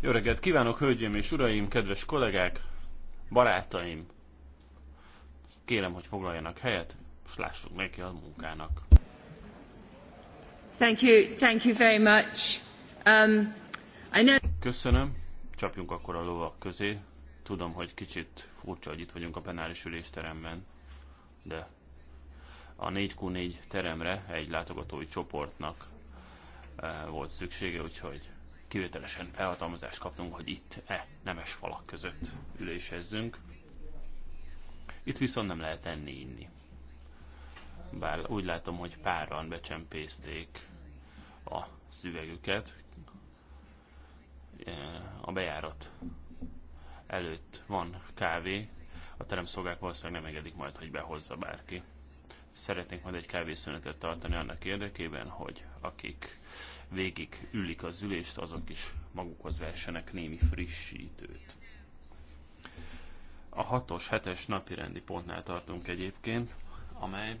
Jó reggelt kívánok, hölgyeim és uraim, kedves kollégák, barátaim! Kérem, hogy foglaljanak helyet, és lássuk neki a munkának. Thank you, thank you very much. Um, I know... Köszönöm, csapjunk akkor a lovak közé. Tudom, hogy kicsit furcsa, hogy itt vagyunk a penális ülésteremben, de a 4Q4 teremre egy látogatói csoportnak volt szüksége, úgyhogy kivételesen felhatalmazást kaptunk, hogy itt e nemes falak között ülésezzünk. Itt viszont nem lehet enni, inni. Bár úgy látom, hogy páran becsempészték a szüvegüket. A bejárat előtt van kávé, a teremszolgák valószínűleg nem engedik majd, hogy behozza bárki. Szeretnénk majd egy kávészünetet tartani annak érdekében, hogy akik végig ülik az ülést, azok is magukhoz vessenek némi frissítőt. A 6-os, 7-es napi rendi pontnál tartunk egyébként, amely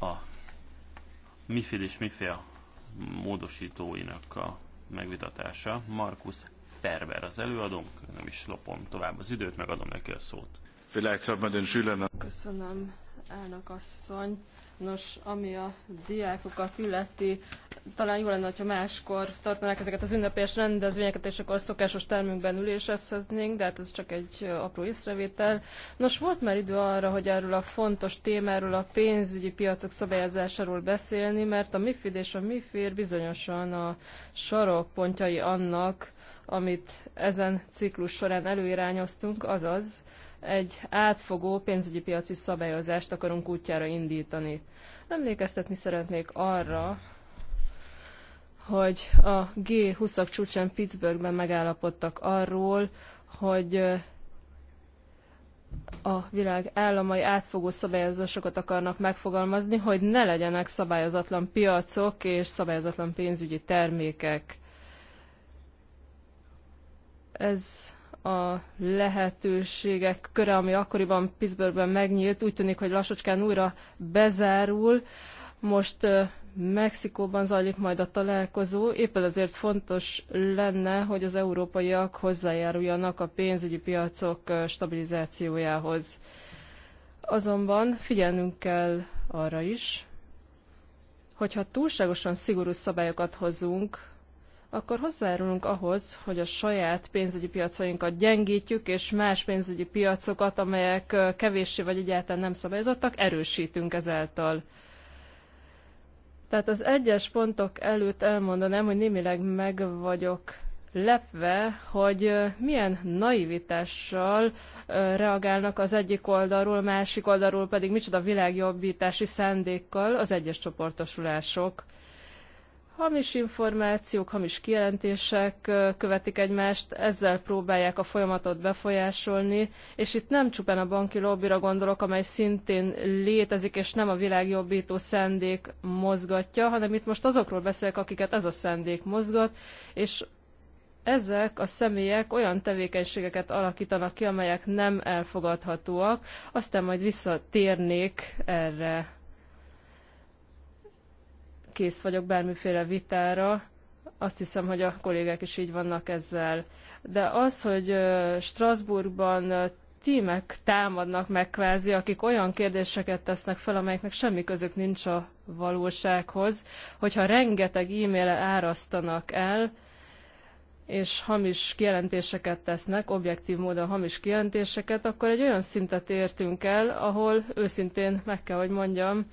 a mifél és MIFIA módosítóinak a megvitatása. Markus Ferber az előadónk, nem is lopom tovább az időt, megadom neki a szót. Vielleicht soll man den Schülern... Köszönöm, elnök asszony. Nos, ami a diákokat illeti, talán jó lenne, ha máskor tartanák ezeket az ünnepélyes rendezvényeket, és akkor szokásos termünkben üléseznénk, de hát ez csak egy apró észrevétel. Nos, volt már idő arra, hogy erről a fontos témáról, a pénzügyi piacok szabályozásáról beszélni, mert a MIFID és a MIFIR bizonyosan a sarokpontjai annak, amit ezen ciklus során előirányoztunk, azaz egy átfogó pénzügyi piaci szabályozást akarunk útjára indítani. Emlékeztetni szeretnék arra, hogy a G20-ak csúcsán Pittsburghben megállapodtak arról, hogy a világ államai átfogó szabályozásokat akarnak megfogalmazni, hogy ne legyenek szabályozatlan piacok és szabályozatlan pénzügyi termékek. Ez a lehetőségek köre, ami akkoriban Pittsburghben megnyílt, úgy tűnik, hogy lassacskán újra bezárul. Most Mexikóban zajlik majd a találkozó, éppen azért fontos lenne, hogy az európaiak hozzájáruljanak a pénzügyi piacok stabilizációjához. Azonban figyelnünk kell arra is, hogyha túlságosan szigorú szabályokat hozunk, akkor hozzájárulunk ahhoz, hogy a saját pénzügyi piacainkat gyengítjük, és más pénzügyi piacokat, amelyek kevéssé vagy egyáltalán nem szabályozottak, erősítünk ezáltal. Tehát az egyes pontok előtt elmondanám, hogy némileg meg vagyok lepve, hogy milyen naivitással reagálnak az egyik oldalról, másik oldalról pedig micsoda világjobbítási szándékkal az egyes csoportosulások. Hamis információk, hamis kijelentések követik egymást, ezzel próbálják a folyamatot befolyásolni, és itt nem csupán a banki lobbira gondolok, amely szintén létezik, és nem a világjobbító szendék mozgatja, hanem itt most azokról beszélek, akiket ez a szendék mozgat, és ezek a személyek olyan tevékenységeket alakítanak ki, amelyek nem elfogadhatóak, aztán majd visszatérnék erre kész vagyok bármiféle vitára, azt hiszem, hogy a kollégák is így vannak ezzel. De az, hogy Strasbourgban tímek támadnak meg kvázi, akik olyan kérdéseket tesznek fel, amelyeknek semmi közük nincs a valósághoz, hogyha rengeteg e-mail árasztanak el, és hamis kijelentéseket tesznek, objektív módon hamis kijelentéseket, akkor egy olyan szintet értünk el, ahol őszintén meg kell, hogy mondjam,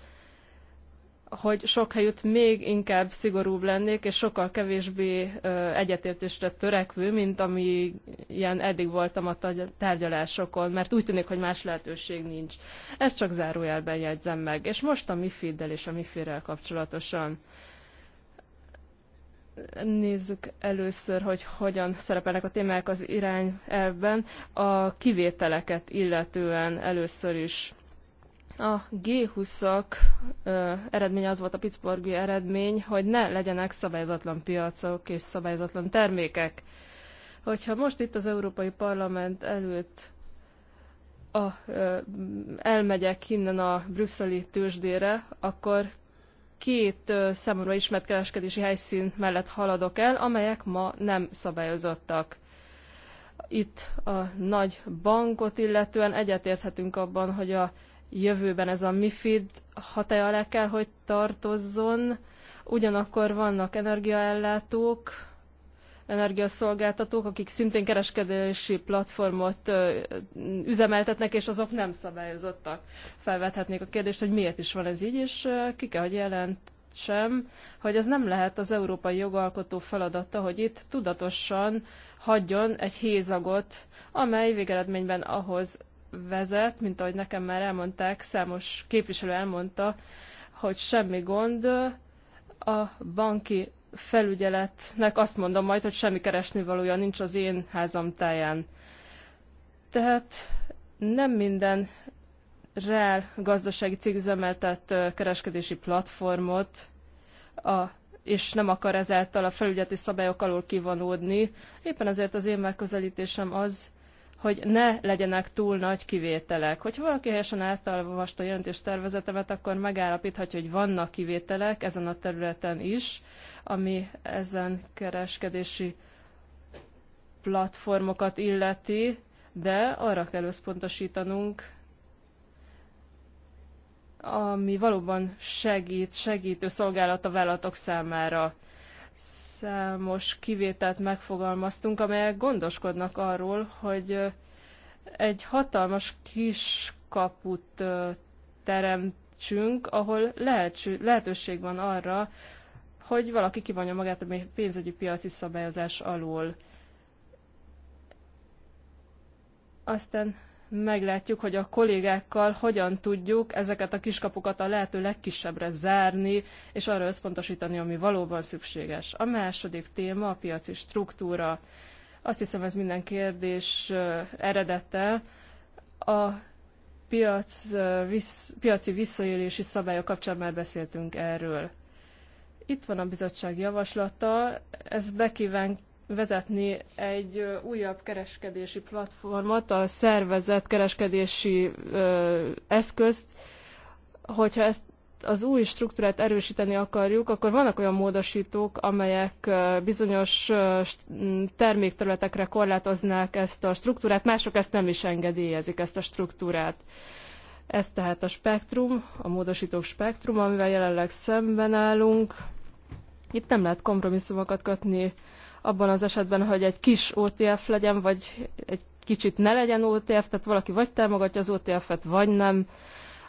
hogy sok helyütt még inkább szigorúbb lennék, és sokkal kevésbé egyetértésre törekvő, mint ami ilyen eddig voltam a tárgyalásokon, mert úgy tűnik, hogy más lehetőség nincs. Ezt csak zárójelben jegyzem meg. És most a MIFID-del és a mifid rel kapcsolatosan nézzük először, hogy hogyan szerepelnek a témák az irányelvben. A kivételeket illetően először is a G20-ak eredménye az volt a Pittsburghi eredmény, hogy ne legyenek szabályozatlan piacok és szabályozatlan termékek. Hogyha most itt az Európai Parlament előtt a, ö, elmegyek innen a brüsszeli tőzsdére, akkor két ö, számomra ismert kereskedési helyszín mellett haladok el, amelyek ma nem szabályozottak. Itt a nagy bankot illetően egyetérthetünk abban, hogy a jövőben ez a MIFID hatája alá kell, hogy tartozzon. Ugyanakkor vannak energiaellátók, energiaszolgáltatók, akik szintén kereskedési platformot üzemeltetnek, és azok nem szabályozottak. Felvethetnék a kérdést, hogy miért is van ez így, és ki kell, hogy jelent sem, hogy ez nem lehet az európai jogalkotó feladata, hogy itt tudatosan hagyjon egy hézagot, amely végeredményben ahhoz vezet, mint ahogy nekem már elmondták, számos képviselő elmondta, hogy semmi gond, a banki felügyeletnek azt mondom majd, hogy semmi keresni valója nincs az én házam táján. Tehát nem minden reál gazdasági cég üzemeltet kereskedési platformot, a, és nem akar ezáltal a felügyeleti szabályok alól kivonódni. Éppen ezért az én megközelítésem az, hogy ne legyenek túl nagy kivételek. Hogyha valaki helyesen átalvasta a jelentéstervezetemet, akkor megállapíthatja, hogy vannak kivételek ezen a területen is, ami ezen kereskedési platformokat illeti, de arra kell összpontosítanunk, ami valóban segít, segítő szolgálat a vállalatok számára számos kivételt megfogalmaztunk, amelyek gondoskodnak arról, hogy egy hatalmas kis kaput teremtsünk, ahol lehetőség van arra, hogy valaki kivonja magát a pénzügyi piaci szabályozás alól. Aztán meglátjuk, hogy a kollégákkal hogyan tudjuk ezeket a kiskapukat a lehető legkisebbre zárni, és arra összpontosítani, ami valóban szükséges. A második téma a piaci struktúra. Azt hiszem, ez minden kérdés eredete. A piac, visz, piaci visszaélési szabályok kapcsán már beszéltünk erről. Itt van a bizottság javaslata, ez bekíván vezetni egy újabb kereskedési platformot, a szervezett kereskedési ö, eszközt, hogyha ezt az új struktúrát erősíteni akarjuk, akkor vannak olyan módosítók, amelyek bizonyos termékterületekre korlátoznák ezt a struktúrát, mások ezt nem is engedélyezik, ezt a struktúrát. Ez tehát a spektrum, a módosítók spektrum, amivel jelenleg szemben állunk. Itt nem lehet kompromisszumokat kötni abban az esetben, hogy egy kis OTF legyen, vagy egy kicsit ne legyen OTF, tehát valaki vagy támogatja az OTF-et, vagy nem.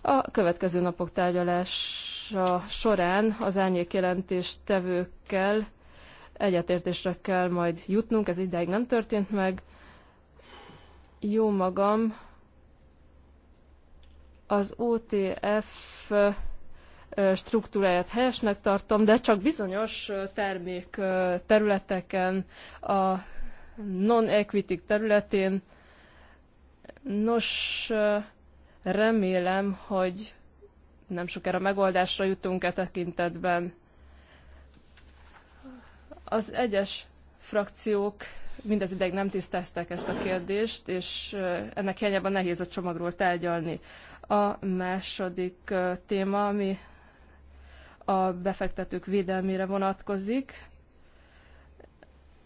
A következő napok tárgyalása során az árnyékjelentést tevőkkel egyetértésre kell majd jutnunk, ez ideig nem történt meg. Jó magam, az OTF struktúráját helyesnek tartom, de csak bizonyos termék területeken, a non-equity területén. Nos, remélem, hogy nem sokára megoldásra jutunk e tekintetben. Az egyes frakciók mindez ideig nem tisztázták ezt a kérdést, és ennek hiányában nehéz a csomagról tárgyalni. A második téma, ami a befektetők védelmére vonatkozik.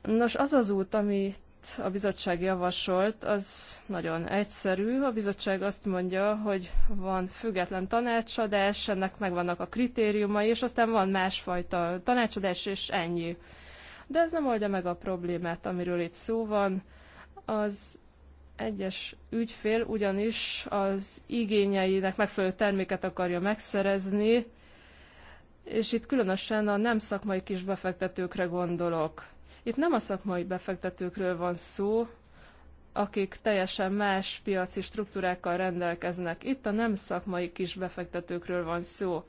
Nos, az az út, amit a bizottság javasolt, az nagyon egyszerű. A bizottság azt mondja, hogy van független tanácsadás, ennek megvannak a kritériumai, és aztán van másfajta tanácsadás, és ennyi. De ez nem oldja meg a problémát, amiről itt szó van. Az egyes ügyfél ugyanis az igényeinek megfelelő terméket akarja megszerezni, és itt különösen a nem szakmai kis befektetőkre gondolok. Itt nem a szakmai befektetőkről van szó, akik teljesen más piaci struktúrákkal rendelkeznek. Itt a nem szakmai kis befektetőkről van szó.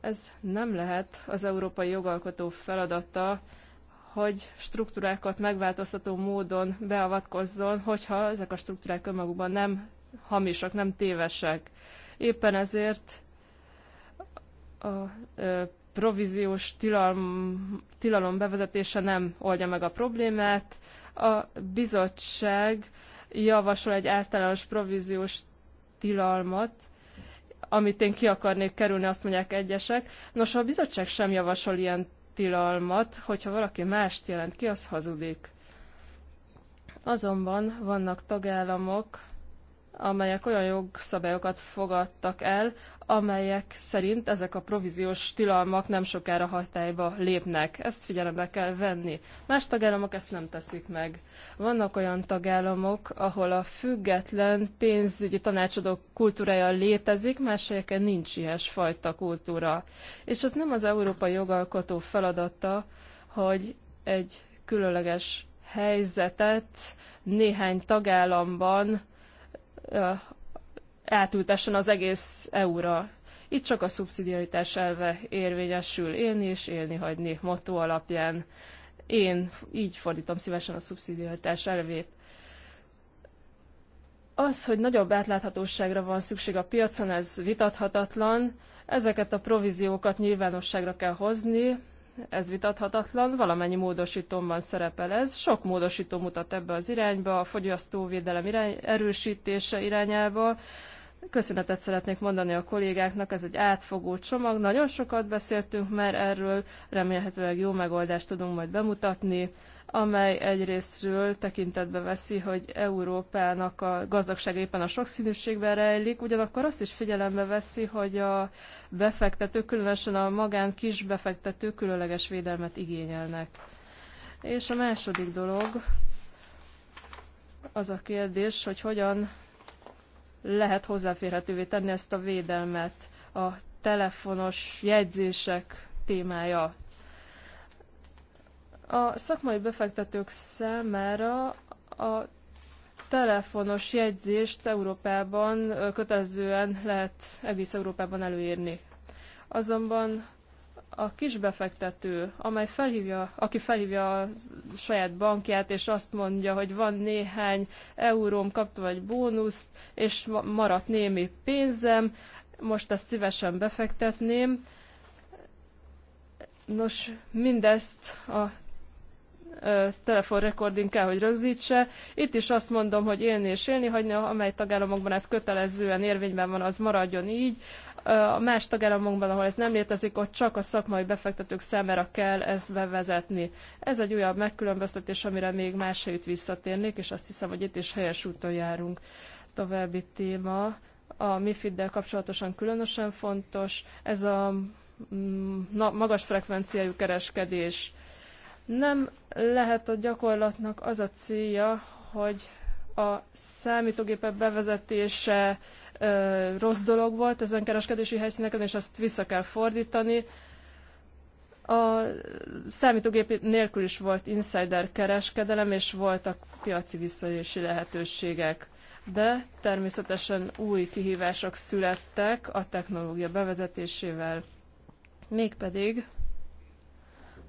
Ez nem lehet az európai jogalkotó feladata, hogy struktúrákat megváltoztató módon beavatkozzon, hogyha ezek a struktúrák önmagukban nem hamisak, nem tévesek. Éppen ezért a províziós tilalom, tilalom bevezetése nem oldja meg a problémát. A bizottság javasol egy általános províziós tilalmat, amit én ki akarnék kerülni, azt mondják egyesek. Nos, a bizottság sem javasol ilyen tilalmat, hogyha valaki mást jelent ki, az hazudik. Azonban vannak tagállamok, amelyek olyan jogszabályokat fogadtak el, amelyek szerint ezek a províziós tilalmak nem sokára hatályba lépnek. Ezt figyelembe kell venni. Más tagállamok ezt nem teszik meg. Vannak olyan tagállamok, ahol a független pénzügyi tanácsadók kultúrája létezik, más helyeken nincs ilyesfajta kultúra. És ez nem az európai jogalkotó feladata, hogy egy különleges helyzetet néhány tagállamban átültessen az egész EU-ra. Itt csak a szubszidiaritás elve érvényesül élni és élni hagyni motto alapján. Én így fordítom szívesen a szubszidiaritás elvét. Az, hogy nagyobb átláthatóságra van szükség a piacon, ez vitathatatlan. Ezeket a províziókat nyilvánosságra kell hozni, ez vitathatatlan, valamennyi módosítomban szerepel ez. Sok módosító mutat ebbe az irányba, a fogyasztóvédelem irány, erősítése irányába. Köszönetet szeretnék mondani a kollégáknak, ez egy átfogó csomag, nagyon sokat beszéltünk már erről, remélhetőleg jó megoldást tudunk majd bemutatni amely egyrésztről tekintetbe veszi, hogy Európának a gazdagság éppen a sokszínűségben rejlik, ugyanakkor azt is figyelembe veszi, hogy a befektetők, különösen a magán kis befektetők különleges védelmet igényelnek. És a második dolog az a kérdés, hogy hogyan lehet hozzáférhetővé tenni ezt a védelmet a telefonos jegyzések témája a szakmai befektetők számára a telefonos jegyzést Európában kötelezően lehet egész Európában előírni. Azonban a kisbefektető, amely felhívja, aki felhívja a saját bankját, és azt mondja, hogy van néhány euróm, kaptam egy bónuszt, és maradt némi pénzem, most ezt szívesen befektetném. Nos, mindezt a telefonrekordink kell, hogy rögzítse. Itt is azt mondom, hogy élni és élni hagyni, amely tagállamokban ez kötelezően érvényben van, az maradjon így. A más tagállamokban, ahol ez nem létezik, ott csak a szakmai befektetők számára kell ezt bevezetni. Ez egy újabb megkülönböztetés, amire még más helyütt visszatérnék, és azt hiszem, hogy itt is helyes úton járunk. További téma a MIFID-del kapcsolatosan különösen fontos. Ez a mm, magas frekvenciájú kereskedés nem lehet a gyakorlatnak az a célja, hogy a számítógépek bevezetése ö, rossz dolog volt ezen kereskedési helyszíneken, és ezt vissza kell fordítani. A számítógép nélkül is volt insider kereskedelem, és voltak piaci visszaélési lehetőségek. De természetesen új kihívások születtek a technológia bevezetésével. Mégpedig,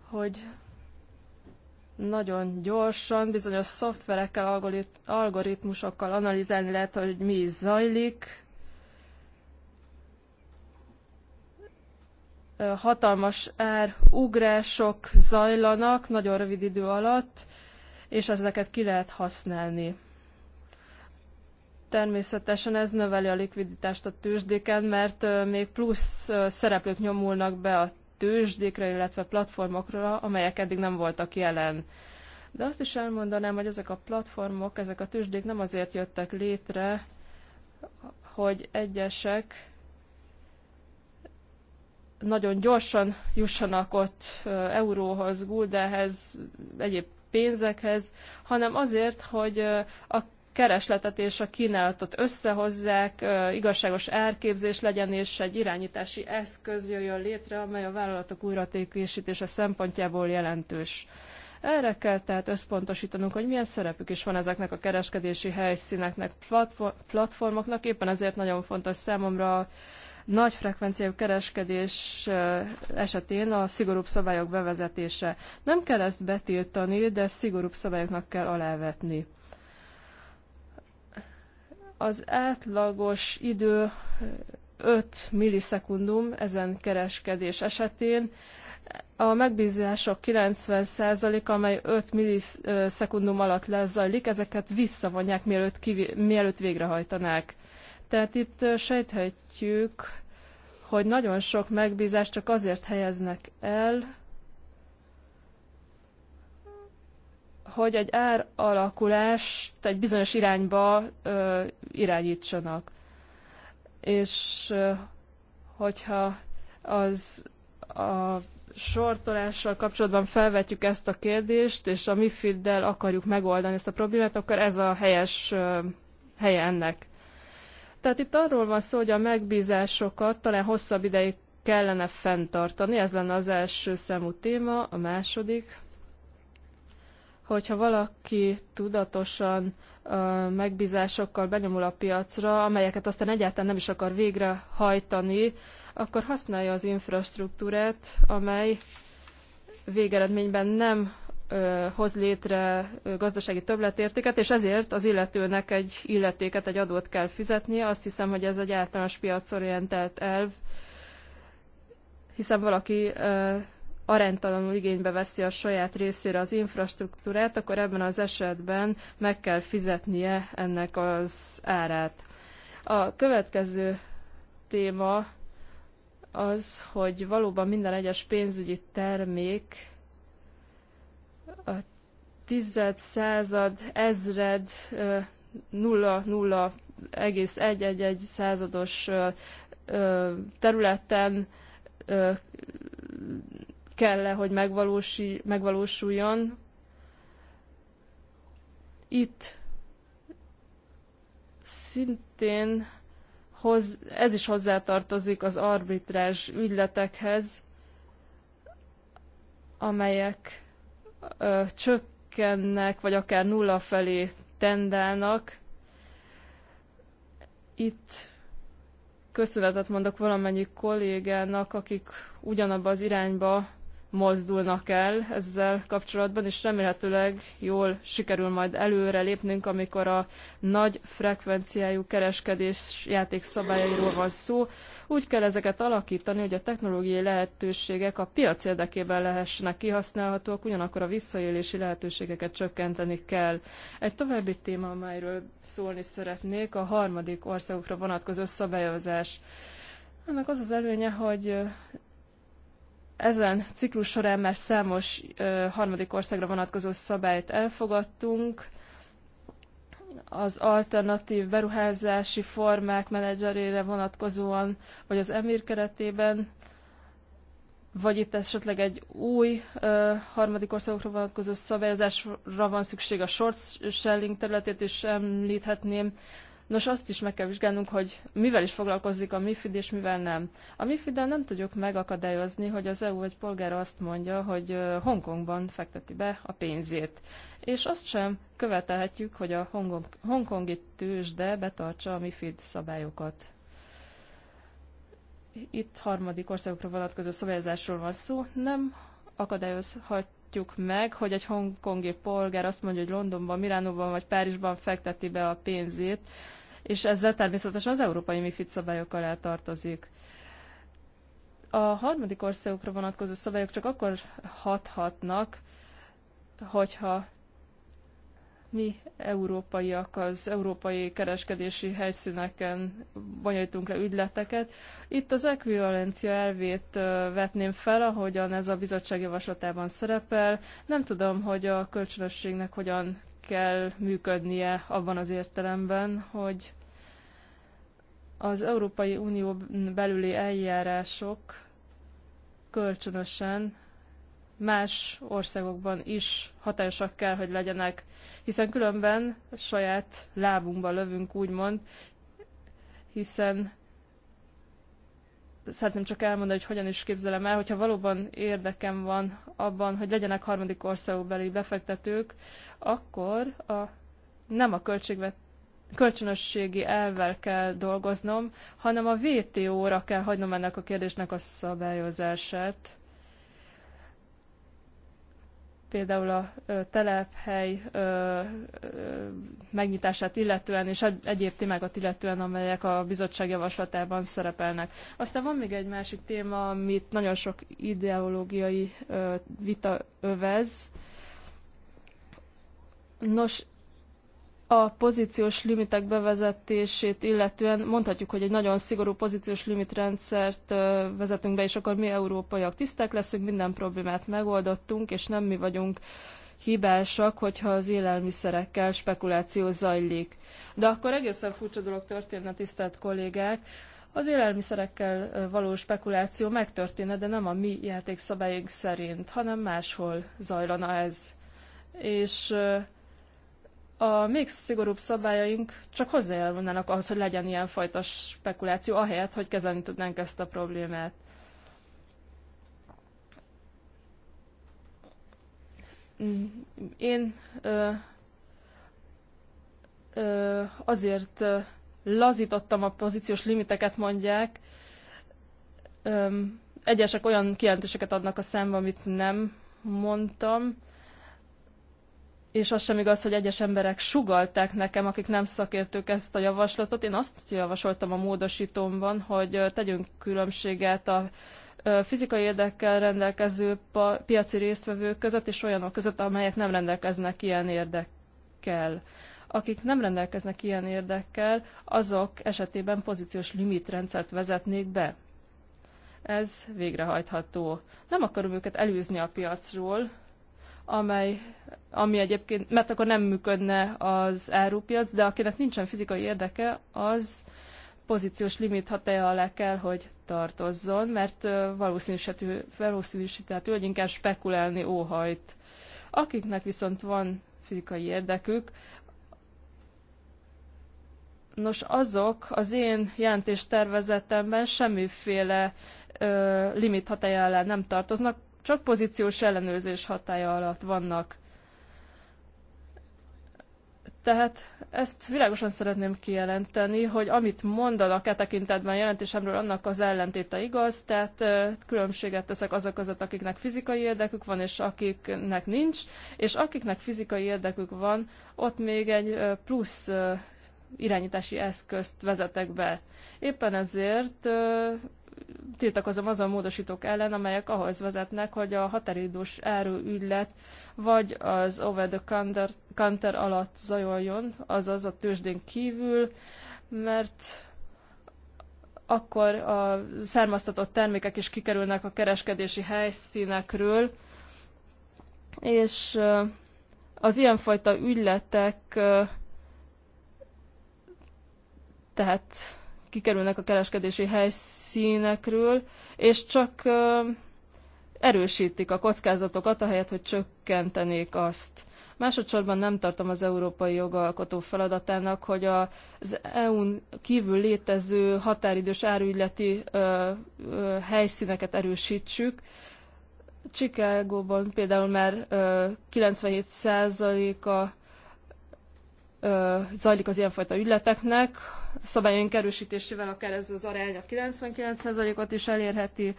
hogy nagyon gyorsan, bizonyos szoftverekkel, algoritmusokkal analizálni lehet, hogy mi is zajlik. Hatalmas árugrások zajlanak nagyon rövid idő alatt, és ezeket ki lehet használni. Természetesen ez növeli a likviditást a tőzsdéken, mert még plusz szereplők nyomulnak be a tőzsdékre, illetve platformokra, amelyek eddig nem voltak jelen. De azt is elmondanám, hogy ezek a platformok, ezek a tőzsdék nem azért jöttek létre, hogy egyesek nagyon gyorsan jussanak ott euróhoz, guldehez, egyéb pénzekhez, hanem azért, hogy a keresletet és a kínálatot összehozzák, igazságos árképzés legyen, és egy irányítási eszköz jöjjön létre, amely a vállalatok újratékésítése szempontjából jelentős. Erre kell tehát összpontosítanunk, hogy milyen szerepük is van ezeknek a kereskedési helyszíneknek, platformoknak, éppen ezért nagyon fontos számomra a nagy frekvenciájú kereskedés esetén a szigorúbb szabályok bevezetése. Nem kell ezt betiltani, de szigorúbb szabályoknak kell alávetni. Az átlagos idő 5 millisekundum ezen kereskedés esetén, a megbízások 90%-a, amely 5 millisekundum alatt lezajlik, ezeket visszavonják, mielőtt, kivi, mielőtt végrehajtanák. Tehát itt sejthetjük, hogy nagyon sok megbízást csak azért helyeznek el, hogy egy ár alakulást egy bizonyos irányba ö, irányítsanak. És ö, hogyha az a sortolással kapcsolatban felvetjük ezt a kérdést, és a MIFID-del akarjuk megoldani ezt a problémát, akkor ez a helyes ö, helye ennek. Tehát itt arról van szó, hogy a megbízásokat talán hosszabb ideig kellene fenntartani, ez lenne az első számú téma, a második hogyha valaki tudatosan megbízásokkal benyomul a piacra, amelyeket aztán egyáltalán nem is akar végrehajtani, akkor használja az infrastruktúrát, amely végeredményben nem hoz létre gazdasági többletértéket, és ezért az illetőnek egy illetéket, egy adót kell fizetnie. Azt hiszem, hogy ez egy általános piacorientált elv, hiszen valaki aránytalanul igénybe veszi a saját részére az infrastruktúrát, akkor ebben az esetben meg kell fizetnie ennek az árát. A következő téma az, hogy valóban minden egyes pénzügyi termék a tized, század, ezred, nulla, nulla egész egy, egy, egy százados területen kell-e, hogy megvalósuljon. Itt szintén hoz, ez is hozzátartozik az arbitrás ügyletekhez, amelyek ö, csökkennek, vagy akár nulla felé tendálnak. Itt köszönetet mondok valamennyi kollégának, akik ugyanabba az irányba mozdulnak el ezzel kapcsolatban, és remélhetőleg jól sikerül majd előre lépnünk, amikor a nagy frekvenciájú kereskedés játék szabályairól van szó. Úgy kell ezeket alakítani, hogy a technológiai lehetőségek a piac érdekében lehessenek kihasználhatóak, ugyanakkor a visszaélési lehetőségeket csökkenteni kell. Egy további téma, amelyről szólni szeretnék, a harmadik országokra vonatkozó szabályozás. Ennek az az előnye, hogy ezen ciklus során már számos harmadik országra vonatkozó szabályt elfogadtunk, az alternatív beruházási formák menedzserére vonatkozóan, vagy az emír keretében, vagy itt esetleg egy új ö, harmadik országokra vonatkozó szabályozásra van szükség a short selling területét is említhetném, Nos, azt is meg kell vizsgálnunk, hogy mivel is foglalkozik a MIFID, és mivel nem. A mifid nem tudjuk megakadályozni, hogy az EU egy polgára azt mondja, hogy Hongkongban fekteti be a pénzét. És azt sem követelhetjük, hogy a Hongkong, hongkongi tőzsde betartsa a MIFID szabályokat. Itt harmadik országokra vonatkozó szabályozásról van szó. Nem akadályozhat meg, hogy egy hongkongi polgár azt mondja, hogy Londonban, Milánóban vagy Párizsban fekteti be a pénzét, és ezzel természetesen az európai MIFID szabályok alá tartozik. A harmadik országokra vonatkozó szabályok csak akkor hathatnak, hogyha mi európaiak az európai kereskedési helyszíneken bonyolítunk le ügyleteket. Itt az ekvivalencia elvét vetném fel, ahogyan ez a bizottság javaslatában szerepel. Nem tudom, hogy a kölcsönösségnek hogyan kell működnie abban az értelemben, hogy az Európai Unió belüli eljárások kölcsönösen más országokban is hatásak kell, hogy legyenek, hiszen különben saját lábunkba lövünk, úgymond, hiszen szeretném csak elmondani, hogy hogyan is képzelem el, hogyha valóban érdekem van abban, hogy legyenek harmadik országokbeli befektetők, akkor a, nem a költségvet, kölcsönösségi elvvel kell dolgoznom, hanem a VTO-ra kell hagynom ennek a kérdésnek a szabályozását. Például a ö, telephely ö, ö, megnyitását illetően, és egyéb témákat illetően, amelyek a bizottság javaslatában szerepelnek. Aztán van még egy másik téma, amit nagyon sok ideológiai ö, vita övez, ö, Nos, a pozíciós limitek bevezetését illetően mondhatjuk, hogy egy nagyon szigorú pozíciós limitrendszert vezetünk be, és akkor mi európaiak tiszták leszünk, minden problémát megoldottunk, és nem mi vagyunk hibásak, hogyha az élelmiszerekkel spekuláció zajlik. De akkor egészen furcsa dolog történne, tisztelt kollégák, az élelmiszerekkel való spekuláció megtörténne, de nem a mi játékszabályunk szerint, hanem máshol zajlana ez. És a még szigorúbb szabályaink csak hozzájárulnának ahhoz, hogy legyen ilyenfajta spekuláció, ahelyett, hogy kezelni tudnánk ezt a problémát. Én ö, ö, azért lazítottam a pozíciós limiteket, mondják. Ö, egyesek olyan kijelentéseket adnak a szembe, amit nem mondtam és az sem igaz, hogy egyes emberek sugalták nekem, akik nem szakértők ezt a javaslatot. Én azt javasoltam a módosítómban, hogy tegyünk különbséget a fizikai érdekkel rendelkező piaci résztvevők között, és olyanok között, amelyek nem rendelkeznek ilyen érdekkel. Akik nem rendelkeznek ilyen érdekkel, azok esetében pozíciós limitrendszert vezetnék be. Ez végrehajtható. Nem akarom őket elűzni a piacról, amely, ami egyébként, mert akkor nem működne az árupiac, de akinek nincsen fizikai érdeke, az pozíciós limit hatája alá kell, hogy tartozzon, mert valószínűsíthető, hogy inkább spekulálni óhajt. Akiknek viszont van fizikai érdekük, nos azok az én jelentéstervezetemben semmiféle ö, limit hatája alá nem tartoznak, csak pozíciós ellenőrzés hatája alatt vannak. Tehát ezt világosan szeretném kijelenteni, hogy amit mondanak e tekintetben jelentésemről, annak az ellentéte igaz, tehát különbséget teszek azok között, akiknek fizikai érdekük van, és akiknek nincs, és akiknek fizikai érdekük van, ott még egy plusz irányítási eszközt vezetek be. Éppen ezért tiltakozom azon módosítók ellen, amelyek ahhoz vezetnek, hogy a határidős ügylet vagy az over the counter, counter alatt zajoljon, azaz a tőzsdén kívül, mert akkor a származtatott termékek is kikerülnek a kereskedési helyszínekről, és az ilyenfajta ügyletek tehát kikerülnek a kereskedési helyszínekről, és csak erősítik a kockázatokat, ahelyett, hogy csökkentenék azt. Másodszorban nem tartom az európai jogalkotó feladatának, hogy az EU-n kívül létező határidős árügyleti ö, ö, helyszíneket erősítsük. Csikágóban például már ö, 97%-a zajlik az ilyenfajta ügyleteknek. Szabályaink erősítésével akár ez az arány a 99%-ot is elérheti.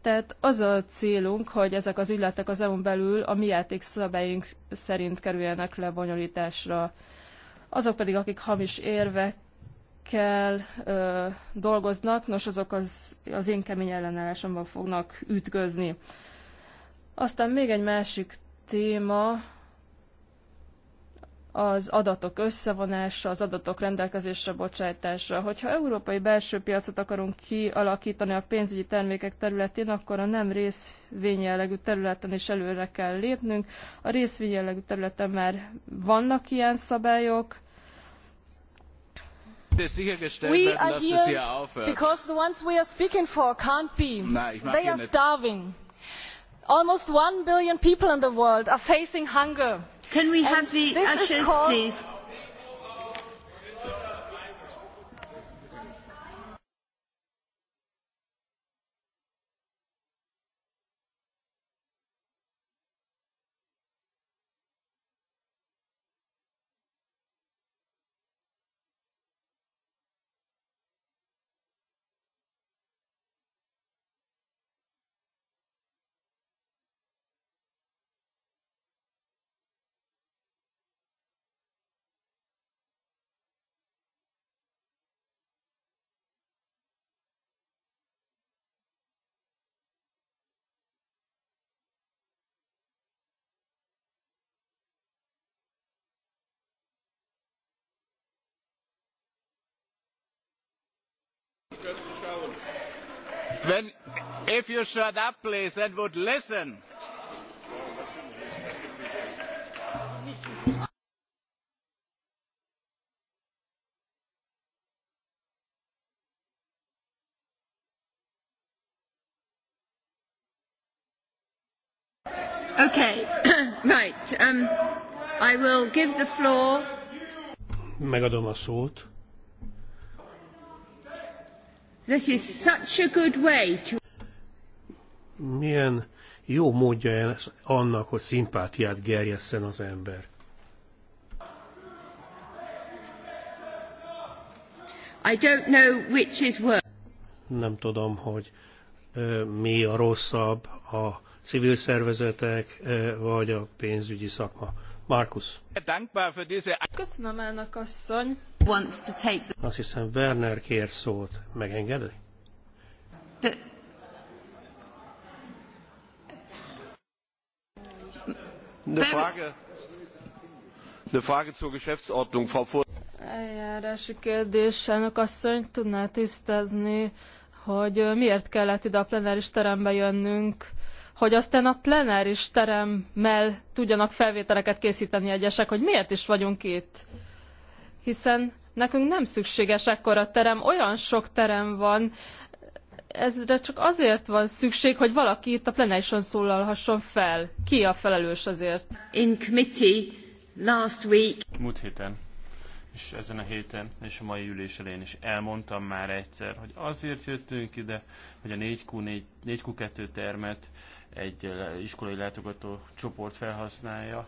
Tehát az a célunk, hogy ezek az ügyletek az EU-n belül a mi játékszabályunk szerint kerüljenek le bonyolításra. Azok pedig, akik hamis érvekkel ö, dolgoznak, nos azok az, az én kemény ellenállásomban fognak ütközni. Aztán még egy másik téma, az adatok összevonása, az adatok rendelkezésre bocsátása. Hogyha európai belső piacot akarunk kialakítani a pénzügyi termékek területén, akkor a nem részvényjellegű területen is előre kell lépnünk. A részvényjellegű területen már vannak ilyen szabályok, We are here because the ones we are speaking for can't be. They are starving. Almost one billion people in the world are facing hunger Can we have the ushers, please? When, if you shut up, please, and would listen. Okay, right. Um, I will give the floor. Megadom a szót. This is such a good way to... Milyen jó módja annak, hogy szimpátiát gerjesszen az ember. I don't know which is worse. Nem tudom, hogy ö, mi a rosszabb, a civil szervezetek ö, vagy a pénzügyi szakma. Markus. Köszönöm, elnök asszony. Azt hiszem, Werner kér szót. Megengedi? De... Frage, eine Frage zur Geschäftsordnung, Frau Vor Eljárási kérdés, elnök asszony, tudná tisztázni, hogy miért kellett ide a plenáris terembe jönnünk, hogy aztán a plenáris teremmel tudjanak felvételeket készíteni egyesek, hogy miért is vagyunk itt. Hiszen nekünk nem szükséges ekkora terem, olyan sok terem van, ezre csak azért van szükség, hogy valaki itt a plenárison szólalhasson fel. Ki a felelős azért? In committee last week. Múlt héten és ezen a héten és a mai ülés elején is elmondtam már egyszer, hogy azért jöttünk ide, hogy a 4Q4, 4Q2 termet egy iskolai látogató csoport felhasználja,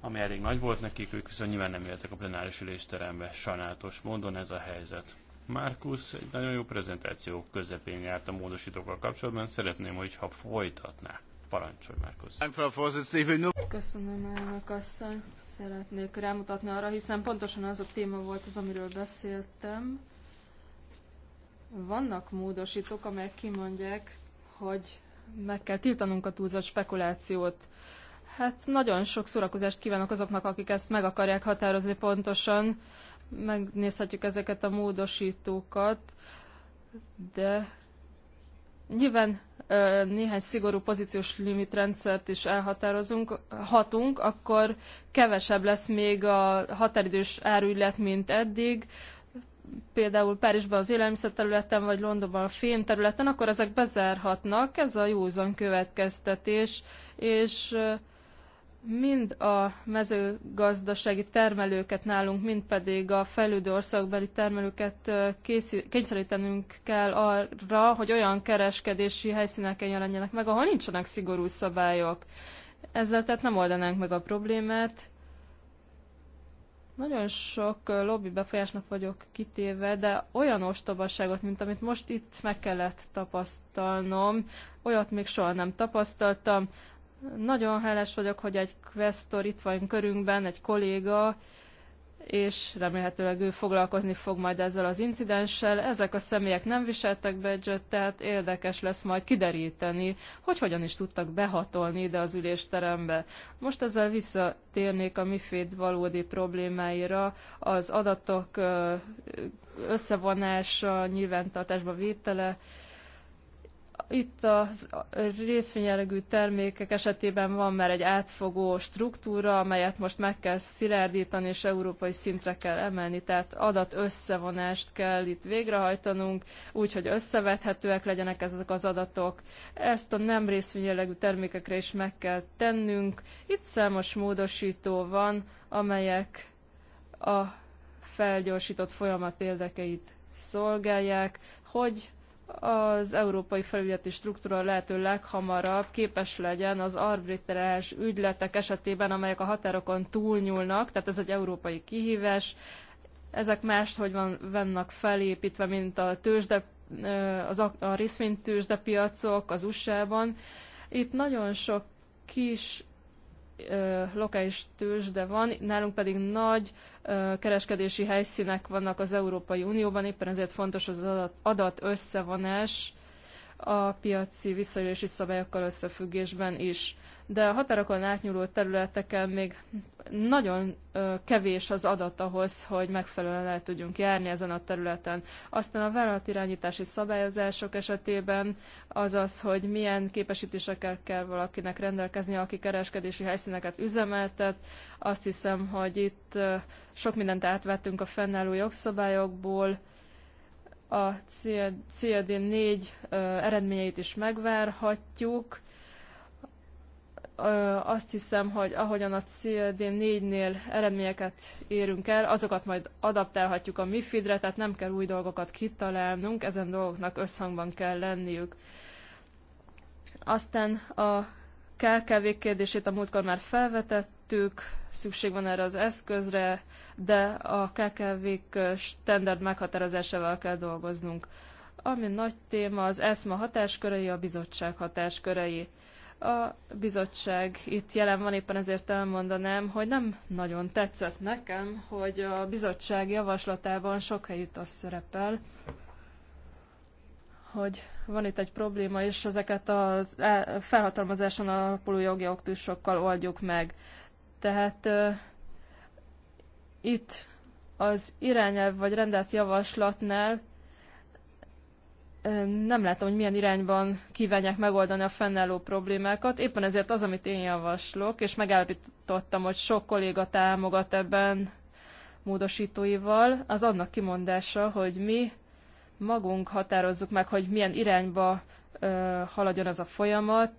ami elég nagy volt nekik, ők viszont nyilván nem jöttek a plenáris ülésterembe, sajnálatos módon ez a helyzet. Markus, egy nagyon jó prezentáció közepén járt a módosítókkal kapcsolatban, szeretném, hogyha folytatná. Parancsolj, Márkusz. Köszönöm, elnök asszony. Szeretnék rámutatni arra, hiszen pontosan az a téma volt az, amiről beszéltem. Vannak módosítók, amelyek kimondják, hogy meg kell tiltanunk a túlzott spekulációt. Hát nagyon sok szórakozást kívánok azoknak, akik ezt meg akarják határozni pontosan. Megnézhetjük ezeket a módosítókat, de nyilván néhány szigorú pozíciós limitrendszert is elhatározunk, hatunk, akkor kevesebb lesz még a határidős árügylet, mint eddig például Párizsban az élelmiszerterületen, vagy Londonban a fémterületen, akkor ezek bezárhatnak, ez a józan következtetés, és mind a mezőgazdasági termelőket nálunk, mind pedig a fejlődő országbeli termelőket készít, kényszerítenünk kell arra, hogy olyan kereskedési helyszíneken jelenjenek meg, ahol nincsenek szigorú szabályok. Ezzel tehát nem oldanánk meg a problémát, nagyon sok lobby befolyásnak vagyok kitéve, de olyan ostobaságot, mint amit most itt meg kellett tapasztalnom, olyat még soha nem tapasztaltam. Nagyon hálás vagyok, hogy egy questor itt van körünkben, egy kolléga, és remélhetőleg ő foglalkozni fog majd ezzel az incidenssel. Ezek a személyek nem viseltek badge tehát érdekes lesz majd kideríteni, hogy hogyan is tudtak behatolni ide az ülésterembe. Most ezzel visszatérnék a MIFID valódi problémáira, az adatok összevonása, nyilvántartásba vétele, itt a részvényelegű termékek esetében van már egy átfogó struktúra, amelyet most meg kell szilárdítani, és európai szintre kell emelni, tehát adat összevonást kell itt végrehajtanunk, úgy, hogy összevethetőek legyenek ezek az adatok. Ezt a nem részvényelegű termékekre is meg kell tennünk. Itt számos módosító van, amelyek a felgyorsított folyamat érdekeit szolgálják, hogy az európai felügyeleti struktúra lehető leghamarabb képes legyen az arbitrás ügyletek esetében, amelyek a határokon túlnyúlnak, tehát ez egy európai kihívás, ezek máshogy van, vannak felépítve, mint a tőzsde, az a, a piacok az USA-ban. Itt nagyon sok kis ö, lokális de van, nálunk pedig nagy ö, kereskedési helyszínek vannak az Európai Unióban, éppen ezért fontos az adat, adat összevonás a piaci visszaélési szabályokkal összefüggésben is de a határokon átnyúló területeken még nagyon kevés az adat ahhoz, hogy megfelelően el tudjunk járni ezen a területen. Aztán a vállalatirányítási szabályozások esetében az az, hogy milyen képesítésekkel kell valakinek rendelkezni, aki kereskedési helyszíneket üzemeltet. Azt hiszem, hogy itt sok mindent átvettünk a fennálló jogszabályokból, a CLD e 4 eredményeit is megvárhatjuk, azt hiszem, hogy ahogyan a CLD4-nél eredményeket érünk el, azokat majd adaptálhatjuk a MIFID-re, tehát nem kell új dolgokat kitalálnunk, ezen dolgoknak összhangban kell lenniük. Aztán a KKV kérdését a múltkor már felvetettük, szükség van erre az eszközre, de a kkv standard meghatározásával kell dolgoznunk. Ami nagy téma, az ESMA hatáskörei, a bizottság hatáskörei. A bizottság itt jelen van, éppen ezért elmondanám, hogy nem nagyon tetszett nekem, hogy a bizottság javaslatában sok helyütt az szerepel, hogy van itt egy probléma, és ezeket e, a felhatalmazáson alapuló jogi aktusokkal oldjuk meg. Tehát uh, itt az irányelv vagy rendelt javaslatnál nem látom, hogy milyen irányban kívánják megoldani a fennálló problémákat. Éppen ezért az, amit én javaslok, és megállapítottam, hogy sok kolléga támogat ebben módosítóival, az annak kimondása, hogy mi magunk határozzuk meg, hogy milyen irányba ö, haladjon ez a folyamat,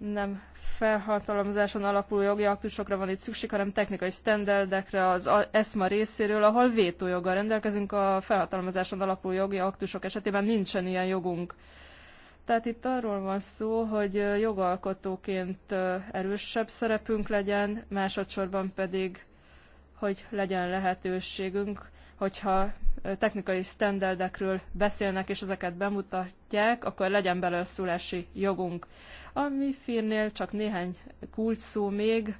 nem felhatalmazáson alapuló jogi aktusokra van itt szükség, hanem technikai sztenderdekre az ESMA részéről, ahol vétójoggal rendelkezünk, a felhatalmazáson alapuló jogi aktusok esetében nincsen ilyen jogunk. Tehát itt arról van szó, hogy jogalkotóként erősebb szerepünk legyen, másodszorban pedig, hogy legyen lehetőségünk, hogyha technikai sztenderdekről beszélnek és ezeket bemutatják, akkor legyen belőle szólási jogunk. A MIFIR-nél csak néhány kult szó még.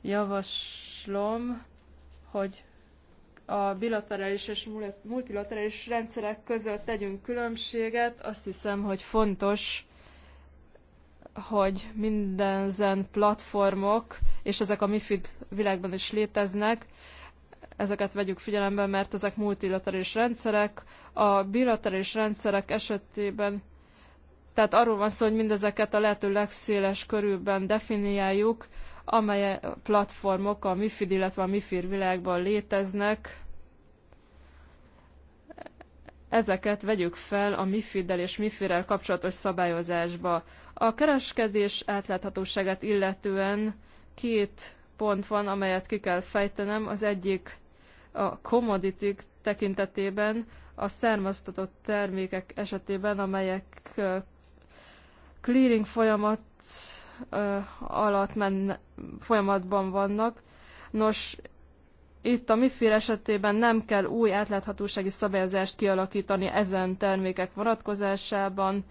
Javaslom, hogy a bilaterális és multilaterális rendszerek között tegyünk különbséget. Azt hiszem, hogy fontos, hogy zen platformok, és ezek a MIFID világban is léteznek, ezeket vegyük figyelembe, mert ezek multilaterális rendszerek. A bilaterális rendszerek esetében tehát arról van szó, hogy mindezeket a lehető legszéles körülben definiáljuk, amely platformok a MIFID, illetve a MIFIR világban léteznek. Ezeket vegyük fel a MIFID-del és MIFIR-rel kapcsolatos szabályozásba. A kereskedés átláthatóságát illetően két pont van, amelyet ki kell fejtenem. Az egyik a commodity tekintetében, a származtatott termékek esetében, amelyek clearing folyamat alatt menne, folyamatban vannak. Nos, itt a MIFIR esetében nem kell új átláthatósági szabályozást kialakítani ezen termékek vonatkozásában.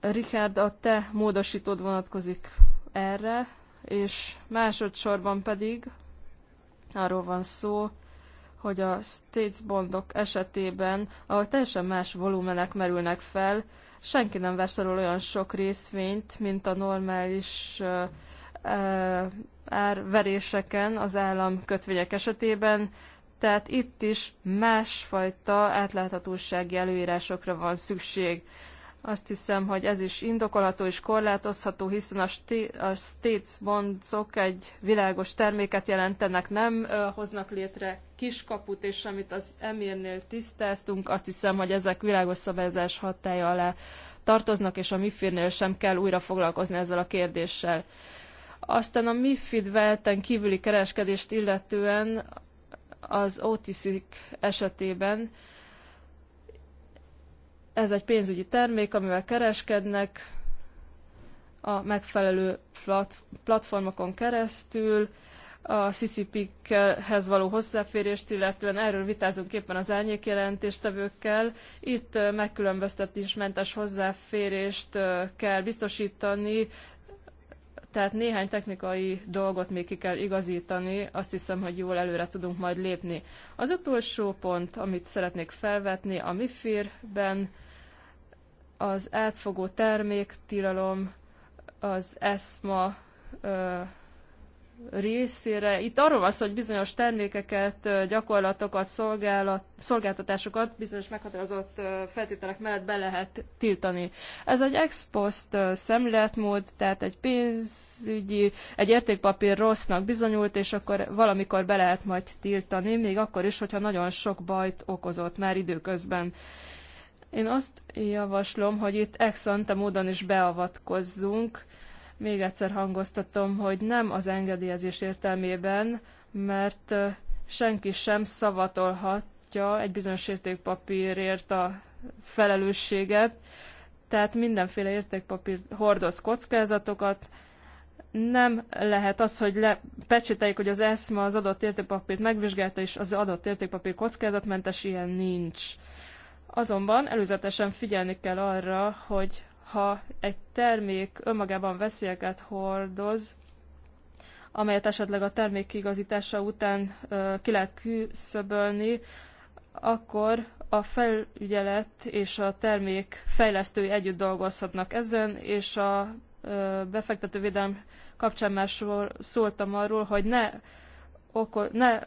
Richard, a te módosítód vonatkozik erre, és másodszorban pedig arról van szó, hogy a States bondok esetében, ahol teljesen más volumenek merülnek fel, senki nem vásárol olyan sok részvényt, mint a normális uh, uh, árveréseken az állam kötvények esetében, tehát itt is másfajta átláthatósági előírásokra van szükség. Azt hiszem, hogy ez is indokolható és korlátozható, hiszen a, sti- a States bondsok egy világos terméket jelentenek, nem hoznak létre kiskaput, és amit az emírnél tisztáztunk, azt hiszem, hogy ezek világos szabályozás hatája alá tartoznak, és a MIFIR-nél sem kell újra foglalkozni ezzel a kérdéssel. Aztán a MIFID velten kívüli kereskedést illetően az otc esetében ez egy pénzügyi termék, amivel kereskednek a megfelelő platformokon keresztül, a CCP-hez való hozzáférést, illetően erről vitázunk éppen az jelentéstevőkkel. Itt megkülönböztetésmentes hozzáférést kell biztosítani, tehát néhány technikai dolgot még ki kell igazítani, azt hiszem, hogy jól előre tudunk majd lépni. Az utolsó pont, amit szeretnék felvetni a MIFIR-ben, az átfogó terméktilalom, az ESMA ö, részére. Itt arról van szó, hogy bizonyos termékeket, gyakorlatokat, szolgálat, szolgáltatásokat bizonyos meghatározott feltételek mellett be lehet tiltani. Ez egy ex post szemléletmód, tehát egy pénzügyi, egy értékpapír rossznak bizonyult, és akkor valamikor be lehet majd tiltani, még akkor is, hogyha nagyon sok bajt okozott már időközben. Én azt javaslom, hogy itt ex ante módon is beavatkozzunk. Még egyszer hangoztatom, hogy nem az engedélyezés értelmében, mert senki sem szavatolhatja egy bizonyos értékpapírért a felelősséget, tehát mindenféle értékpapír hordoz kockázatokat, nem lehet az, hogy lepecsételjük, hogy az ESMA az adott értékpapírt megvizsgálta, és az adott értékpapír kockázatmentes, ilyen nincs. Azonban előzetesen figyelni kell arra, hogy ha egy termék önmagában veszélyeket hordoz, amelyet esetleg a termék kigazítása után ki lehet küszöbölni, akkor a felügyelet és a termék fejlesztői együtt dolgozhatnak ezen, és a befektetővédelem kapcsán már szóltam arról, hogy ne okol, ne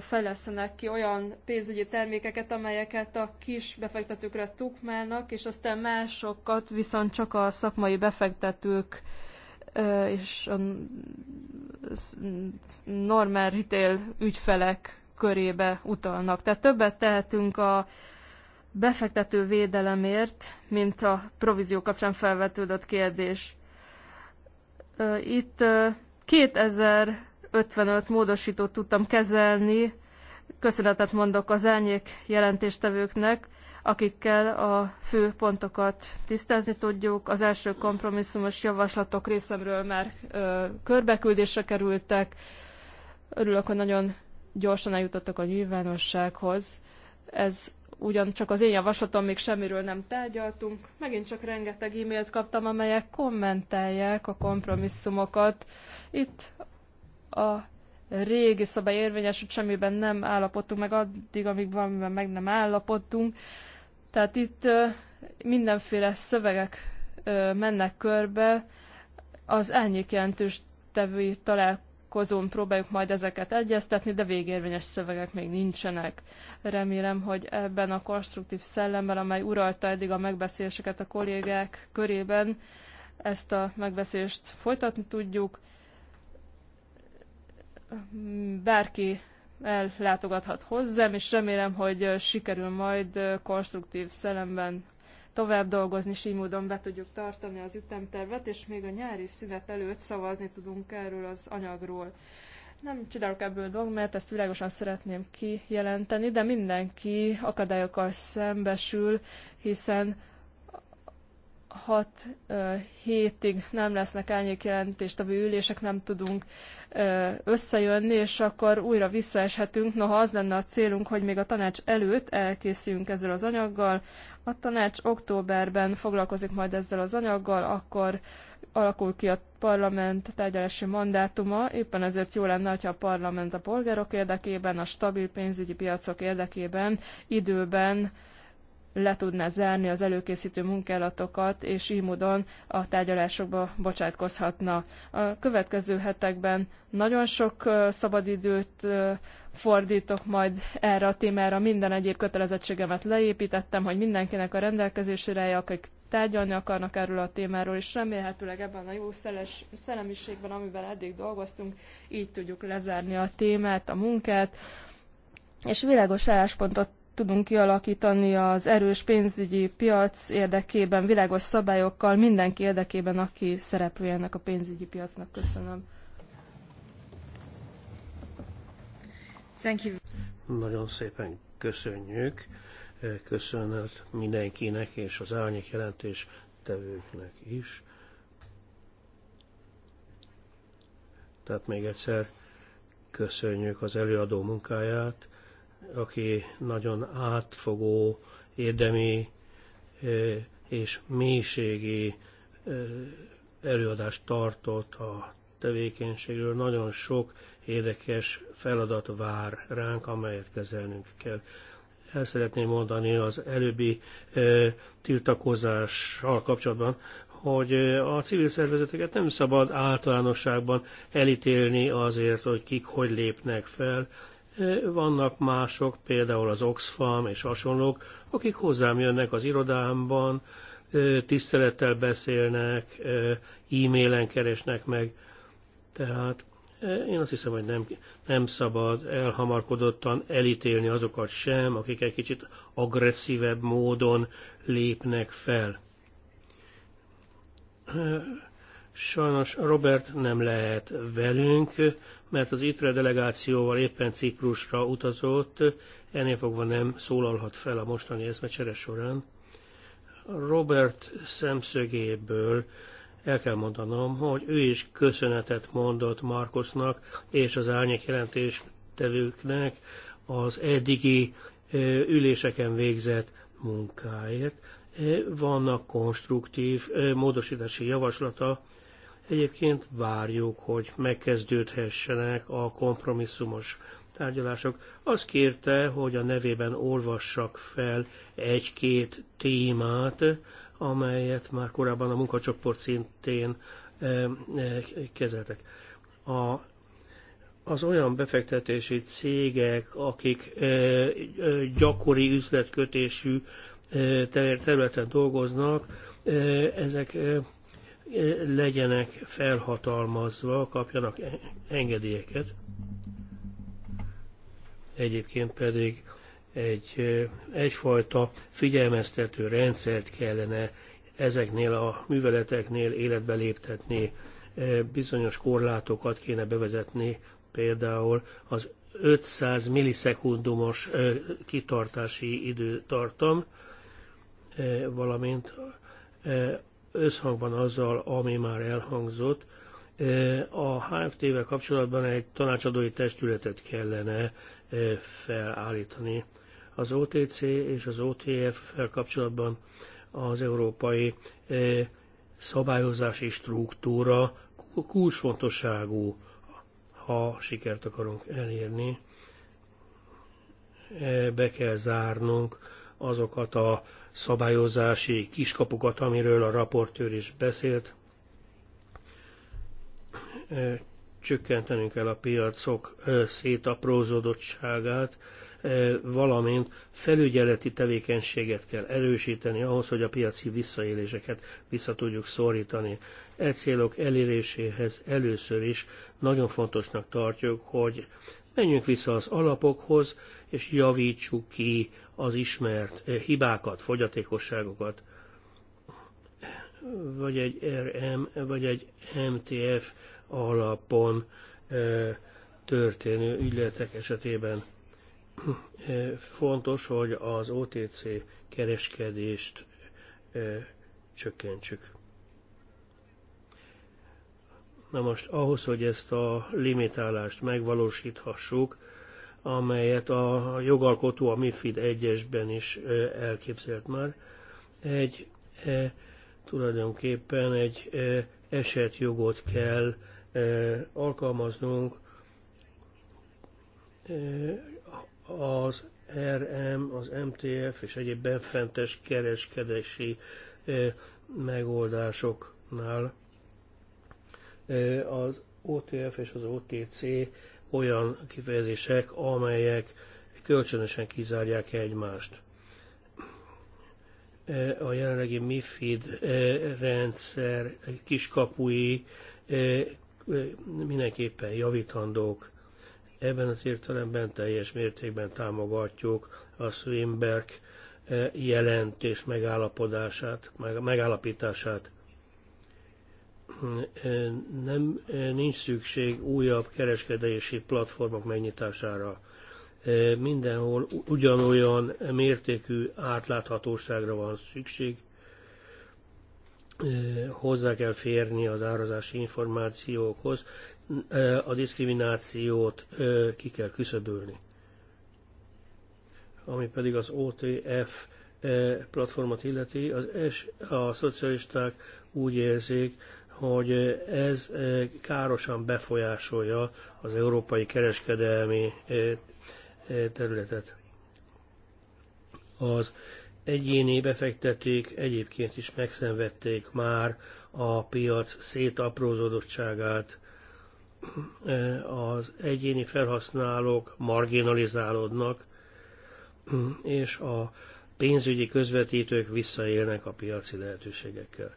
fejlesztenek ki olyan pénzügyi termékeket, amelyeket a kis befektetőkre tukmálnak, és aztán másokat viszont csak a szakmai befektetők és a normál retail ügyfelek körébe utalnak. Tehát többet tehetünk a befektető védelemért, mint a provízió kapcsán felvetődött kérdés. Itt 2000 55 módosítót tudtam kezelni. Köszönetet mondok az elnyék jelentéstevőknek, akikkel a fő pontokat tisztázni tudjuk. Az első kompromisszumos javaslatok részemről már ö, körbeküldésre kerültek. Örülök, hogy nagyon gyorsan eljutottak a nyilvánossághoz. Ez ugyancsak az én javaslatom, még semmiről nem tárgyaltunk. Megint csak rengeteg e-mailt kaptam, amelyek kommentálják a kompromisszumokat. Itt a régi szabály érvényes, hogy semmiben nem állapodtunk meg addig, amíg valamiben meg nem állapodtunk. Tehát itt mindenféle szövegek mennek körbe, az elnyék jelentős tevői találkozón próbáljuk majd ezeket egyeztetni, de végérvényes szövegek még nincsenek. Remélem, hogy ebben a konstruktív szellemben, amely uralta eddig a megbeszéléseket a kollégák körében, ezt a megbeszélést folytatni tudjuk bárki ellátogathat hozzám, és remélem, hogy sikerül majd konstruktív szellemben tovább dolgozni, és így módon be tudjuk tartani az ütemtervet, és még a nyári szünet előtt szavazni tudunk erről az anyagról. Nem csinálok ebből mert ezt világosan szeretném kijelenteni, de mindenki akadályokkal szembesül, hiszen hat hétig nem lesznek a ülések, nem tudunk összejönni, és akkor újra visszaeshetünk. Noha az lenne a célunk, hogy még a tanács előtt elkészüljünk ezzel az anyaggal. A tanács októberben foglalkozik majd ezzel az anyaggal, akkor alakul ki a parlament tárgyalási mandátuma, éppen ezért jó lenne, ha a parlament a polgárok érdekében, a stabil pénzügyi piacok érdekében időben le tudná zárni az előkészítő munkálatokat, és így módon a tárgyalásokba bocsátkozhatna. A következő hetekben nagyon sok szabadidőt fordítok majd erre a témára, minden egyéb kötelezettségemet leépítettem, hogy mindenkinek a rendelkezésére állja, akik tárgyalni akarnak erről a témáról, és remélhetőleg ebben a jó szeles, szellemiségben, amiben eddig dolgoztunk, így tudjuk lezárni a témát, a munkát, és világos álláspontot tudunk kialakítani az erős pénzügyi piac érdekében, világos szabályokkal, mindenki érdekében, aki szereplője ennek a pénzügyi piacnak. Köszönöm. Thank you. Nagyon szépen köszönjük. Köszönet mindenkinek és az árnyék jelentés tevőknek is. Tehát még egyszer köszönjük az előadó munkáját, aki nagyon átfogó, érdemi és mélységi előadást tartott a tevékenységről. Nagyon sok érdekes feladat vár ránk, amelyet kezelnünk kell. El szeretném mondani az előbbi tiltakozással kapcsolatban, hogy a civil szervezeteket nem szabad általánosságban elítélni azért, hogy kik hogy lépnek fel. Vannak mások, például az Oxfam és hasonlók, akik hozzám jönnek az irodámban, tisztelettel beszélnek, e-mailen keresnek meg. Tehát én azt hiszem, hogy nem, nem szabad elhamarkodottan elítélni azokat sem, akik egy kicsit agresszívebb módon lépnek fel. Sajnos Robert nem lehet velünk, mert az ITRE delegációval éppen Ciprusra utazott, ennél fogva nem szólalhat fel a mostani eszmecsere során. Robert szemszögéből el kell mondanom, hogy ő is köszönetet mondott Markusnak és az árnyék jelentéstevőknek az eddigi üléseken végzett munkáért. Vannak konstruktív módosítási javaslata, Egyébként várjuk, hogy megkezdődhessenek a kompromisszumos tárgyalások. Azt kérte, hogy a nevében olvassak fel egy-két témát, amelyet már korábban a munkacsoport szintén eh, eh, kezeltek. A, az olyan befektetési cégek, akik eh, gyakori üzletkötésű területen dolgoznak, ezek legyenek felhatalmazva, kapjanak engedélyeket. Egyébként pedig egy, egyfajta figyelmeztető rendszert kellene ezeknél a műveleteknél életbe léptetni, bizonyos korlátokat kéne bevezetni, például az 500 millisekundumos kitartási időtartam, valamint összhangban azzal, ami már elhangzott, e, a HFT-vel kapcsolatban egy tanácsadói testületet kellene e, felállítani. Az OTC és az OTF-fel kapcsolatban az európai e, szabályozási struktúra kulcsfontosságú, ha sikert akarunk elérni. Be kell zárnunk azokat a szabályozási kiskapukat, amiről a raportőr is beszélt. Csökkentenünk kell a piacok szétaprózódottságát, valamint felügyeleti tevékenységet kell erősíteni ahhoz, hogy a piaci visszaéléseket vissza tudjuk szorítani. E célok eléréséhez először is nagyon fontosnak tartjuk, hogy menjünk vissza az alapokhoz, és javítsuk ki az ismert eh, hibákat, fogyatékosságokat, vagy egy RM, vagy egy MTF alapon eh, történő ügyletek esetében eh, fontos, hogy az OTC kereskedést csökkentsük. Na most ahhoz, hogy ezt a limitálást megvalósíthassuk, amelyet a jogalkotó a MIFID 1-esben is elképzelt már. Egy e, tulajdonképpen egy e, esetjogot kell e, alkalmaznunk e, az RM, az MTF és egyéb benfentes kereskedési e, megoldásoknál. E, az OTF és az OTC olyan kifejezések, amelyek kölcsönösen kizárják egymást. E, a jelenlegi MIFID e, rendszer e, kiskapui mindenképpen javítandók. Ebben az értelemben teljes mértékben támogatjuk a Swinberg jelentés megállapodását, megállapítását nem, eh, nincs szükség újabb kereskedési platformok megnyitására. Eh, mindenhol ugyanolyan mértékű átláthatóságra van szükség, eh, hozzá kell férni az árazási információkhoz, a diszkriminációt ki kell küszöbölni. Ami pedig az OTF platformot illeti, az S, a szocialisták úgy érzik, hogy ez eh, károsan befolyásolja az európai kereskedelmi eh, eh, területet. Az egyéni befektetők egyébként is megszenvedték már a piac szétaprózódottságát, az egyéni felhasználók marginalizálódnak, és a pénzügyi közvetítők visszaélnek a piaci lehetőségekkel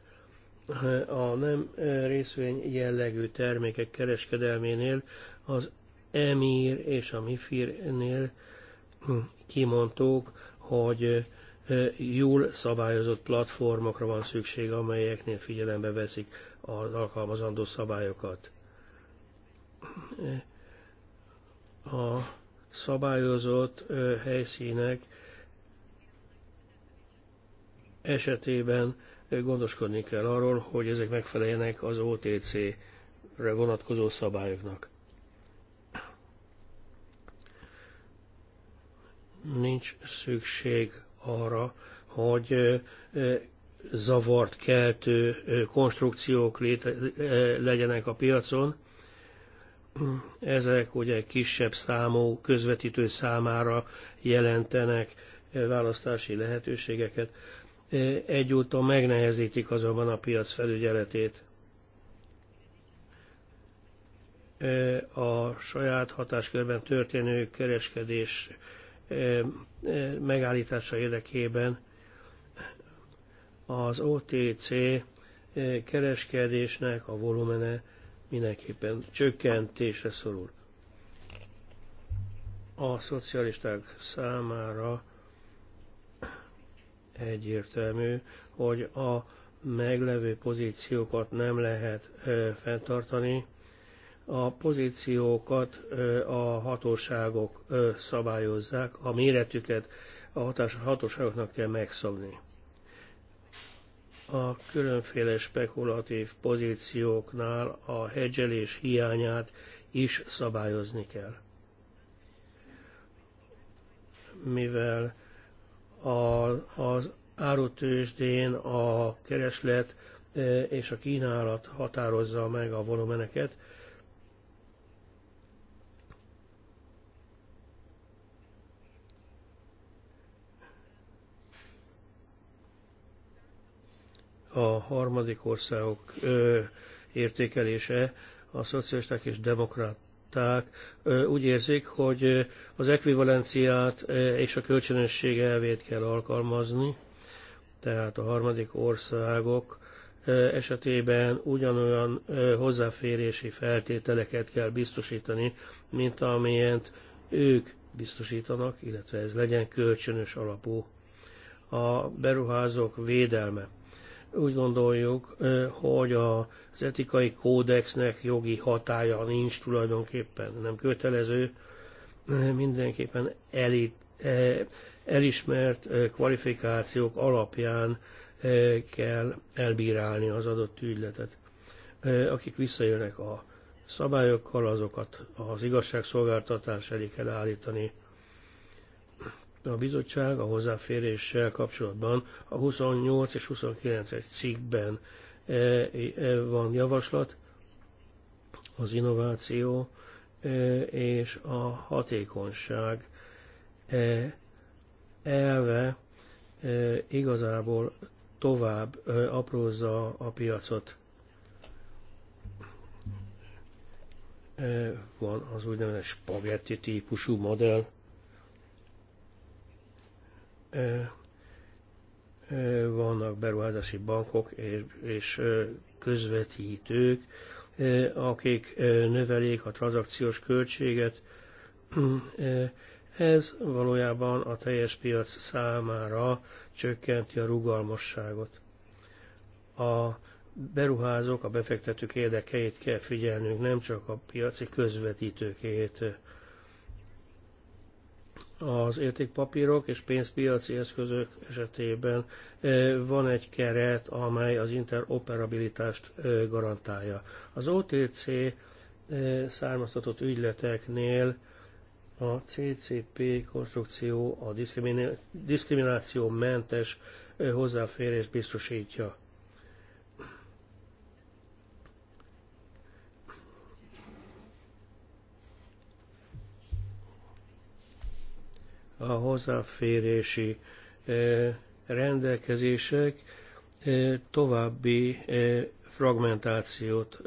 a nem részvény jellegű termékek kereskedelménél az EMIR és a MIFIR-nél hm, kimondtuk, hogy jól szabályozott platformokra van szükség, amelyeknél figyelembe veszik az alkalmazandó szabályokat. A szabályozott helyszínek esetében gondoskodni kell arról, hogy ezek megfeleljenek az OTC-re vonatkozó szabályoknak. Nincs szükség arra, hogy zavart keltő konstrukciók léte, legyenek a piacon. Ezek ugye kisebb számú közvetítő számára jelentenek választási lehetőségeket egyúttal megnehezítik azonban a piac felügyeletét. E, a saját hatáskörben történő kereskedés e, e, megállítása érdekében az OTC kereskedésnek a volumene mindenképpen csökkentésre szorul. A szocialisták számára egyértelmű, hogy a meglevő pozíciókat nem lehet ö, fenntartani. A pozíciókat ö, a hatóságok ö, szabályozzák, a méretüket a hatás, hatóságoknak kell megszabni. A különféle spekulatív pozícióknál a hedzselés hiányát is szabályozni kell. Mivel a, az árutősdén a kereslet e, és a kínálat határozza meg a volumeneket. A harmadik országok ö, értékelése a szocialisták és demokrat tudták, úgy érzik, hogy az ekvivalenciát és a kölcsönösség elvét kell alkalmazni, tehát a harmadik országok esetében ugyanolyan hozzáférési feltételeket kell biztosítani, mint amilyent ők biztosítanak, illetve ez legyen kölcsönös alapú. A beruházók védelme. Úgy gondoljuk, hogy az etikai kódexnek jogi hatája nincs tulajdonképpen, nem kötelező, mindenképpen elit, elismert kvalifikációk alapján kell elbírálni az adott ügyletet. Akik visszajönnek a szabályokkal, azokat az igazságszolgáltatás elé kell állítani de a bizottság a hozzáféréssel kapcsolatban a 28 és 29 es cikkben e, e, van javaslat, az innováció e, és a hatékonyság elve igazából tovább aprózza a piacot. Van az úgynevezett spagetti típusú modell, vannak beruházási bankok és közvetítők, akik növelik a tranzakciós költséget. Ez valójában a teljes piac számára csökkenti a rugalmasságot. A beruházók, a befektetők érdekeit kell figyelnünk, nem csak a piaci közvetítőkét az értékpapírok és pénzpiaci eszközök esetében van egy keret, amely az interoperabilitást garantálja. Az OTC származtatott ügyleteknél a CCP konstrukció a diszkriminációmentes hozzáférés biztosítja. a hozzáférési e, rendelkezések e, további e, fragmentációt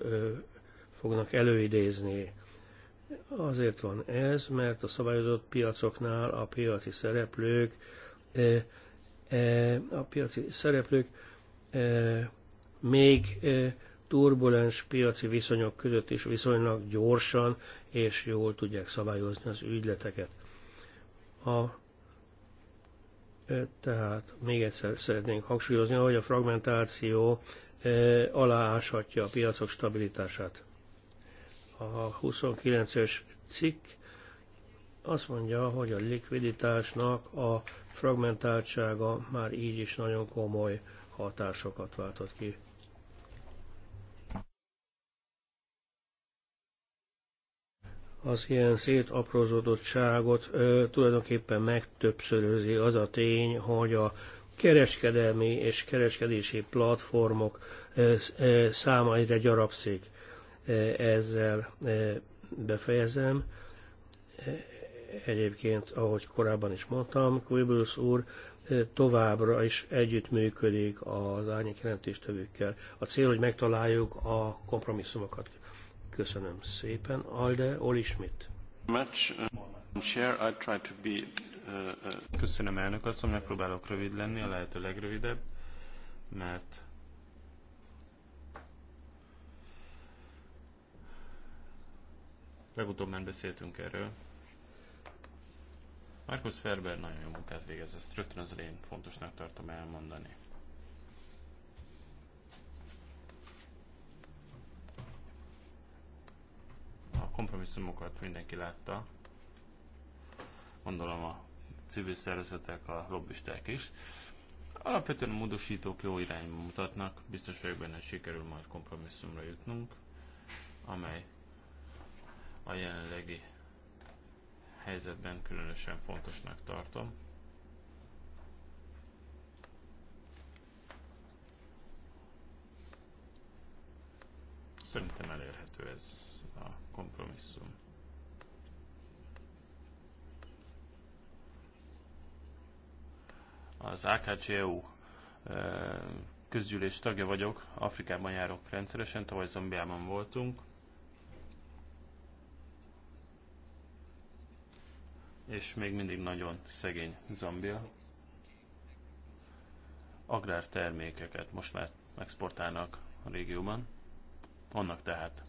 fognak előidézni. Azért van ez, mert a szabályozott piacoknál a piaci szereplők a piaci szereplők még turbulens piaci viszonyok között is viszonylag gyorsan és jól tudják szabályozni az ügyleteket. A, e, tehát még egyszer szeretnénk hangsúlyozni, hogy a fragmentáció e, alááshatja a piacok stabilitását. A 29-ös cikk azt mondja, hogy a likviditásnak a fragmentáltsága már így is nagyon komoly hatásokat váltott ki. az ilyen szétaprózódottságot ö, tulajdonképpen megtöbbszörözi az a tény, hogy a kereskedelmi és kereskedési platformok ö, ö, száma egyre gyarapszik. Ezzel befejezem. Egyébként, ahogy korábban is mondtam, Quibbles úr továbbra is együttműködik az árnyék jelentéstevőkkel. A cél, hogy megtaláljuk a kompromisszumokat. Köszönöm szépen. Alde Olismit. Uh, uh, uh, Köszönöm elnök asszony, megpróbálok rövid lenni, a lehető legrövidebb, mert legutóbb már beszéltünk erről. Markus Ferber nagyon jó munkát végez, ezt rögtön az én fontosnak tartom elmondani. kompromisszumokat mindenki látta. Gondolom a civil szervezetek, a lobbisták is. Alapvetően a módosítók jó irányba mutatnak, biztos vagyok benne, hogy sikerül majd kompromisszumra jutnunk, amely a jelenlegi helyzetben különösen fontosnak tartom. Szerintem elérhető ez a kompromisszum. Az AKCEU közgyűlés tagja vagyok, Afrikában járok rendszeresen, tavaly Zombiában voltunk. És még mindig nagyon szegény Zambia. Agrártermékeket most már exportálnak a régióban. Vannak tehát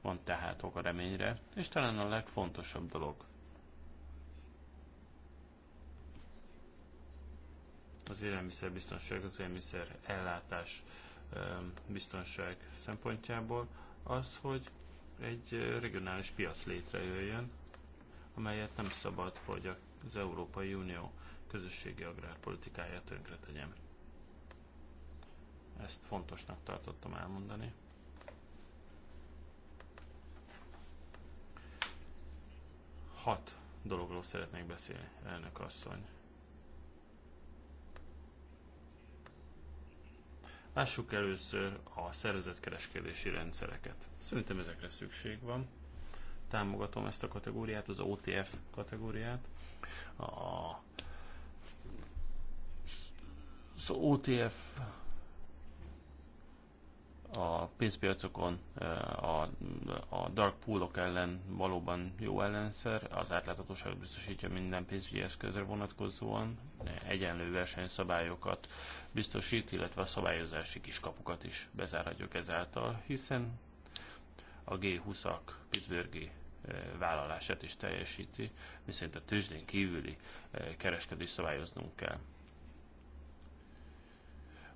van tehát ok a reményre, és talán a legfontosabb dolog. Az élelmiszerbiztonság, az élelmiszer ellátás biztonság szempontjából az, hogy egy regionális piac létrejöjjön, amelyet nem szabad, hogy az Európai Unió közösségi agrárpolitikája tönkre tegyen. Ezt fontosnak tartottam elmondani. Hat dologról szeretnék beszélni, elnök asszony. Lássuk először a szervezetkereskedési rendszereket. Szerintem ezekre szükség van. Támogatom ezt a kategóriát, az OTF kategóriát. A az OTF a pénzpiacokon a, a dark poolok ellen valóban jó ellenszer, az átláthatóság biztosítja minden pénzügyi eszközre vonatkozóan, egyenlő versenyszabályokat biztosít, illetve a szabályozási kiskapukat is bezárhatjuk ezáltal, hiszen a G20-ak Pittsburghi vállalását is teljesíti, viszont a tőzsdén kívüli kereskedést szabályoznunk kell.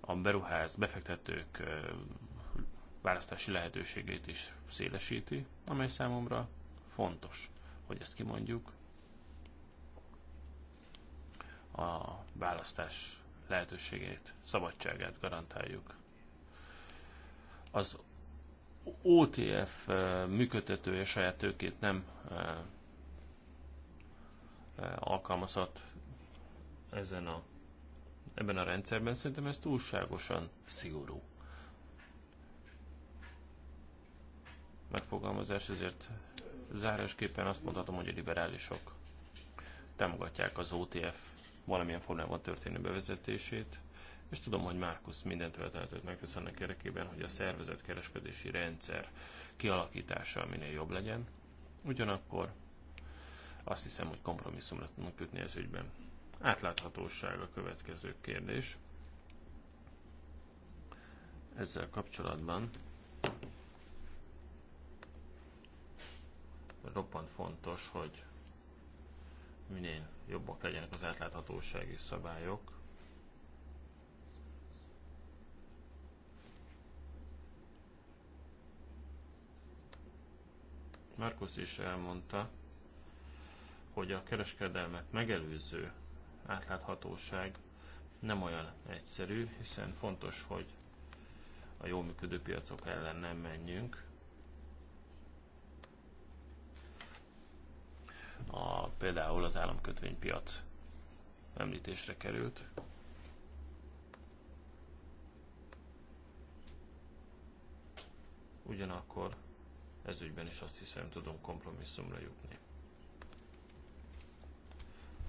A beruház, befektetők választási lehetőségét is szélesíti, amely számomra fontos, hogy ezt kimondjuk. A választás lehetőségét, szabadságát garantáljuk. Az OTF működtetője saját tőkét nem alkalmazhat ezen a, ebben a rendszerben, szerintem ez túlságosan szigorú. megfogalmazás, ezért zárásképpen azt mondhatom, hogy a liberálisok támogatják az OTF valamilyen formában történő bevezetését, és tudom, hogy Márkusz minden tehetőt megtesz annak érdekében, hogy a szervezetkereskedési rendszer kialakítása minél jobb legyen. Ugyanakkor azt hiszem, hogy kompromisszumra tudunk kötni ez ügyben. Átláthatóság a következő kérdés. Ezzel kapcsolatban roppant fontos, hogy minél jobbak legyenek az átláthatósági szabályok. Markus is elmondta, hogy a kereskedelmet megelőző átláthatóság nem olyan egyszerű, hiszen fontos, hogy a jól működő piacok ellen nem menjünk, a, például az államkötvénypiac említésre került. Ugyanakkor ez ügyben is azt hiszem tudunk kompromisszumra jutni.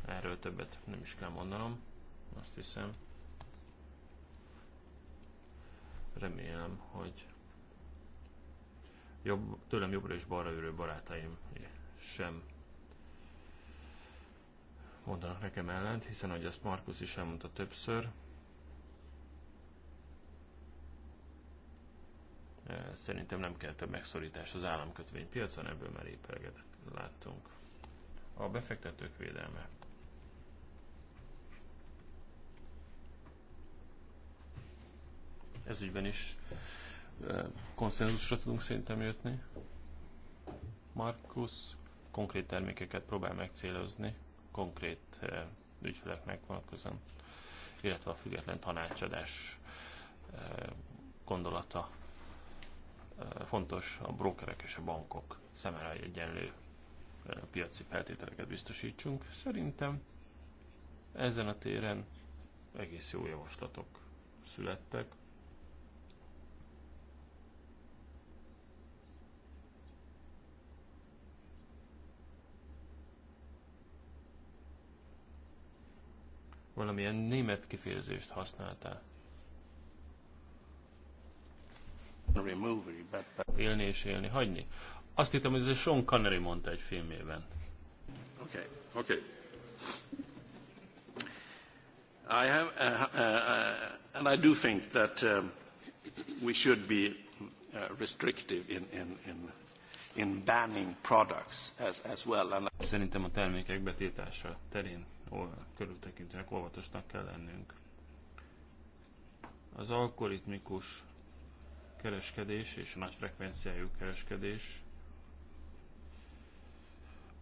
Erről többet nem is kell mondanom, azt hiszem. Remélem, hogy jobb, tőlem jobbra és balra ülő barátaim sem mondanak nekem ellent, hiszen ahogy azt Markus is elmondta többször, eh, szerintem nem kell több megszorítás az piacon, ebből már épelget láttunk. A befektetők védelme. Ez ügyben is eh, konszenzusra tudunk szerintem jutni. Markus konkrét termékeket próbál megcélozni konkrét eh, ügyfeleknek vonatkozóan, illetve a független tanácsadás eh, gondolata eh, fontos a brokerek és a bankok szemére egyenlő piaci feltételeket biztosítsunk. Szerintem ezen a téren egész jó javaslatok születtek. valamilyen német kifejezést használtál. Élni és élni, hagyni. Azt hittem, hogy ez a Sean Connery mondta egy filmében. Oké, okay. oké. Okay. I have, uh, uh, uh, and I do think that uh, we should be uh, restrictive in, in, in, in banning products as, as well. And... Szerintem a termékek betiltása terén körültekintőnek, óvatosnak kell lennünk. Az algoritmikus kereskedés és a nagy frekvenciájú kereskedés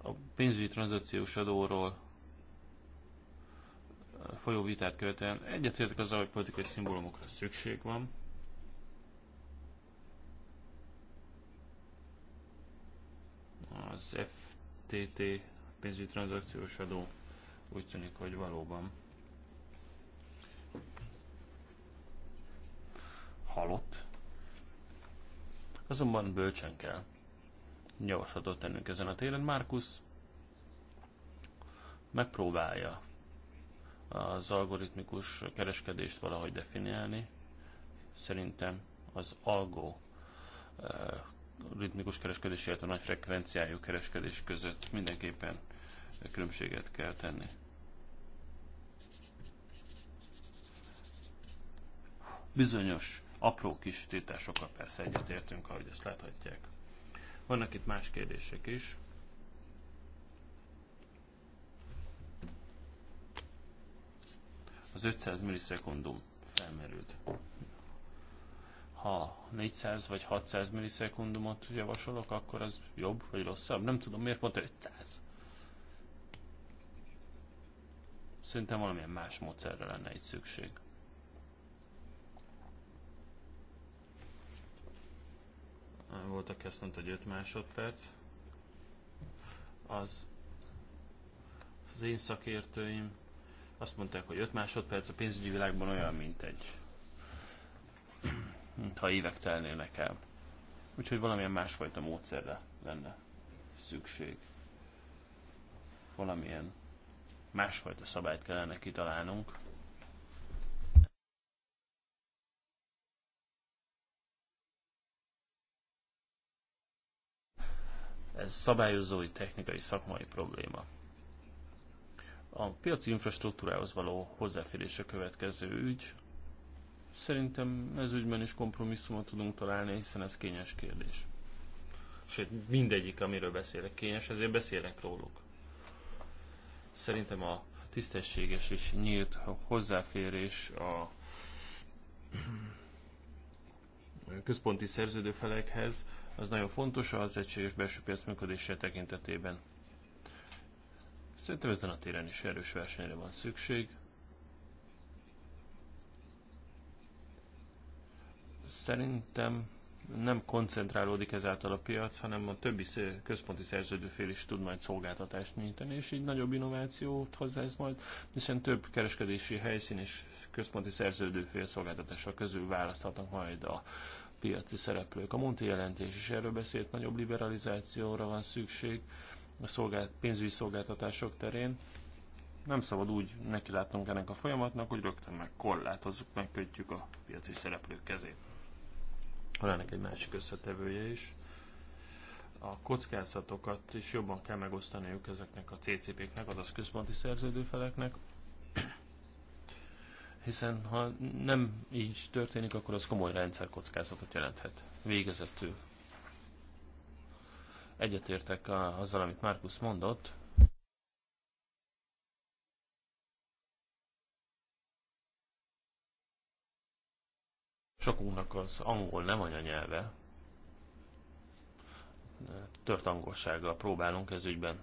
a pénzügyi tranzakciós adóról folyó vitát követően egyetértek azzal, hogy politikai szimbólumokra szükség van, az FTT pénzügyi tranzakciós adó úgy tűnik, hogy valóban halott. Azonban bölcsen kell javaslatot tennünk ezen a téren. Markus megpróbálja az algoritmikus kereskedést valahogy definiálni. Szerintem az algo eh, ritmikus kereskedés, illetve nagy frekvenciájú kereskedés között mindenképpen különbséget kell tenni. bizonyos apró kis tiltásokkal persze egyetértünk, ahogy ezt láthatják. Vannak itt más kérdések is. Az 500 millisekundum felmerült. Ha 400 vagy 600 millisekundumot javasolok, akkor az jobb vagy rosszabb? Nem tudom, miért pont 500? Szerintem valamilyen más módszerre lenne itt szükség. volt, aki azt mondta, hogy 5 másodperc. Az, az én szakértőim azt mondták, hogy 5 másodperc a pénzügyi világban olyan, mint egy ha évek telnének el. Úgyhogy valamilyen másfajta módszerre lenne szükség. Valamilyen másfajta szabályt kellene kitalálnunk, Ez szabályozói, technikai, szakmai probléma. A piaci infrastruktúrához való hozzáférés a következő ügy. Szerintem ez ügyben is kompromisszumot tudunk találni, hiszen ez kényes kérdés. Sőt, mindegyik, amiről beszélek kényes, ezért beszélek róluk. Szerintem a tisztességes és nyílt hozzáférés a központi szerződőfelekhez az nagyon fontos az egységes belső piac működése tekintetében. Szerintem ezen a téren is erős versenyre van szükség. Szerintem nem koncentrálódik ezáltal a piac, hanem a többi központi szerződőfél is tud majd szolgáltatást nyújtani, és így nagyobb innovációt hozzá ez majd, hiszen több kereskedési helyszín és központi szerződőfél szolgáltatása közül választhatnak majd a piaci szereplők. A Monti jelentés is erről beszélt, nagyobb liberalizációra van szükség a szolgált, pénzügyi szolgáltatások terén. Nem szabad úgy látnunk ennek a folyamatnak, hogy rögtön meg korlátozzuk, megkötjük a piaci szereplők kezét. Van ennek egy másik összetevője is. A kockázatokat is jobban kell megosztaniuk ezeknek a CCP-knek, azaz központi szerződőfeleknek, hiszen ha nem így történik, akkor az komoly rendszerkockázatot jelenthet. Végezetül. Egyetértek azzal, amit Markus mondott. Sokunknak az angol nem anyanyelve. Tört angolsággal próbálunk ez ügyben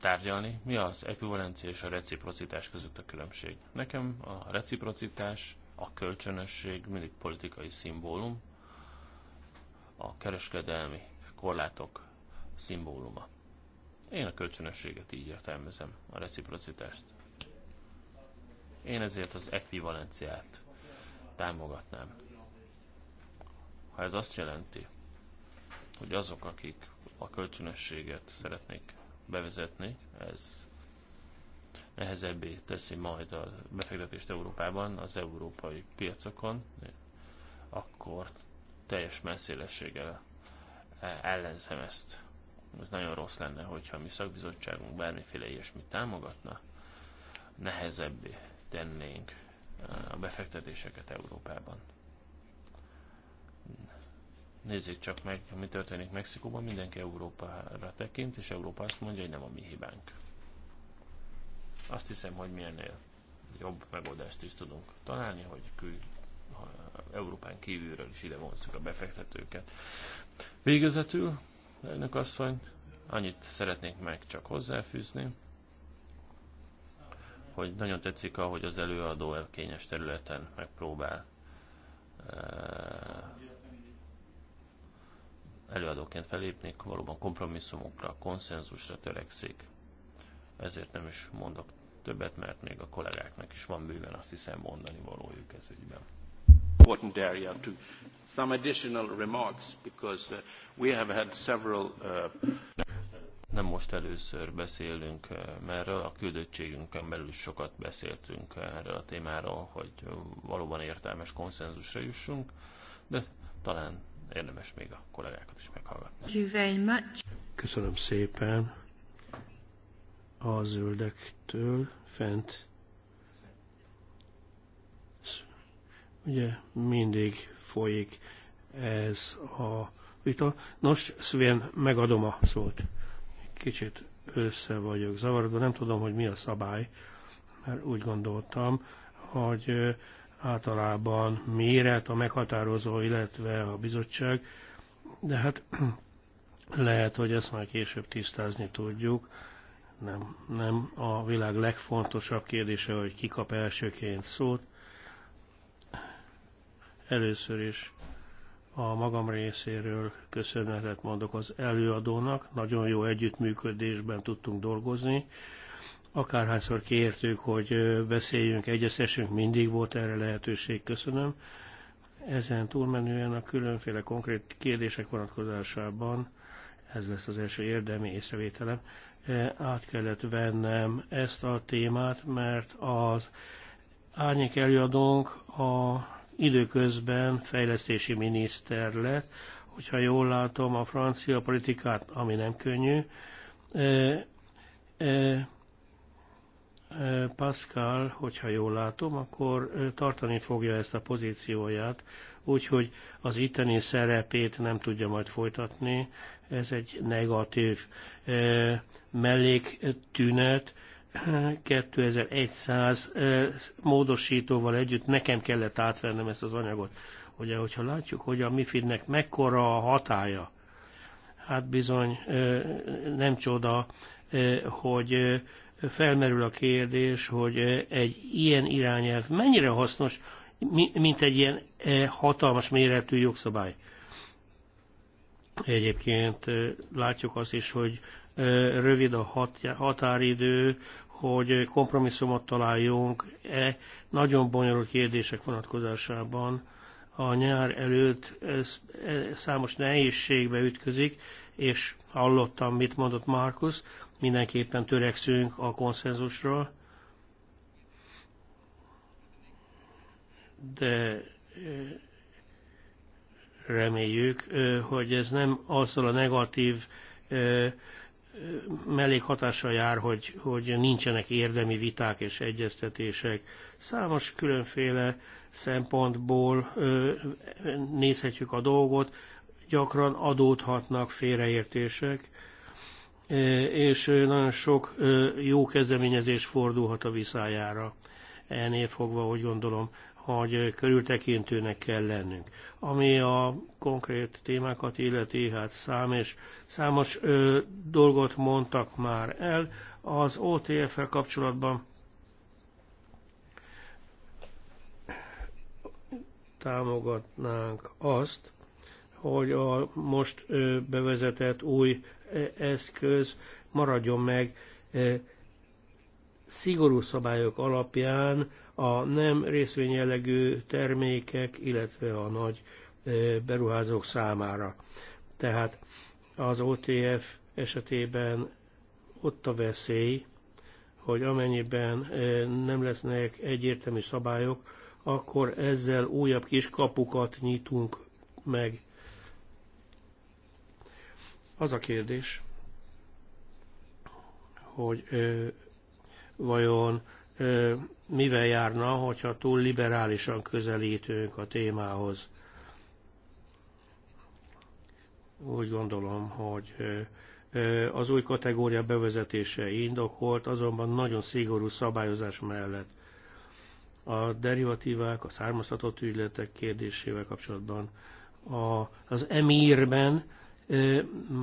tárgyalni, mi az ekvivalencia és a reciprocitás között a különbség. Nekem a reciprocitás, a kölcsönösség mindig politikai szimbólum, a kereskedelmi korlátok szimbóluma. Én a kölcsönösséget így értelmezem, a reciprocitást. Én ezért az ekvivalenciát támogatnám. Ha ez azt jelenti, hogy azok, akik a kölcsönösséget szeretnék bevezetni, ez nehezebbé teszi majd a befektetést Európában, az európai piacokon, akkor teljes messzélességgel ellenzem ezt. Ez nagyon rossz lenne, hogyha mi szakbizottságunk bármiféle ilyesmit támogatna, nehezebbé tennénk eh, a befektetéseket Európában. Nézzék csak meg, mi történik Mexikóban, mindenki Európára tekint, és Európa azt mondja, hogy nem a mi hibánk. Azt hiszem, hogy mi ennél jobb megoldást is tudunk találni, hogy kül, ha Európán kívülről is ide vonzuk a befektetőket. Végezetül, elnök asszony, annyit szeretnék meg csak hozzáfűzni, hogy nagyon tetszik, ahogy az előadó kényes területen megpróbál eh, előadóként felépnék, valóban kompromisszumokra, konszenzusra törekszik. Ezért nem is mondok többet, mert még a kollégáknak is van bőven azt hiszem mondani valójuk ez ügyben. Important area to some additional remarks because uh, we have had several uh, nem most először beszélünk uh, erről, a küldöttségünkön belül is sokat beszéltünk erről a témáról, hogy valóban értelmes konszenzusra jussunk, de talán érdemes még a kollégákat is meghallgatni. Köszönöm szépen a zöldektől fent. Ugye mindig folyik ez a vita. Nos, Sven, megadom a szót. Kicsit össze vagyok zavarodva, nem tudom, hogy mi a szabály, mert úgy gondoltam, hogy általában méret a meghatározó, illetve a bizottság, de hát lehet, hogy ezt már később tisztázni tudjuk. Nem, nem a világ legfontosabb kérdése, hogy ki kap elsőként szót. Először is a magam részéről köszönetet mondok az előadónak, nagyon jó együttműködésben tudtunk dolgozni, Akárhányszor kértük, hogy beszéljünk, egyeztessünk, mindig volt erre lehetőség, köszönöm. Ezen túlmenően a különféle konkrét kérdések vonatkozásában, ez lesz az első érdemi észrevételem, át kellett vennem ezt a témát, mert az árnyék előadónk a időközben fejlesztési miniszter lett, hogyha jól látom a francia politikát, ami nem könnyű, Pascal, hogyha jól látom, akkor tartani fogja ezt a pozícióját, úgyhogy az itteni szerepét nem tudja majd folytatni. Ez egy negatív melléktünet. 2100 módosítóval együtt nekem kellett átvennem ezt az anyagot. Ugye, hogyha látjuk, hogy a MIFID-nek mekkora a hatája, hát bizony nem csoda, hogy felmerül a kérdés, hogy egy ilyen irányelv mennyire hasznos, mint egy ilyen hatalmas méretű jogszabály. Egyébként látjuk azt is, hogy rövid a határidő, hogy kompromisszumot találjunk-e nagyon bonyolult kérdések vonatkozásában. A nyár előtt ez számos nehézségbe ütközik, és hallottam, mit mondott Markus, mindenképpen törekszünk a konszenzusra, de reméljük, hogy ez nem azzal a negatív mellékhatással jár, hogy, hogy nincsenek érdemi viták és egyeztetések. Számos különféle szempontból nézhetjük a dolgot, gyakran adódhatnak félreértések, E, és nagyon sok jó kezdeményezés fordulhat a viszájára. Ennél fogva úgy gondolom, hogy körültekintőnek kell lennünk. Ami a konkrét témákat illeti, hát szám és számos ö, dolgot mondtak már el az otf el kapcsolatban. Támogatnánk azt, hogy a most ö, bevezetett új eszköz maradjon meg szigorú szabályok alapján a nem részvényjellegű termékek, illetve a nagy beruházók számára. Tehát az OTF esetében ott a veszély, hogy amennyiben nem lesznek egyértelmű szabályok, akkor ezzel újabb kis kapukat nyitunk meg. Az a kérdés, hogy ö, vajon ö, mivel járna, hogyha túl liberálisan közelítünk a témához. Úgy gondolom, hogy ö, az új kategória bevezetése indokolt, azonban nagyon szigorú szabályozás mellett. A derivatívák, a származtatott ügyletek kérdésével kapcsolatban a, az emírben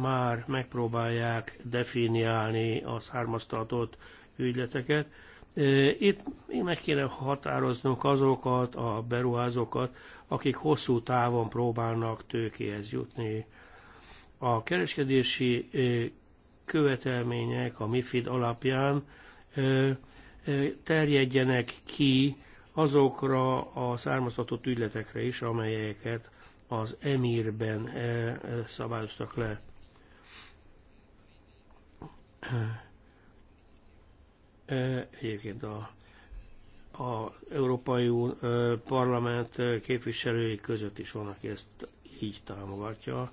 már megpróbálják definiálni a származtatott ügyleteket. Itt meg kéne határoznunk azokat a beruházókat, akik hosszú távon próbálnak tőkéhez jutni. A kereskedési követelmények a MIFID alapján terjedjenek ki azokra a származtatott ügyletekre is, amelyeket az emírben eh, eh, szabályoztak le. Eh, egyébként a, a Európai Parlament képviselői között is van, aki ezt így támogatja.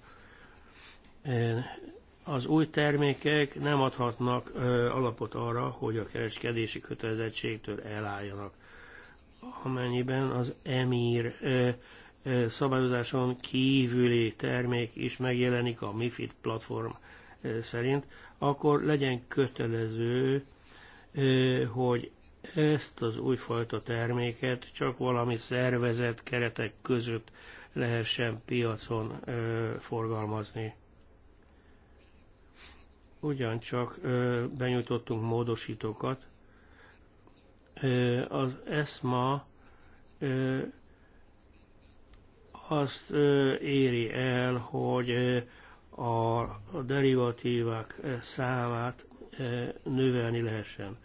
Az új termékek nem adhatnak alapot arra, hogy a kereskedési kötelezettségtől elálljanak amennyiben az emír szabályozáson kívüli termék is megjelenik a MIFID platform szerint, akkor legyen kötelező, hogy ezt az újfajta terméket csak valami szervezet keretek között lehessen piacon forgalmazni. Ugyancsak benyújtottunk módosítókat. Az ESMA azt éri el, hogy a derivatívák számát növelni lehessen.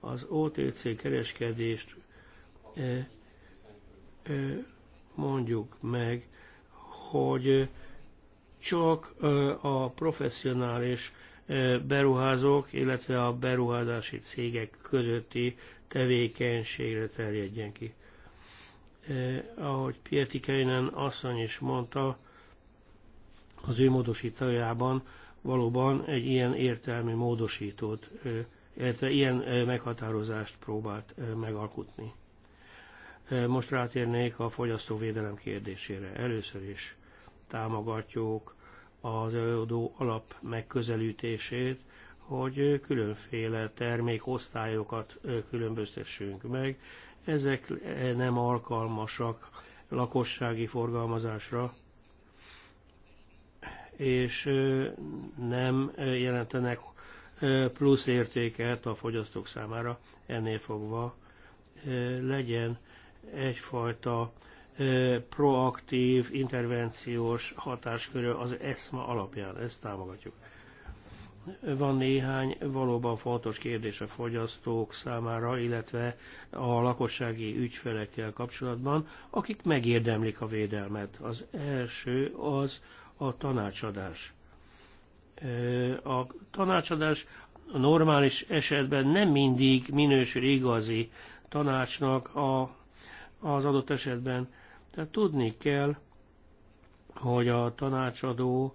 Az OTC kereskedést mondjuk meg, hogy csak a professzionális beruházók, illetve a beruházási cégek közötti tevékenységre terjedjen ki. Eh, ahogy Pietikeinen asszony is mondta, az ő módosítójában valóban egy ilyen értelmi módosítót, eh, illetve ilyen eh, meghatározást próbált eh, megalkotni. Eh, most rátérnék a fogyasztóvédelem kérdésére. Először is támogatjuk az előadó alap megközelítését, hogy különféle termékosztályokat eh, különböztessünk meg, ezek nem alkalmasak lakossági forgalmazásra, és nem jelentenek plusz értéket a fogyasztók számára, ennél fogva legyen egyfajta proaktív, intervenciós hatáskörő az ESMA alapján. Ezt támogatjuk van néhány valóban fontos kérdés a fogyasztók számára, illetve a lakossági ügyfelekkel kapcsolatban, akik megérdemlik a védelmet. Az első az a tanácsadás. A tanácsadás a normális esetben nem mindig minősül igazi tanácsnak a, az adott esetben. Tehát tudni kell, hogy a tanácsadó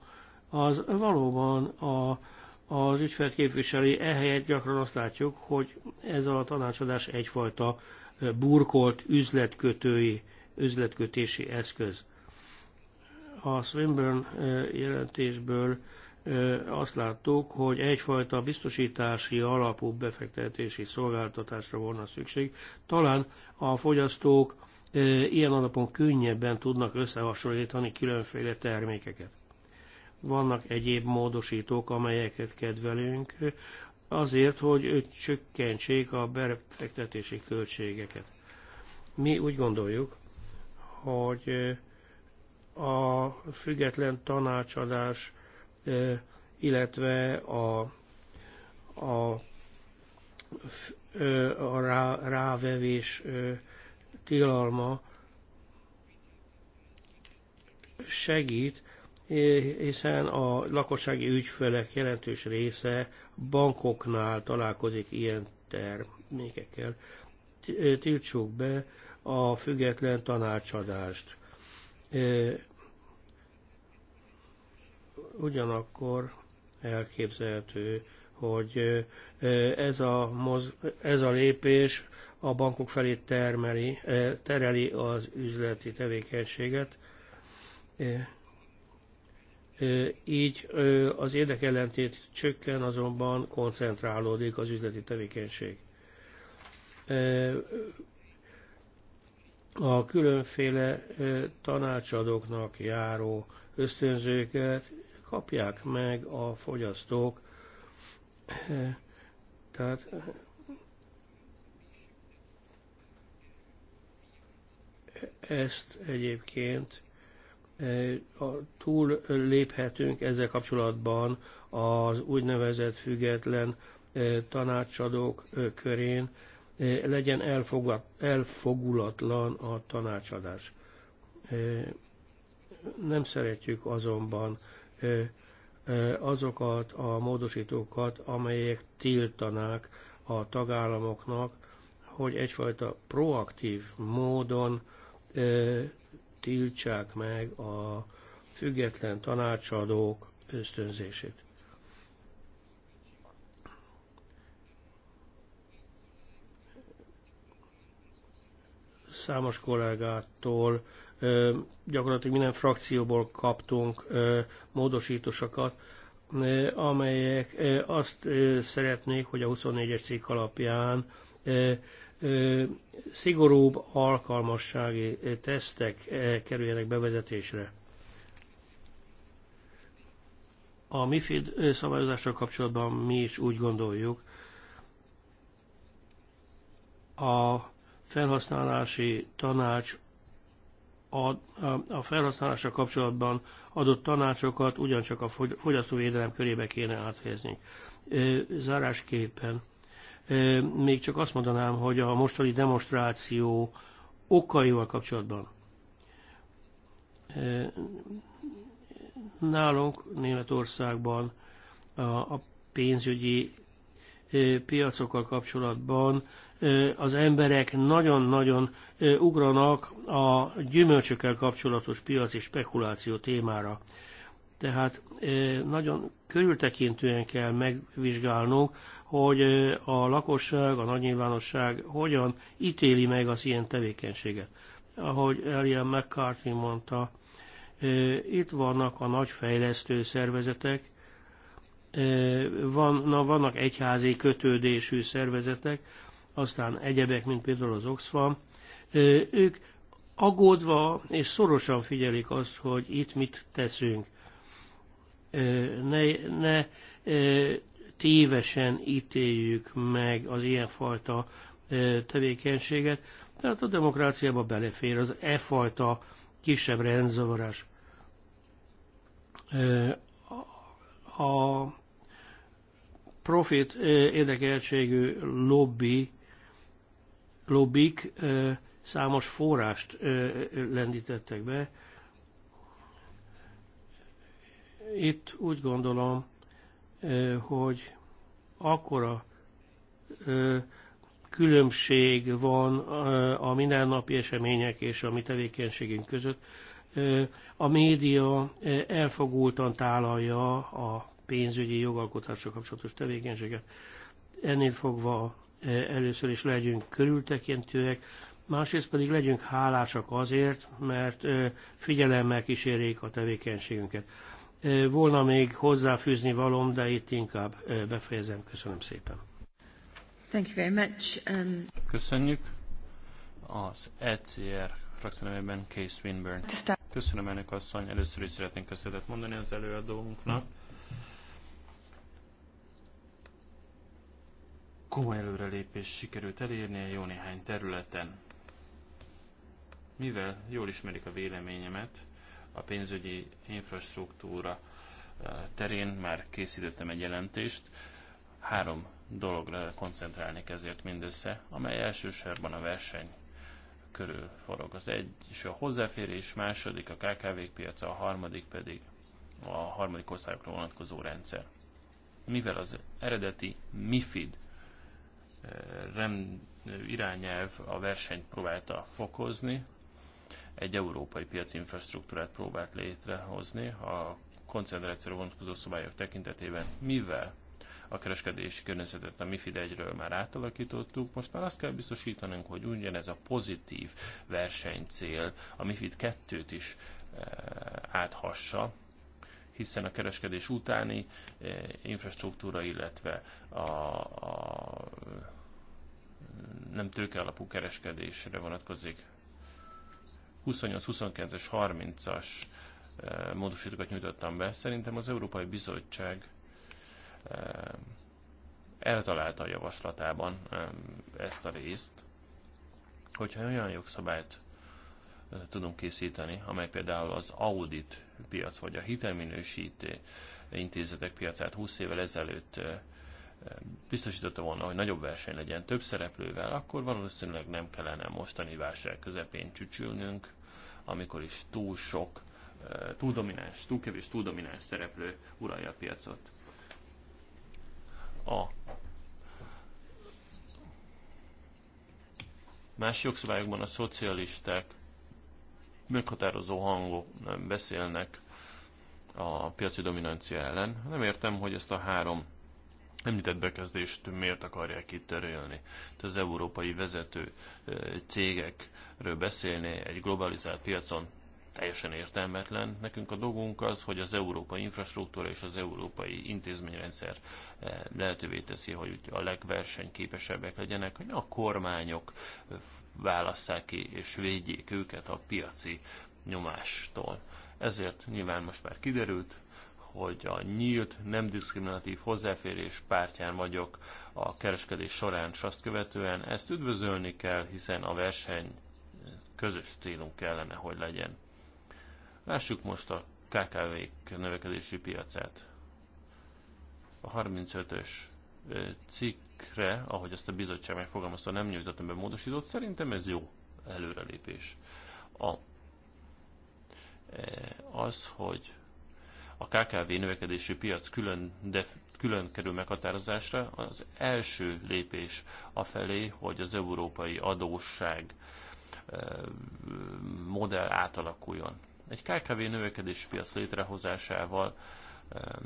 az valóban a, az ügyfelt képviseli, ehelyett gyakran azt látjuk, hogy ez a tanácsadás egyfajta burkolt üzletkötői, üzletkötési eszköz. A Swinburne jelentésből azt láttuk, hogy egyfajta biztosítási alapú befektetési szolgáltatásra volna szükség. Talán a fogyasztók ilyen alapon könnyebben tudnak összehasonlítani különféle termékeket. Vannak egyéb módosítók, amelyeket kedvelünk, azért, hogy csökkentsék a befektetési költségeket. Mi úgy gondoljuk, hogy a független tanácsadás, illetve a, a, a rá, rávevés tilalma segít hiszen a lakossági ügyfelek jelentős része bankoknál találkozik ilyen termékekkel. Tiltsuk be a független tanácsadást. Ugyanakkor elképzelhető, hogy ez a, moz, ez a lépés a bankok felé termeli, tereli az üzleti tevékenységet így az érdekellentét csökken, azonban koncentrálódik az üzleti tevékenység. A különféle tanácsadóknak járó ösztönzőket kapják meg a fogyasztók. Tehát ezt egyébként Eh, túl léphetünk ezzel kapcsolatban az úgynevezett független eh, tanácsadók eh, körén, legyen elfogat, elfogulatlan a tanácsadás. Nem szeretjük azonban azokat a módosítókat, amelyek tiltanák a tagállamoknak, hogy egyfajta proaktív módon tiltsák meg a független tanácsadók ösztönzését. Számos kollégától gyakorlatilag minden frakcióból kaptunk módosítósokat, amelyek azt szeretnék, hogy a 24-es cikk alapján szigorúbb alkalmassági tesztek kerüljenek bevezetésre. A MIFID szabályozással kapcsolatban mi is úgy gondoljuk, a felhasználási tanács a felhasználásra kapcsolatban adott tanácsokat ugyancsak a fogyasztóvédelem körébe kéne áthelyezni. Zárásképpen még csak azt mondanám, hogy a mostani demonstráció okaival kapcsolatban nálunk Németországban a pénzügyi piacokkal kapcsolatban az emberek nagyon-nagyon ugranak a gyümölcsökkel kapcsolatos piaci spekuláció témára. Tehát nagyon körültekintően kell megvizsgálnunk, hogy a lakosság, a nagy nyilvánosság hogyan ítéli meg az ilyen tevékenységet. Ahogy Elian McCarthy mondta, itt vannak a nagy fejlesztő szervezetek, van, na, vannak egyházi kötődésű szervezetek, aztán egyebek, mint például az Oxfam, ők aggódva és szorosan figyelik azt, hogy itt mit teszünk ne, ne tévesen ítéljük meg az ilyenfajta tevékenységet, tehát a demokráciába belefér az e fajta kisebb rendzavarás. A profit érdekeltségű lobby, lobbik számos forrást lendítettek be, itt úgy gondolom, hogy akkora különbség van a mindennapi események és a mi tevékenységünk között. A média elfogultan tálalja a pénzügyi jogalkotásra kapcsolatos tevékenységet. Ennél fogva először is legyünk körültekintőek, másrészt pedig legyünk hálásak azért, mert figyelemmel kísérjék a tevékenységünket. Volna még hozzáfűzni valom, de itt inkább befejezem. Köszönöm szépen. Thank you very much. Um... Köszönjük. Az ECR frakció Case Winburn. Köszönöm ennek asszony. Először is szeretnénk köszönetet mondani az előadónknak. Komoly előrelépés sikerült a jó néhány területen. Mivel jól ismerik a véleményemet, a pénzügyi infrastruktúra eh, terén már készítettem egy jelentést. Három dologra koncentrálnék ezért mindössze, amely elsősorban a verseny körül forog. Az egy és a hozzáférés, második a KKV piaca, a harmadik pedig a harmadik országokra vonatkozó rendszer. Mivel az eredeti MIFID eh, rem, eh, irányelv a versenyt próbálta fokozni, egy európai piaci infrastruktúrát próbált létrehozni a koncentrációra vonatkozó szabályok tekintetében, mivel a kereskedési környezetet a MIFID 1 már átalakítottuk, most már azt kell biztosítanunk, hogy ugyanez a pozitív versenycél a MIFID 2-t is eh, áthassa, hiszen a kereskedés utáni eh, infrastruktúra, illetve a, a nem tőke alapú kereskedésre vonatkozik 28-29-es, 30-as eh, módosítókat nyújtottam be. Szerintem az Európai Bizottság eh, eltalálta a javaslatában eh, ezt a részt, hogyha olyan jogszabályt tudunk készíteni, amely például az audit piac vagy a hitelminősítő intézetek piacát 20 évvel ezelőtt biztosította volna, hogy nagyobb verseny legyen több szereplővel, akkor valószínűleg nem kellene mostani válság közepén csücsülnünk, amikor is túl sok, eh, túl domináns, túl kevés, túl domináns szereplő uralja a piacot. A más jogszabályokban a szocialisták meghatározó hangok beszélnek a piaci dominancia ellen. Nem értem, hogy ezt a három említett bekezdést miért akarják itt törölni. Az európai vezető cégekről beszélni egy globalizált piacon teljesen értelmetlen. Nekünk a dolgunk az, hogy az európai infrastruktúra és az európai intézményrendszer lehetővé teszi, hogy a legversenyképesebbek legyenek, hogy a kormányok válasszák ki és védjék őket a piaci nyomástól. Ezért nyilván most már kiderült, hogy a nyílt, nem diszkriminatív hozzáférés pártján vagyok a kereskedés során, és azt követően ezt üdvözölni kell, hiszen a verseny közös célunk kellene, hogy legyen. Lássuk most a KKV-k növekedési piacát. A 35-ös cikkre, ahogy ezt a bizottság megfogalmazta, nem nyújtottam be módosítót, szerintem ez jó előrelépés. A, az, hogy a KKV növekedési piac külön, de, külön kerül meghatározásra, az első lépés afelé, hogy az európai adósság modell átalakuljon. Egy KKV növekedési piac létrehozásával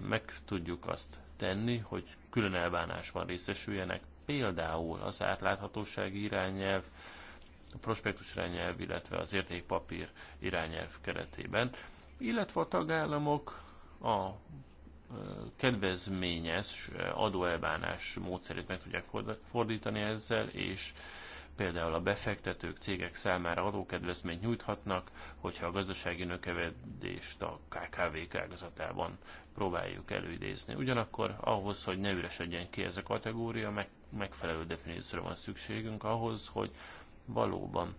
meg tudjuk azt tenni, hogy külön elbánásban részesüljenek, például az átláthatóság irányelv, a prospektus irányelv, illetve az értékpapír irányelv keretében, illetve a tagállamok a kedvezményes adóelbánás módszerét meg tudják fordítani ezzel, és például a befektetők cégek számára adókedvezményt nyújthatnak, hogyha a gazdasági nökevedést a KKV ágazatában próbáljuk előidézni. Ugyanakkor ahhoz, hogy ne üresedjen ki ez a kategória, meg, megfelelő definícióra van szükségünk ahhoz, hogy valóban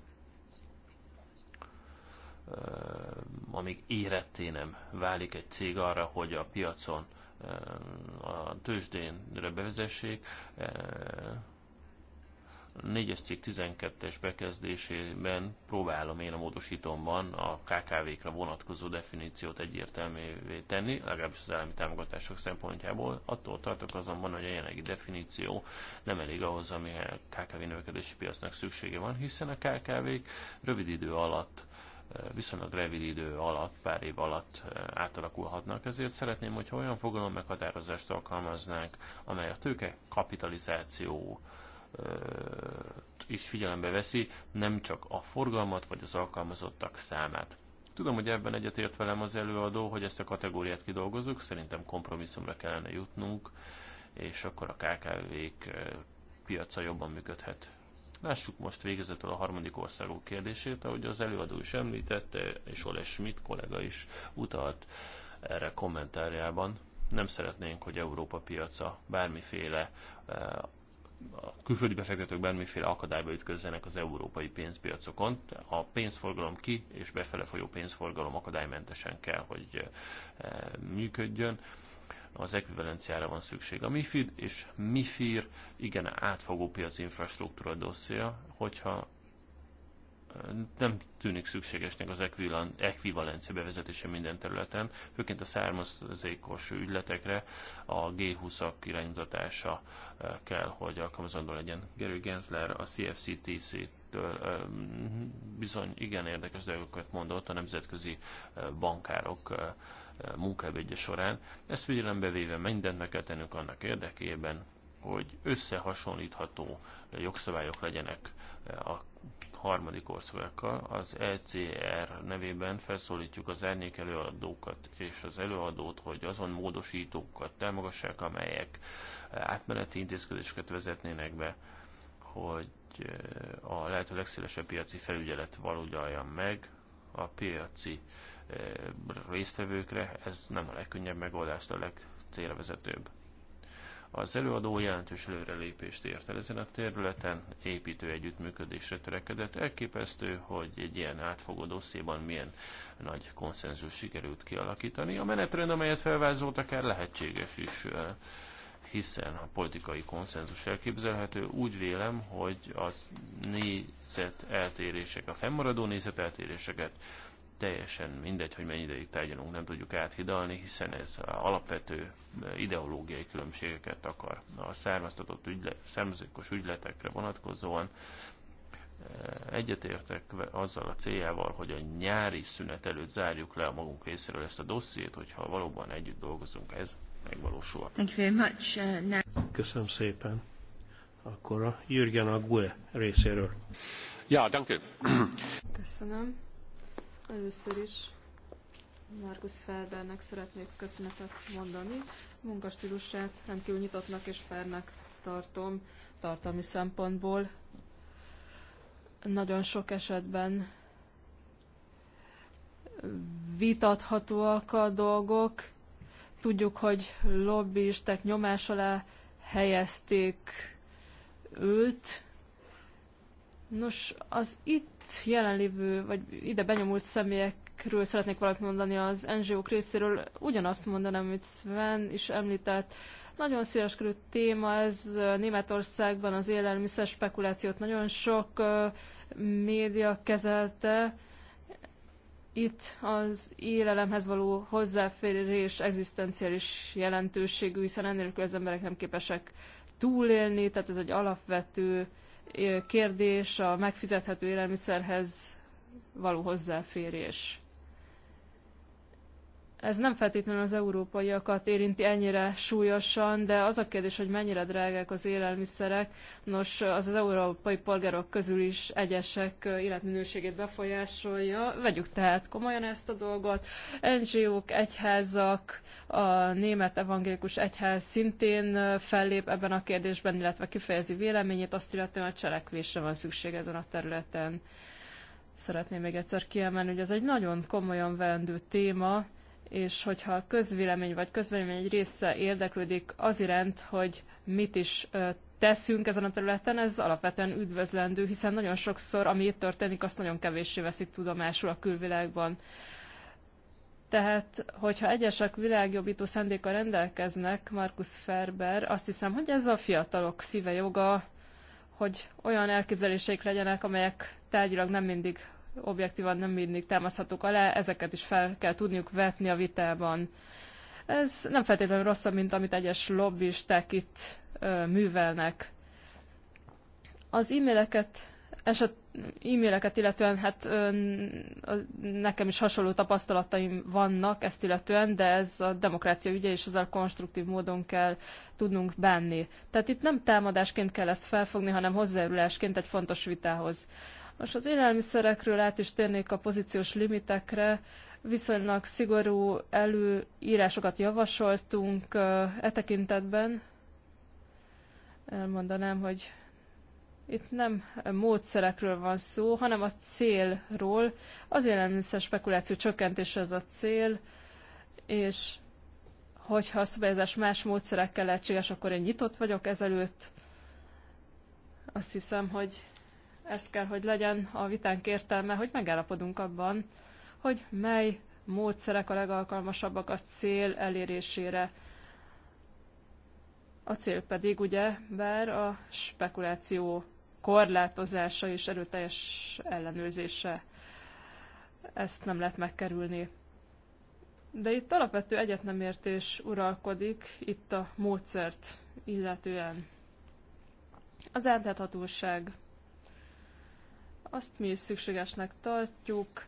amíg éretté nem válik egy cég arra, hogy a piacon, a tőzsdén bevezessék, 4 cikk 12-es bekezdésében próbálom én a módosítomban a KKV-kra vonatkozó definíciót egyértelművé tenni, legalábbis az állami támogatások szempontjából. Attól tartok azonban, hogy a jelenlegi definíció nem elég ahhoz, amihez KKV növekedési piacnak szüksége van, hiszen a KKV-k rövid idő alatt viszonylag rövid idő alatt, pár év alatt eh, átalakulhatnak. Ezért szeretném, hogyha olyan fogalom meghatározást alkalmaznánk, amely a tőke kapitalizáció eh, is figyelembe veszi, nem csak a forgalmat vagy az alkalmazottak számát. Tudom, hogy ebben egyetért velem az előadó, hogy ezt a kategóriát kidolgozzuk, szerintem kompromisszumra kellene jutnunk, és akkor a KKV-k eh, piaca jobban működhet Lássuk most végezetül a harmadik országok kérdését, ahogy az előadó is említette, és Ole Schmidt kollega is utalt erre kommentárjában. Nem szeretnénk, hogy Európa piaca bármiféle eh, a külföldi befektetők bármiféle akadályba ütközzenek az európai pénzpiacokon. A pénzforgalom ki és befele folyó pénzforgalom akadálymentesen kell, hogy eh, működjön az ekvivalenciára van szükség. A MIFID és MIFIR igen átfogó piaci infrastruktúra dosszia, hogyha nem tűnik szükségesnek az ekvivalencia bevezetése minden területen, főként a származékos ügyletekre a G20-ak iránymutatása kell, hogy alkalmazandó legyen. Gerő Gensler a CFCTC-től bizony igen érdekes dolgokat mondott a nemzetközi bankárok munkavédje során. Ezt figyelembe véve mindent meg kell tennünk annak érdekében, hogy összehasonlítható jogszabályok legyenek eh, a harmadik országokkal. Az ECR nevében felszólítjuk az árnyék előadókat és az előadót, hogy azon módosítókat támogassák, amelyek eh, átmeneti intézkedéseket vezetnének be, hogy eh, a lehető legszélesebb piaci felügyelet valódaljon meg, a piaci résztvevőkre, ez nem a legkönnyebb megoldás, a legcélvezetőbb. Az előadó jelentős előrelépést ért el ezen a területen, építő együttműködésre törekedett. Elképesztő, hogy egy ilyen átfogó dossziéban milyen nagy konszenzus sikerült kialakítani. A menetrend, amelyet felvázolt, akár lehetséges is hiszen a politikai konszenzus elképzelhető, úgy vélem, hogy az nézeteltérések, a fennmaradó nézeteltéréseket teljesen mindegy, hogy mennyi ideig tárgyalunk, nem tudjuk áthidalni, hiszen ez alapvető ideológiai különbségeket akar a származtatott ügyle származékos ügyletekre vonatkozóan. Eh, egyetértek azzal a céljával, hogy a nyári szünet előtt zárjuk le a magunk részéről ezt a dossziét, hogyha valóban együtt dolgozunk, ez megvalósul. Thank you very much. Uh, Köszönöm szépen. Akkor a Jürgen Ague részéről. Ja, danke. Köszönöm. Először is Markus Ferbernek szeretnék köszönetet mondani. Munkastílusát rendkívül nyitottnak és fernek tartom tartalmi szempontból. Nagyon sok esetben vitathatóak a dolgok. Tudjuk, hogy lobbyisták nyomás alá helyezték őt, Nos, az itt jelenlévő, vagy ide benyomult személyekről szeretnék valamit mondani az ngo részéről. Ugyanazt mondanám, amit Sven is említett. Nagyon széleskörű téma ez Németországban, az élelmiszer spekulációt nagyon sok média kezelte. Itt az élelemhez való hozzáférés egzisztenciális jelentőségű, hiszen ennélkül az emberek nem képesek túlélni, tehát ez egy alapvető uh, kérdés a megfizethető élelmiszerhez való hozzáférés. Ez nem feltétlenül az európaiakat érinti ennyire súlyosan, de az a kérdés, hogy mennyire drágák az élelmiszerek. Nos, az az európai polgárok közül is egyesek életminőségét befolyásolja. Vegyük tehát komolyan ezt a dolgot. NGO-k, egyházak, a német evangélikus egyház szintén fellép ebben a kérdésben, illetve kifejezi véleményét, azt illetően a cselekvésre van szükség ezen a területen szeretném még egyszer kiemelni, hogy ez egy nagyon komolyan vendő téma, és hogyha a közvélemény vagy közvélemény egy része érdeklődik az iránt, hogy mit is teszünk ezen a területen, ez alapvetően üdvözlendő, hiszen nagyon sokszor, ami itt történik, azt nagyon kevéssé veszik tudomásul a külvilágban. Tehát, hogyha egyesek világjobbító szándéka rendelkeznek, Markus Ferber, azt hiszem, hogy ez a fiatalok szíve joga, hogy olyan elképzeléseik legyenek, amelyek tárgyilag nem mindig objektívan nem mindig támaszhatók alá, ezeket is fel kell tudniuk vetni a vitában. Ez nem feltétlenül rosszabb, mint amit egyes lobbisták itt ö, művelnek. Az e-maileket eset e-maileket illetően, hát ö, nekem is hasonló tapasztalataim vannak ezt illetően, de ez a demokrácia ügye, és ezzel konstruktív módon kell tudnunk bánni. Tehát itt nem támadásként kell ezt felfogni, hanem hozzájárulásként egy fontos vitához. Most az élelmiszerekről át is térnék a pozíciós limitekre. Viszonylag szigorú előírásokat javasoltunk e tekintetben. Elmondanám, hogy itt nem módszerekről van szó, hanem a célról. Az élelmiszer spekuláció csökkentése az a cél, és hogyha a szabályozás más módszerekkel lehetséges, akkor én nyitott vagyok ezelőtt. Azt hiszem, hogy ez kell, hogy legyen a vitánk értelme, hogy megállapodunk abban, hogy mely módszerek a legalkalmasabbak a cél elérésére. A cél pedig ugye, bár a spekuláció korlátozása és erőteljes ellenőrzése. Ezt nem lehet megkerülni. De itt alapvető egyetnemértés uralkodik, itt a módszert illetően. Az átláthatóság azt mi is szükségesnek tartjuk,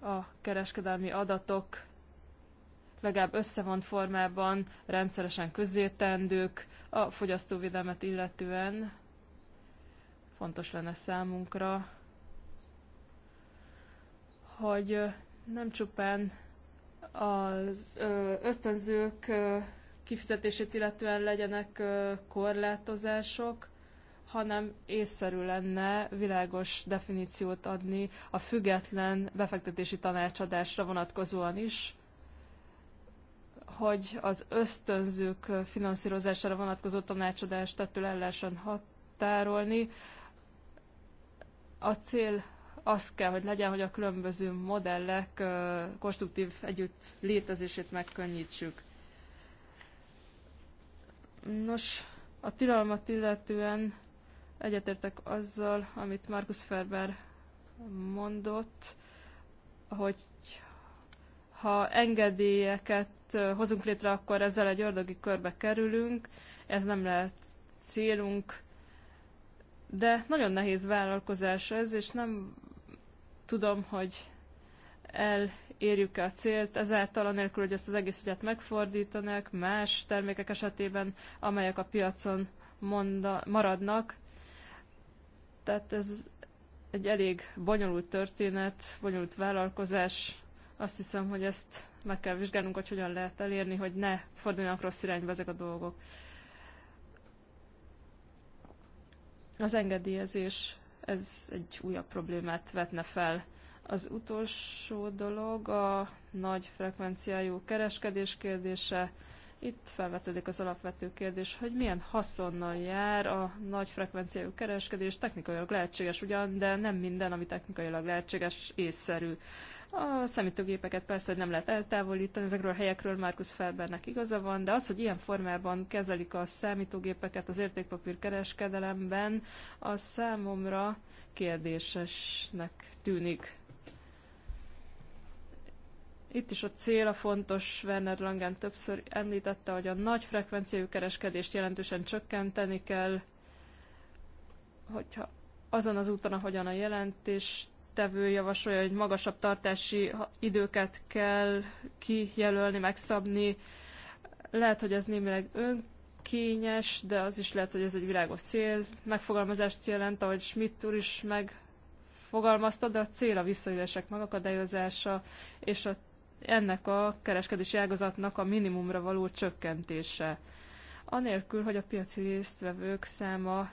a kereskedelmi adatok legalább összevont formában rendszeresen közzétendők a fogyasztóvédelmet illetően. Fontos lenne számunkra, hogy nem csupán az ösztönzők kifizetését illetően legyenek korlátozások, hanem észszerű lenne világos definíciót adni a független befektetési tanácsadásra vonatkozóan is, hogy az ösztönzők finanszírozására vonatkozó tanácsadást ettől el lehessen határolni. A cél az kell, hogy legyen, hogy a különböző modellek konstruktív együtt létezését megkönnyítsük. Nos, a tilalmat illetően Egyetértek azzal, amit Markus Ferber mondott, hogy ha engedélyeket hozunk létre, akkor ezzel egy ördögi körbe kerülünk, ez nem lehet célunk, de nagyon nehéz vállalkozás ez, és nem tudom, hogy elérjük-e a célt, ezáltal anélkül, hogy ezt az egész ügyet megfordítanak más termékek esetében, amelyek a piacon maradnak, tehát ez egy elég bonyolult történet, bonyolult vállalkozás. Azt hiszem, hogy ezt meg kell vizsgálnunk, hogy hogyan lehet elérni, hogy ne forduljanak rossz irányba ezek a dolgok. Az engedélyezés, ez egy újabb problémát vetne fel. Az utolsó dolog a nagy frekvenciájú kereskedés kérdése. Itt felvetődik az alapvető kérdés, hogy milyen haszonnal jár a nagy frekvenciájú kereskedés, technikailag lehetséges ugyan, de nem minden, ami technikailag lehetséges, észszerű. A számítógépeket persze hogy nem lehet eltávolítani, ezekről a helyekről Markus Felbernek igaza van, de az, hogy ilyen formában kezelik a számítógépeket az értékpapír kereskedelemben, az számomra kérdésesnek tűnik. Itt is a cél a fontos, Werner Langen többször említette, hogy a nagy frekvenciájú kereskedést jelentősen csökkenteni kell, hogyha azon az úton, ahogyan a jelentés tevő javasolja, hogy magasabb tartási időket kell kijelölni, megszabni. Lehet, hogy ez némileg önkényes, de az is lehet, hogy ez egy világos cél. Megfogalmazást jelent, ahogy Schmidt úr is megfogalmazta, de a cél a visszaélések megakadályozása és a ennek a kereskedési ágazatnak a minimumra való csökkentése. Anélkül, hogy a piaci résztvevők száma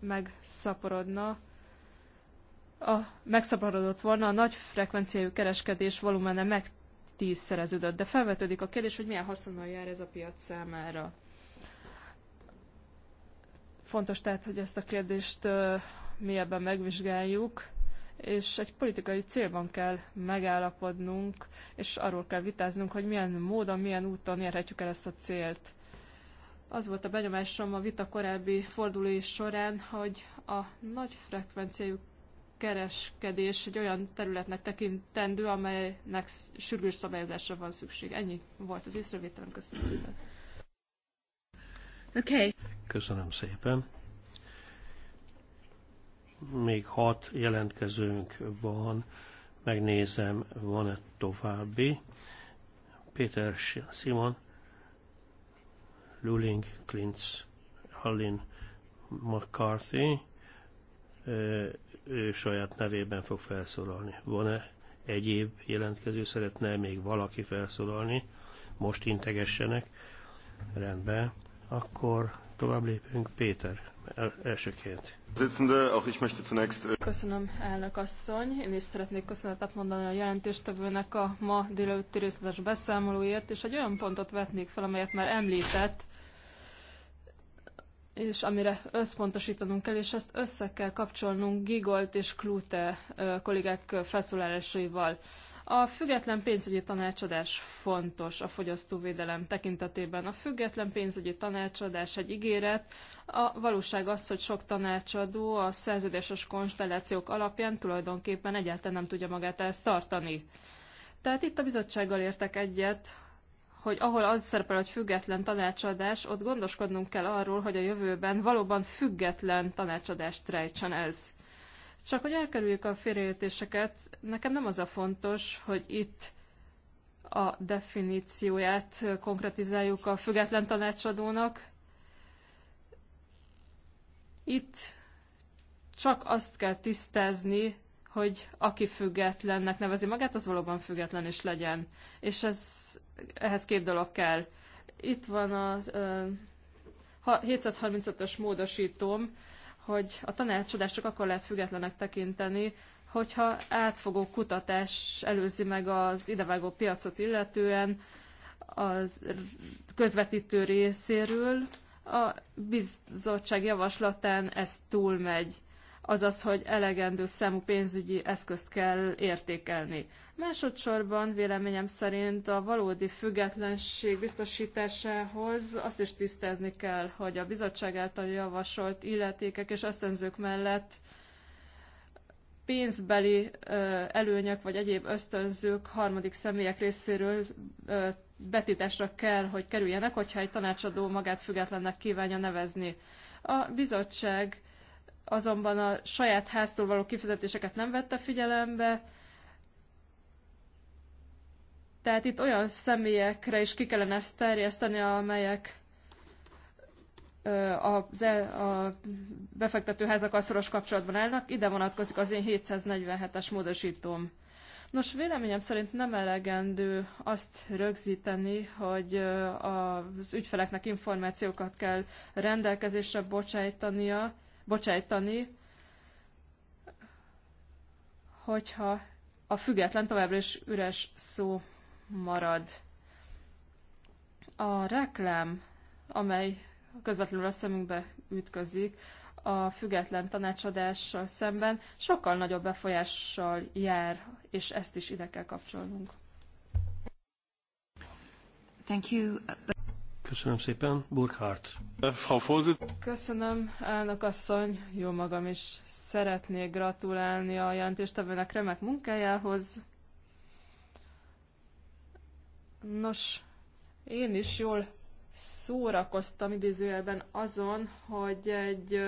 megszaporodna, a, megszaporodott volna, a nagy frekvenciájú kereskedés volumene meg tízszereződött. De felvetődik a kérdés, hogy milyen haszonnal jár ez a piac számára. Fontos tehát, hogy ezt a kérdést mélyebben megvizsgáljuk és egy politikai célban kell megállapodnunk, és arról kell vitáznunk, hogy milyen módon, milyen úton érhetjük el ezt a célt. Az volt a benyomásom a vita korábbi fordulói során, hogy a nagy frekvenciájú kereskedés egy olyan területnek tekintendő, amelynek sürgős szabályozásra van szükség. Ennyi volt az észrevételem. Köszönöm szépen. Okay. Köszönöm szépen még hat jelentkezőnk van, megnézem, van-e további. Péter Simon, Luling, Klintz, Hallin, McCarthy, ő saját nevében fog felszólalni. Van-e egyéb jelentkező? Szeretne még valaki felszólalni? Most integessenek. Rendben. Akkor tovább lépünk. Péter elsőként. Äh, Köszönöm, elnök asszony. Én is szeretnék köszönetet mondani a jelentéstevőnek a ma délelőtti részletes beszámolóért, és egy olyan pontot vetnék fel, amelyet már említett, és amire összpontosítanunk kell, és ezt össze kell kapcsolnunk Gigolt és Klute kollégák felszólalásaival. A független pénzügyi tanácsadás fontos a fogyasztóvédelem tekintetében. A független pénzügyi tanácsadás egy ígéret. A valóság az, hogy sok tanácsadó a szerződéses konstellációk alapján tulajdonképpen egyáltalán nem tudja magát ezt tartani. Tehát itt a bizottsággal értek egyet, hogy ahol az szerepel, hogy független tanácsadás, ott gondoskodnunk kell arról, hogy a jövőben valóban független tanácsadást rejtsen ez. Csak hogy elkerüljük a félreértéseket, nekem nem az a fontos, hogy itt a definícióját konkretizáljuk a független tanácsadónak. Itt csak azt kell tisztázni, hogy aki függetlennek nevezi magát, az valóban független is legyen. És ez, ehhez két dolog kell. Itt van a 735-ös módosítóm, hogy a tanácsadást csak akkor lehet függetlenek tekinteni, hogyha átfogó kutatás előzi meg az idevágó piacot illetően az közvetítő részéről, a bizottság javaslatán ez túlmegy, azaz, hogy elegendő számú pénzügyi eszközt kell értékelni. Másodszorban véleményem szerint a valódi függetlenség biztosításához azt is tisztázni kell, hogy a bizottság által javasolt illetékek és ösztönzők mellett pénzbeli előnyök vagy egyéb ösztönzők harmadik személyek részéről betításra kell, hogy kerüljenek, hogyha egy tanácsadó magát függetlennek kívánja nevezni. A bizottság azonban a saját háztól való kifizetéseket nem vette figyelembe, tehát itt olyan személyekre is ki kellene ezt terjeszteni, amelyek az, e, a befektetőházakkal szoros kapcsolatban állnak. Ide vonatkozik az én 747-es módosítóm. Nos, véleményem szerint nem elegendő azt rögzíteni, hogy az ügyfeleknek információkat kell rendelkezésre bocsájtania, bocsájtani, hogyha a független továbbra is üres szó marad. A reklám, amely közvetlenül a szemünkbe ütközik, a független tanácsadással szemben sokkal nagyobb befolyással jár, és ezt is ide kell kapcsolnunk. Thank you. Köszönöm szépen. Burkhardt. Köszönöm, elnök asszony. Jó magam is szeretnék gratulálni a jelentéstevőnek remek munkájához. Nos, én is jól szórakoztam idézőjelben azon, hogy egy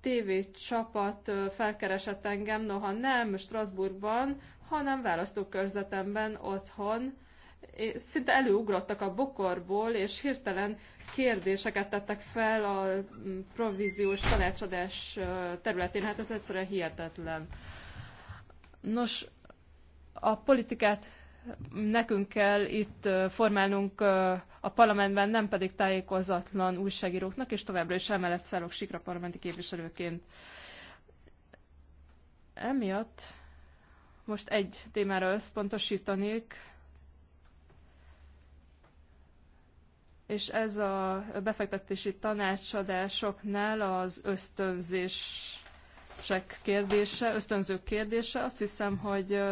TV csapat felkeresett engem, noha nem Strasbourgban, hanem választókörzetemben otthon. Szinte előugrottak a bokorból, és hirtelen kérdéseket tettek fel a mm, províziós tanácsadás területén. Hát ez egyszerűen hihetetlen. Nos, a politikát nekünk kell itt formálnunk a parlamentben, nem pedig tájékozatlan újságíróknak, és továbbra is emellett szállok sikra parlamenti képviselőként. Emiatt most egy témára összpontosítanék, és ez a befektetési tanácsadásoknál az ösztönzések kérdése, ösztönzők kérdése. Azt hiszem, hogy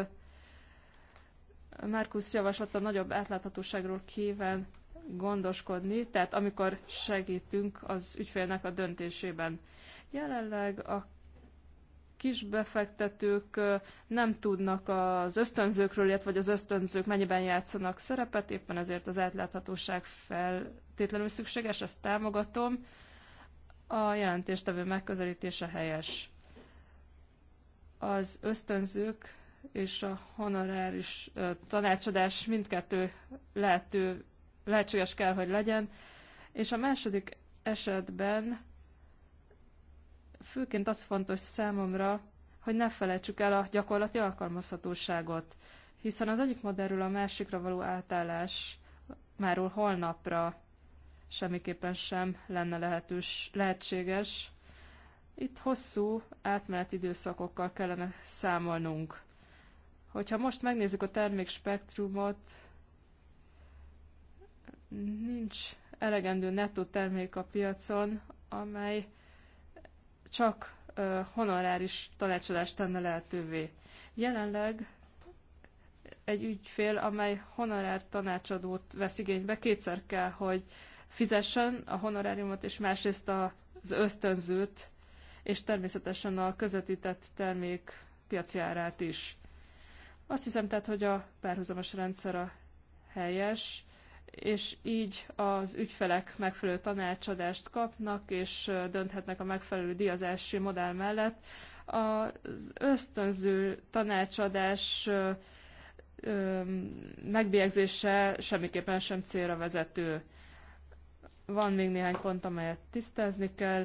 Márkusz javaslata nagyobb átláthatóságról kíván gondoskodni, tehát amikor segítünk az ügyfélnek a döntésében. Jelenleg a kisbefektetők nem tudnak az ösztönzőkről, illetve hogy az ösztönzők mennyiben játszanak szerepet, éppen ezért az átláthatóság feltétlenül szükséges, ezt támogatom. A jelentéstevő megközelítése helyes. Az ösztönzők és a honoráris tanácsadás mindkettő lehető, lehetséges kell, hogy legyen. És a második esetben főként az fontos számomra, hogy ne felejtsük el a gyakorlati alkalmazhatóságot, hiszen az egyik modellről a másikra való átállás márul holnapra semmiképpen sem lenne lehetős, lehetséges. Itt hosszú átmeneti időszakokkal kellene számolnunk. Hogyha most megnézzük a termék spektrumot, nincs elegendő nettó termék a piacon, amely csak honoráris tanácsadást tenne lehetővé. Jelenleg egy ügyfél, amely honorár tanácsadót vesz igénybe, kétszer kell, hogy fizessen a honoráriumot, és másrészt az ösztönzőt, és természetesen a közvetített termék piaci árát is. Azt hiszem tehát, hogy a párhuzamos rendszer a helyes, és így az ügyfelek megfelelő tanácsadást kapnak, és dönthetnek a megfelelő díjazási modell mellett. Az ösztönző tanácsadás megbélyegzése semmiképpen sem célra vezető. Van még néhány pont, amelyet tisztázni kell.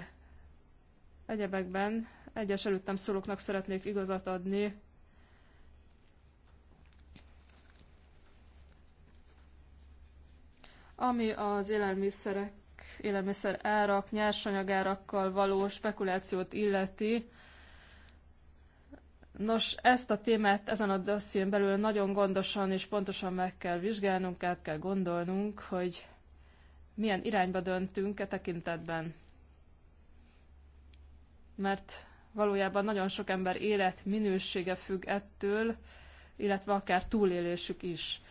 Egyebekben egyes előttem szólóknak szeretnék igazat adni, ami az élelmiszerek, élelmiszer árak, nyersanyagárakkal való spekulációt illeti. Nos, ezt a témát ezen a dosszién belül nagyon gondosan és pontosan meg kell vizsgálnunk, át kell gondolnunk, hogy milyen irányba döntünk e tekintetben. Mert valójában nagyon sok ember élet minősége függ ettől, illetve akár túlélésük is.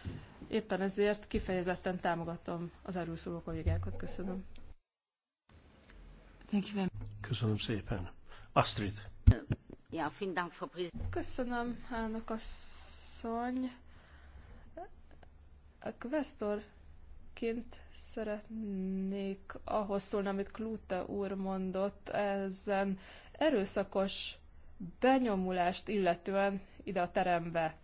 Éppen ezért kifejezetten támogatom az erről szóló kollégákat. Köszönöm. Köszönöm szépen. Astrid. Köszönöm, elnök asszony. A kvestorként szeretnék ahhoz szólni, amit Klute úr mondott, ezen erőszakos benyomulást illetően ide a terembe.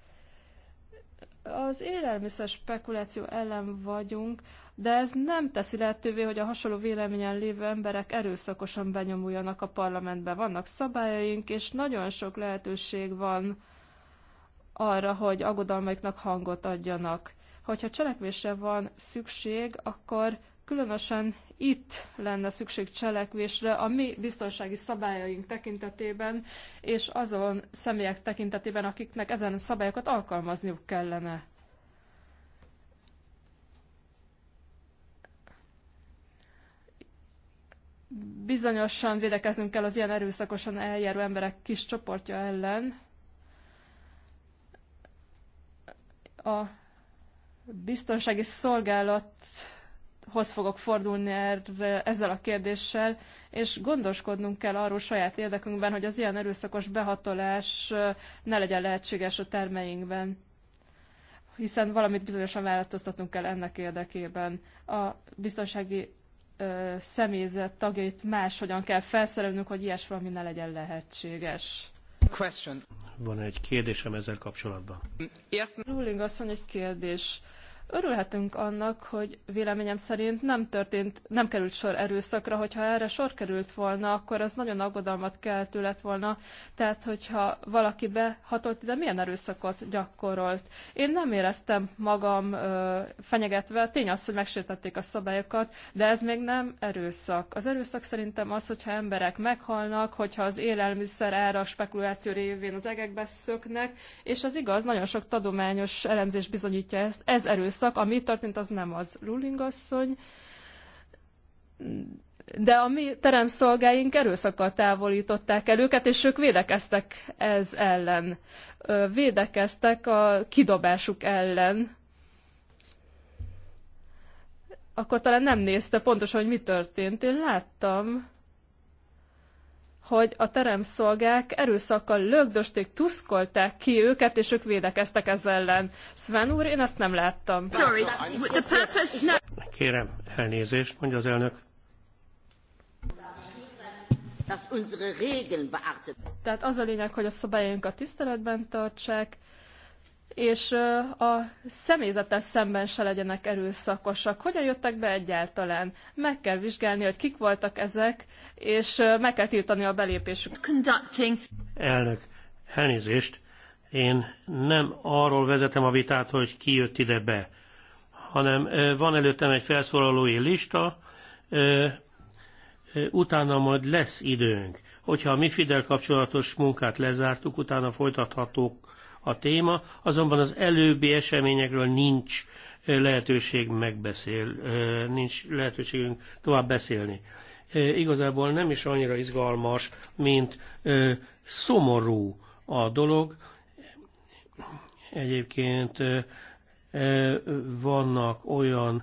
Az élelmiszer spekuláció ellen vagyunk, de ez nem teszi lehetővé, hogy a hasonló véleményen lévő emberek erőszakosan benyomuljanak a parlamentbe. Vannak szabályaink, és nagyon sok lehetőség van arra, hogy aggodalmaiknak hangot adjanak. Hogyha cselekvésre van szükség, akkor Különösen itt lenne szükség cselekvésre a mi biztonsági szabályaink tekintetében, és azon személyek tekintetében, akiknek ezen szabályokat alkalmazniuk kellene. Bizonyosan védekeznünk kell az ilyen erőszakosan eljáró emberek kis csoportja ellen. A biztonsági szolgálat hoz fogok fordulni erre, ezzel a kérdéssel, és gondoskodnunk kell arról saját érdekünkben, hogy az ilyen erőszakos behatolás ne legyen lehetséges a termeinkben hiszen valamit bizonyosan változtatnunk kell ennek érdekében. A biztonsági ö, személyzet tagjait máshogyan kell felszerelnünk, hogy ilyes valami ne legyen lehetséges. Question. Van egy kérdésem ezzel kapcsolatban. Yes. Ruling asszony, egy kérdés. Örülhetünk annak, hogy véleményem szerint nem történt, nem került sor erőszakra, hogyha erre sor került volna, akkor az nagyon aggodalmat keltő lett volna. Tehát, hogyha valaki behatolt ide, milyen erőszakot gyakorolt. Én nem éreztem magam ö, fenyegetve, tény az, hogy megsértették a szabályokat, de ez még nem erőszak. Az erőszak szerintem az, hogyha emberek meghalnak, hogyha az élelmiszer ára a spekuláció révén az egekbe szöknek, és az igaz, nagyon sok tudományos elemzés bizonyítja ezt, ez erőszak erőszak, ami történt, az nem az. Ruling asszony, de a mi teremszolgáink erőszakkal távolították el őket, és ők védekeztek ez ellen. Védekeztek a kidobásuk ellen. Akkor talán nem nézte pontosan, hogy mi történt. Én láttam, hogy a teremszolgák erőszakkal lögdösték, tuszkolták ki őket, és ők védekeztek ez ellen. Sven úr, én ezt nem láttam. Sorry, Kérem, elnézést, mondja az elnök. Tehát az a lényeg, hogy a szabályainkat tiszteletben tartsák, és a személyzettel szemben se legyenek erőszakosak. Hogyan jöttek be egyáltalán? Meg kell vizsgálni, hogy kik voltak ezek, és meg kell tiltani a belépésüket. Conducting. Elnök, elnézést, én nem arról vezetem a vitát, hogy ki jött ide be, hanem van előttem egy felszólalói lista, utána majd lesz időnk. Hogyha a mi Fidel kapcsolatos munkát lezártuk, utána folytathatók a téma, azonban az előbbi eseményekről nincs lehetőség megbeszél, nincs lehetőségünk tovább beszélni. Igazából nem is annyira izgalmas, mint szomorú a dolog. Egyébként vannak olyan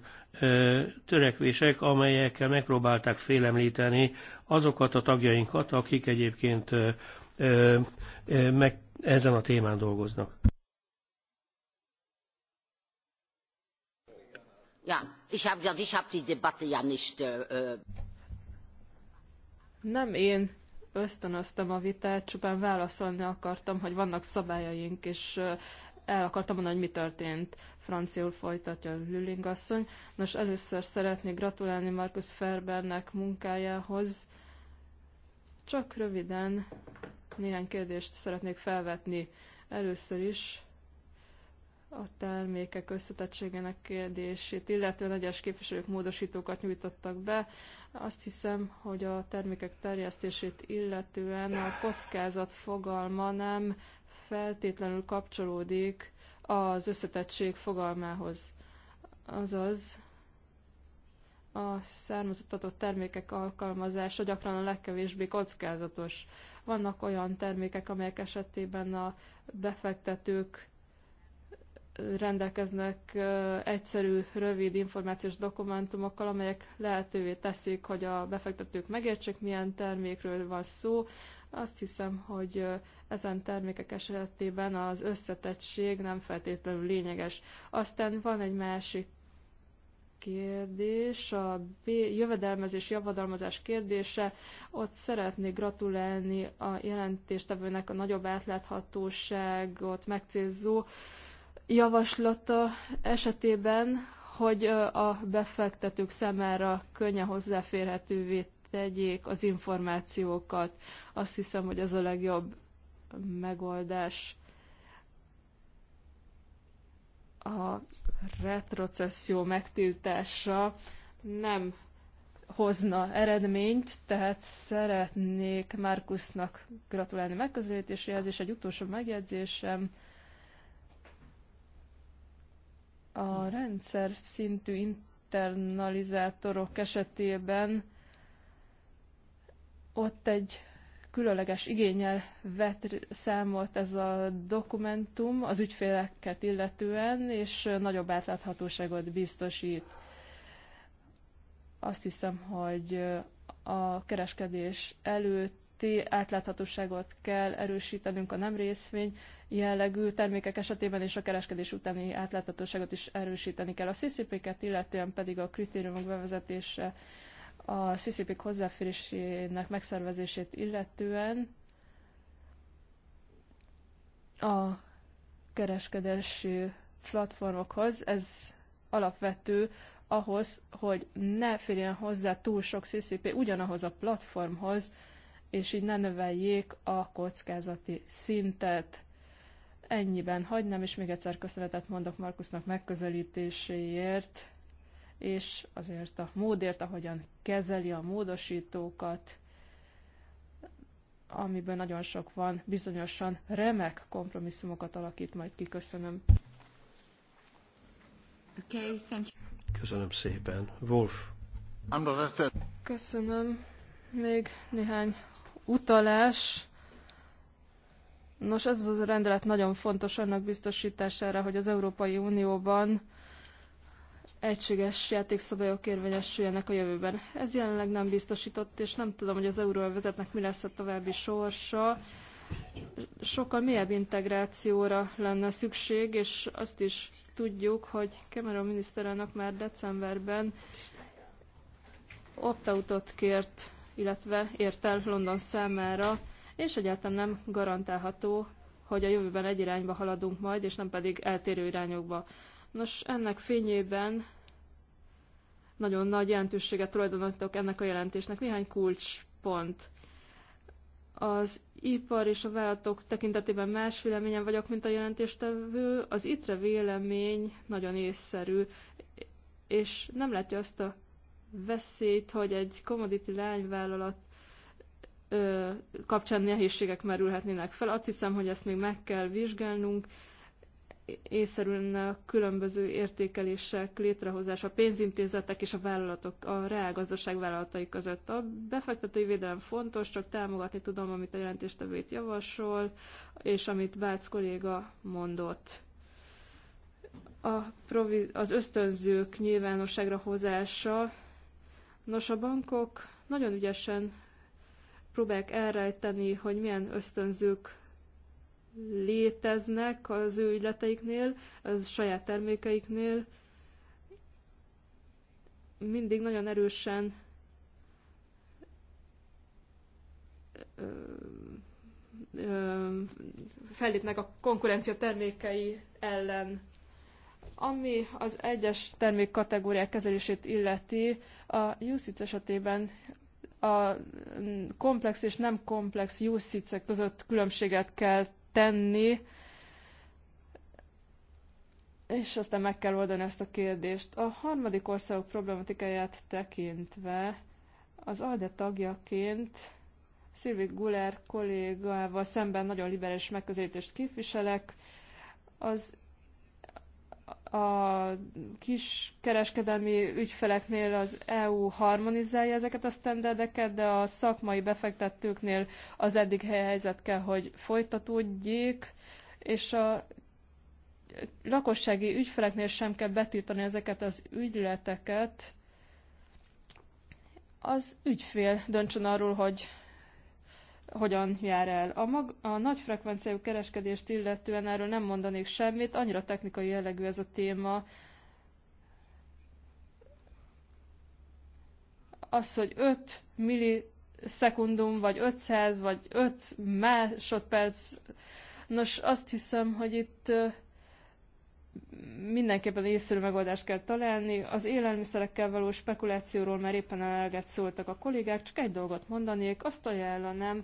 törekvések, amelyekkel megpróbálták félemlíteni azokat a tagjainkat, akik egyébként meg ezen a témán dolgoznak. Ja, ich habe ich habe die Debatte ja nicht. Äh, äh, Nem én ösztönöztem a vitát, csupán válaszolni akartam, hogy vannak szabályaink, és el akartam mondani, hogy mi történt. Franciul folytatja Lüling asszony. Nos, először szeretnék gratulálni Markus Ferbernek munkájához. Csak röviden néhány kérdést szeretnék felvetni. Először is a termékek összetettségének kérdését, illetően egyes képviselők módosítókat nyújtottak be. Azt hiszem, hogy a termékek terjesztését illetően a kockázat fogalma nem feltétlenül kapcsolódik az összetettség fogalmához. Azaz, a származtatott termékek alkalmazása gyakran a legkevésbé kockázatos. Vannak olyan termékek, amelyek esetében a befektetők rendelkeznek egyszerű, rövid információs dokumentumokkal, amelyek lehetővé teszik, hogy a befektetők megértsék, milyen termékről van szó. Azt hiszem, hogy ezen termékek esetében az összetettség nem feltétlenül lényeges. Aztán van egy másik kérdés, a jövedelmezés, javadalmazás kérdése. Ott szeretnék gratulálni a jelentéstevőnek a nagyobb átláthatóságot megcélzó javaslata esetében, hogy a befektetők számára könnyen hozzáférhetővé tegyék az információkat. Azt hiszem, hogy ez a legjobb megoldás a retrocesszió megtiltása nem hozna eredményt, tehát szeretnék Márkusznak gratulálni megközelítéséhez, és egy utolsó megjegyzésem, a rendszer szintű internalizátorok esetében ott egy különleges igényel vett számolt ez a dokumentum az ügyféleket illetően, és nagyobb átláthatóságot biztosít. Azt hiszem, hogy a kereskedés előtti átláthatóságot kell erősítenünk a nem részvény jellegű termékek esetében, és a kereskedés utáni átláthatóságot is erősíteni kell. A CCP-ket illetően pedig a kritériumok bevezetése a ccp hozzáférésének megszervezését illetően a kereskedési platformokhoz, ez alapvető ahhoz, hogy ne férjen hozzá túl sok CCP ugyanahoz a platformhoz, és így ne növeljék a kockázati szintet. Ennyiben hagynám, és még egyszer köszönetet mondok Markusnak megközelítéséért és azért a módért, ahogyan kezeli a módosítókat, amiben nagyon sok van, bizonyosan remek kompromisszumokat alakít majd ki. Köszönöm. Okay, thank you. Köszönöm szépen. Wolf. Köszönöm. Még néhány utalás. Nos, ez a rendelet nagyon fontos annak biztosítására, hogy az Európai Unióban egységes játékszabályok érvényesüljenek a jövőben. Ez jelenleg nem biztosított, és nem tudom, hogy az vezetnek mi lesz a további sorsa. Sokkal mélyebb integrációra lenne szükség, és azt is tudjuk, hogy Cameron miniszterelnök már decemberben opt-outot kért, illetve ért el London számára, és egyáltalán nem garantálható, hogy a jövőben egy irányba haladunk majd, és nem pedig eltérő irányokba. Nos, ennek fényében nagyon nagy jelentőséget tulajdonítok ennek a jelentésnek. Néhány kulcspont. Az ipar és a vállalatok tekintetében más véleményen vagyok, mint a jelentéstevő. Az ITRE vélemény nagyon észszerű, és nem látja azt a veszélyt, hogy egy commodity lányvállalat ö, kapcsán nehézségek merülhetnének fel. Azt hiszem, hogy ezt még meg kell vizsgálnunk, észszerűen a különböző értékelések létrehozása, a pénzintézetek és a vállalatok, a reálgazdaság vállalatai között. A befektetői védelem fontos, csak támogatni tudom, amit a jelentéstevőt javasol, és amit Bác kolléga mondott. A provi- az ösztönzők nyilvánosságra hozása. Nos, a bankok nagyon ügyesen próbálják elrejteni, hogy milyen ösztönzők léteznek az ő ügyleteiknél, az saját termékeiknél, mindig nagyon erősen ö, ö, fellépnek a konkurencia termékei ellen. Ami az egyes termék kategóriák kezelését illeti, a USITS esetében a mm, komplex és nem komplex usits ek között különbséget kell tenni, és aztán meg kell oldani ezt a kérdést. A harmadik országok problematikáját tekintve az ALDE tagjaként Szilvi Guler kollégával szemben nagyon liberális megközelítést képviselek. Az a kis kereskedelmi ügyfeleknél az EU harmonizálja ezeket a standardeket, de a szakmai befektetőknél az eddig helyzet kell, hogy folytatódjék, és a lakossági ügyfeleknél sem kell betiltani ezeket az ügyleteket. Az ügyfél döntsön arról, hogy hogyan jár el. A, mag, a nagy frekvenciájú kereskedést illetően erről nem mondanék semmit, annyira technikai jellegű ez a téma. Az, hogy 5 millisekundum, vagy 500, vagy 5 másodperc, nos azt hiszem, hogy itt mindenképpen észszerű megoldást kell találni. Az élelmiszerekkel való spekulációról már éppen eleget szóltak a kollégák, csak egy dolgot mondanék, azt ajánlanám,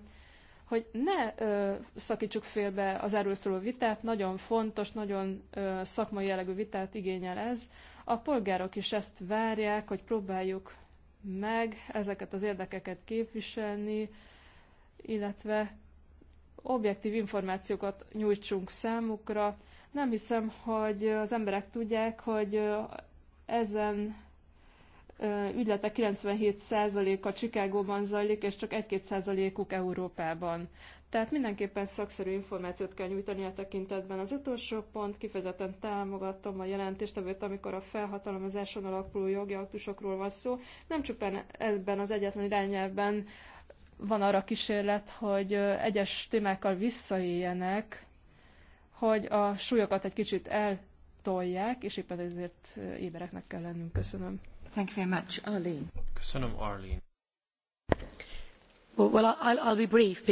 hogy ne ö, szakítsuk félbe az erről szóló vitát, nagyon fontos, nagyon ö, szakmai jellegű vitát igényel ez. A polgárok is ezt várják, hogy próbáljuk meg ezeket az érdekeket képviselni, illetve objektív információkat nyújtsunk számukra, nem hiszem, hogy az emberek tudják, hogy ezen ügyletek 97%-a Csikágóban zajlik, és csak 1-2%-uk Európában. Tehát mindenképpen szakszerű információt kell nyújtani a tekintetben. Az utolsó pont, kifejezetten támogatom a jelentést, amikor a felhatalmazáson alapuló jogi aktusokról van szó. Nem csupán ebben az egyetlen irányelben van arra kísérlet, hogy egyes témákkal visszaéljenek, hogy a súlyokat egy kicsit eltolják, és éppen ezért ébereknek kell lennünk. Köszönöm. Thank you very much, Arlene. Köszönöm, Arlene. Well, I'll, I'll be brief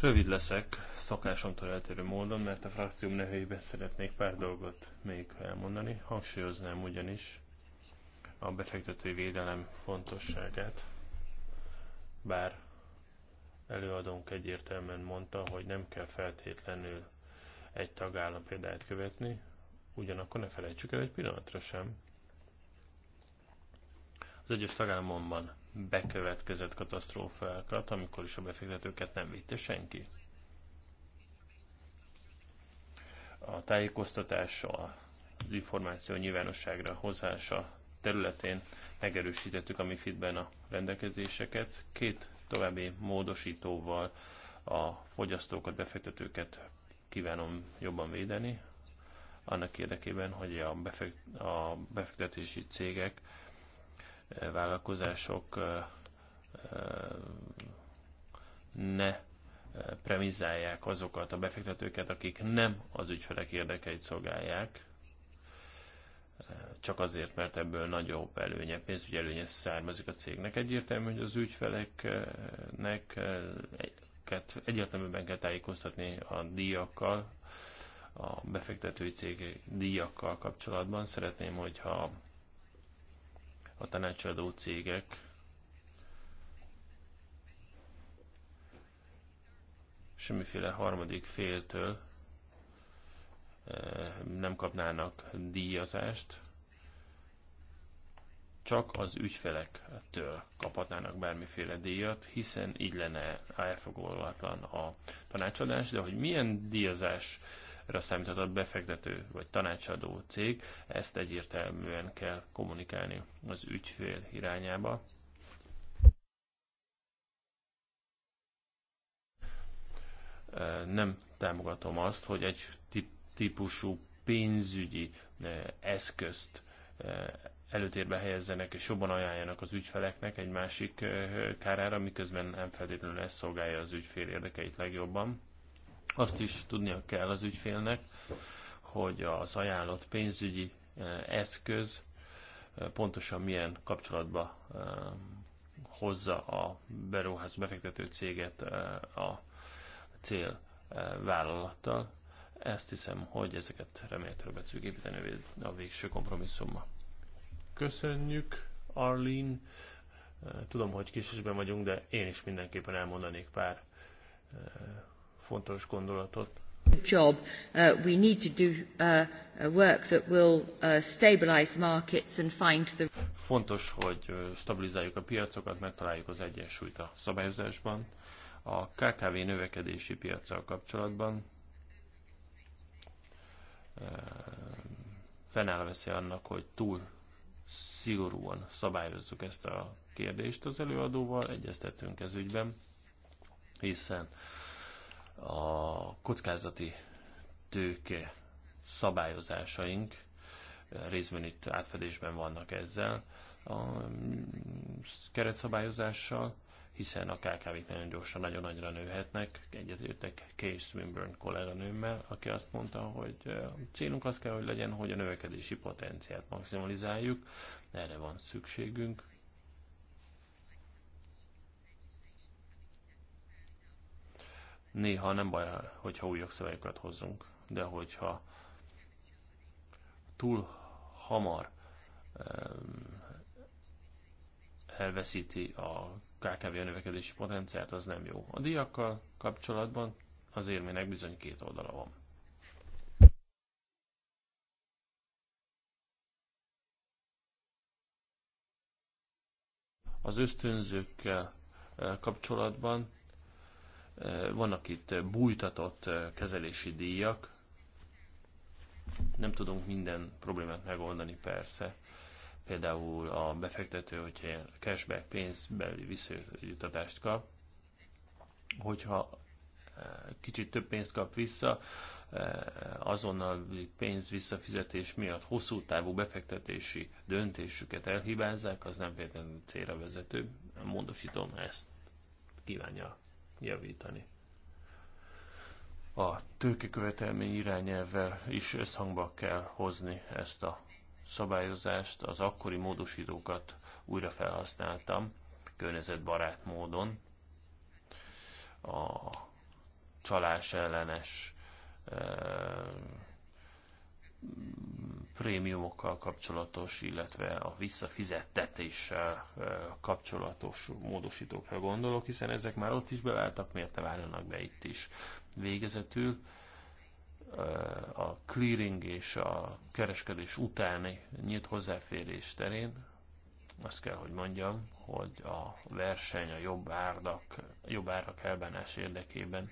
Rövid leszek, szokásomtól eltérő módon, mert a frakcióm nevében szeretnék pár dolgot még elmondani. Hangsúlyoznám ugyanis a befektetői védelem fontosságát, bár előadónk egyértelműen mondta, hogy nem kell feltétlenül egy tagállam példáját követni, ugyanakkor ne felejtsük el egy pillanatra sem. Az egyes tagállamokban bekövetkezett katasztrófákat, amikor is a befektetőket nem vitte senki. A tájékoztatás, az információ nyilvánosságra hozása területén megerősítettük a MIFID-ben a rendelkezéseket. Két további módosítóval a fogyasztókat, befektetőket kívánom jobban védeni, annak érdekében, hogy a, befekt, a befektetési cégek, e, vállalkozások e, e, ne premizálják azokat a befektetőket, akik nem az ügyfelek érdekeit szolgálják, csak azért, mert ebből nagyobb előnye, pénzügyi előnye származik a cégnek. Egyértelmű, hogy az ügyfeleknek cégeket egyértelműen kell tájékoztatni a díjakkal, a befektetői cég díjakkal kapcsolatban. Szeretném, hogyha a tanácsadó cégek semmiféle harmadik féltől eh, nem kapnának díjazást, csak az ügyfelektől kaphatnának bármiféle díjat, hiszen így lenne elfogadhatatlan a tanácsadás, de hogy milyen díjazásra számíthat a befektető vagy tanácsadó cég, ezt egyértelműen kell kommunikálni az ügyfél irányába. Nem támogatom azt, hogy egy típusú pénzügyi eh, eszközt eh, előtérbe helyezzenek és jobban ajánljanak az ügyfeleknek egy másik kárára, miközben nem feltétlenül ez szolgálja az ügyfél érdekeit legjobban. Azt is tudnia kell az ügyfélnek, hogy az ajánlott pénzügyi eszköz pontosan milyen kapcsolatba hozza a beruházó befektető céget a cél vállalattal. Ezt hiszem, hogy ezeket remélhetőleg be tudjuk építeni a végső kompromisszummal. Köszönjük, Arlene. Tudom, hogy késésben vagyunk, de én is mindenképpen elmondanék pár fontos gondolatot. Job. Uh, we need to do uh, work that will uh, stabilize markets and find the... Fontos, hogy stabilizáljuk a piacokat, megtaláljuk az egyensúlyt a szabályozásban. A KKV növekedési piacsal kapcsolatban fennáll veszély annak, hogy túl szigorúan szabályozzuk ezt a kérdést az előadóval, egyeztettünk ez ügyben, hiszen a kockázati tőke szabályozásaink eh, részben itt átfedésben vannak ezzel a mm, keretszabályozással, hiszen a KKV-k nagyon gyorsan, nagyon nagyra nőhetnek. Egyetértek Case Swinburne kolléganőmmel, aki azt mondta, hogy a célunk az kell, hogy legyen, hogy a növekedési potenciált maximalizáljuk, erre van szükségünk. Néha nem baj, hogyha új jogszabályokat hozzunk, de hogyha túl hamar elveszíti a KKV növekedési potenciált, az nem jó. A diakkal kapcsolatban az érmének bizony két oldala van. Az ösztönzőkkel eh, kapcsolatban eh, vannak itt eh, bújtatott kezelési díjak. Nem tudunk minden problémát megoldani persze, például a befektető, hogyha cashback pénzbeli visszajutatást kap, hogyha eh, kicsit több pénzt kap vissza, eh, azonnal pénz visszafizetés miatt hosszú távú befektetési döntésüket elhibázzák, az nem például célra vezető. Módosítom ezt kívánja javítani. A tőkekövetelmény irányelvvel is összhangba kell hozni ezt a szabályozást, az akkori módosítókat újra felhasználtam környezetbarát módon a csalás ellenes e, prémiumokkal kapcsolatos, illetve a visszafizettetéssel e, kapcsolatos módosítókra gondolok, hiszen ezek már ott is beváltak, miért ne váljanak be itt is. Végezetül a clearing és a kereskedés utáni nyílt hozzáférés terén azt kell, hogy mondjam, hogy a verseny a jobb, árak, jobb árak elbánás érdekében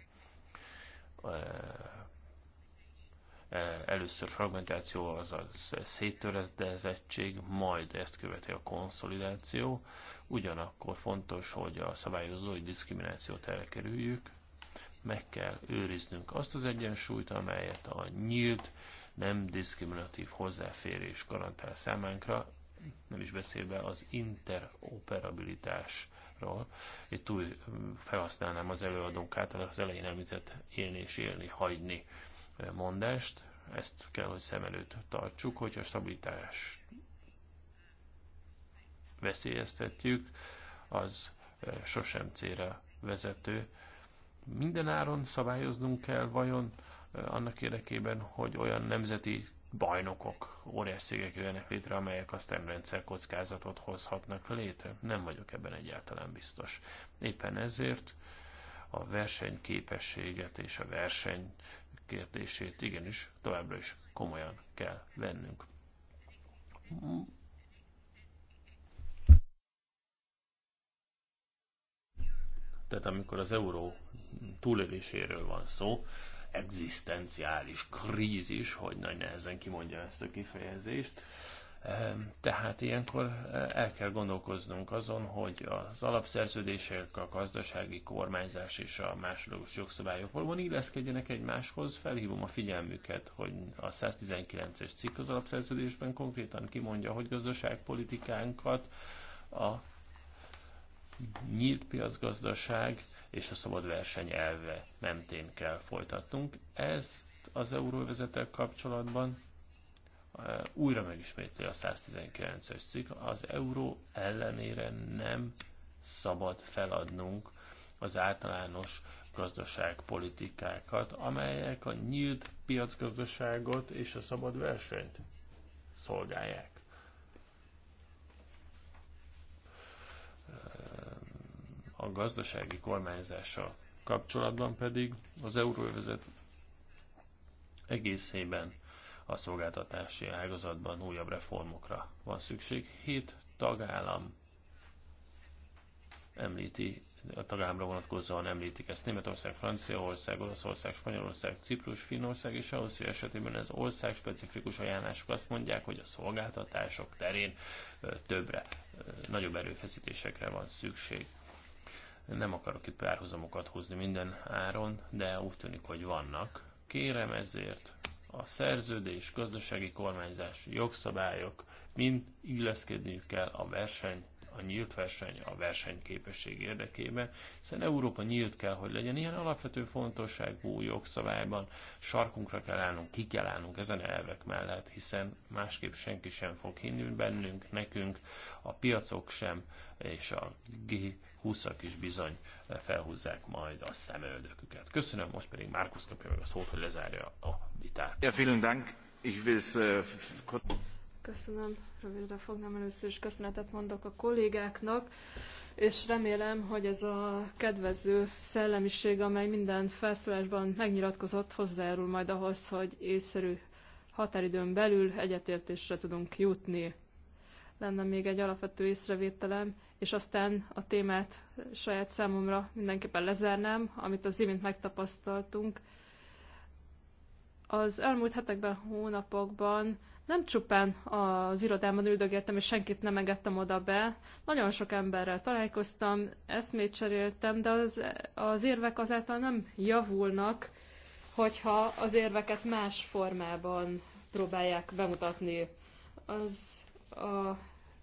először fragmentáció, azaz széttöredezettség, majd ezt követi a konszolidáció. Ugyanakkor fontos, hogy a szabályozói diszkriminációt elkerüljük, meg kell őriznünk azt az egyensúlyt, amelyet a nyílt, nem diszkriminatív hozzáférés garantál számánkra, nem is beszélve az interoperabilitásról. Itt új mm, felhasználnám az előadónk által az elején említett élni és élni, hagyni eh, mondást. Ezt kell, hogy szem előtt tartsuk, hogyha a stabilitás veszélyeztetjük, az eh, sosem célra vezető, mindenáron szabályoznunk kell vajon eh, annak érdekében, hogy olyan nemzeti bajnokok, óriás szégek jöjjenek létre, amelyek aztán rendszer kockázatot hozhatnak létre? Nem vagyok ebben egyáltalán biztos. Éppen ezért a versenyképességet és a verseny kérdését igenis továbbra is komolyan kell vennünk. Tehát amikor az euró túléléséről van szó, egzisztenciális krízis, hogy nagy nehezen kimondja ezt a kifejezést, ehm, tehát ilyenkor e, el kell gondolkoznunk azon, hogy az alapszerződések, a gazdasági kormányzás és a másodlagos jogszabályok valóban illeszkedjenek egymáshoz. Felhívom a figyelmüket, hogy a 119-es cikk az alapszerződésben konkrétan kimondja, hogy gazdaságpolitikánkat a nyílt piacgazdaság és a szabad verseny elve mentén kell folytatnunk. Ezt az euróvezetek kapcsolatban e, újra megismétli a 119-es cikk, az euró ellenére nem szabad feladnunk az általános gazdaságpolitikákat, amelyek a nyílt piacgazdaságot és a szabad versenyt szolgálják. A gazdasági kormányzással kapcsolatban pedig az euróövezet egészében a szolgáltatási ágazatban újabb reformokra van szükség. Hét tagállam említi, a tagállamra vonatkozóan említik ezt. Németország, Franciaország, Olaszország, Spanyolország, Ciprus, Finnország és Ausztria esetében az ország specifikus ajánlások azt mondják, hogy a szolgáltatások terén többre, nagyobb erőfeszítésekre van szükség. Nem akarok itt párhuzamokat húzni minden áron, de úgy tűnik, hogy vannak. Kérem ezért a szerződés, gazdasági kormányzás, jogszabályok mind illeszkedniük kell a verseny, a nyílt verseny, a versenyképesség érdekében, hiszen Európa nyílt kell, hogy legyen ilyen alapvető fontosságú jogszabályban, sarkunkra kell állnunk, ki kell állnunk ezen elvek mellett, hiszen másképp senki sem fog hinni bennünk, nekünk, a piacok sem, és a Húszak is bizony felhúzzák majd a szemöldöküket. Köszönöm, most pedig Márkusz kapja meg a szót, hogy lezárja a vitát. Ja, vielen Dank. Ich uh, Köszönöm, rövidre fognám először is köszönetet mondok a kollégáknak, és remélem, hogy ez a kedvező szellemiség, amely minden felszólásban megnyilatkozott, hozzájárul majd ahhoz, hogy észszerű határidőn belül egyetértésre tudunk jutni lenne még egy alapvető észrevételem, és aztán a témát saját számomra mindenképpen lezárnám, amit az imént megtapasztaltunk. Az elmúlt hetekben, hónapokban nem csupán az irodámban üldögéltem, és senkit nem engedtem oda be. Nagyon sok emberrel találkoztam, eszmét cseréltem, de az, az érvek azáltal nem javulnak, hogyha az érveket más formában próbálják bemutatni. Az a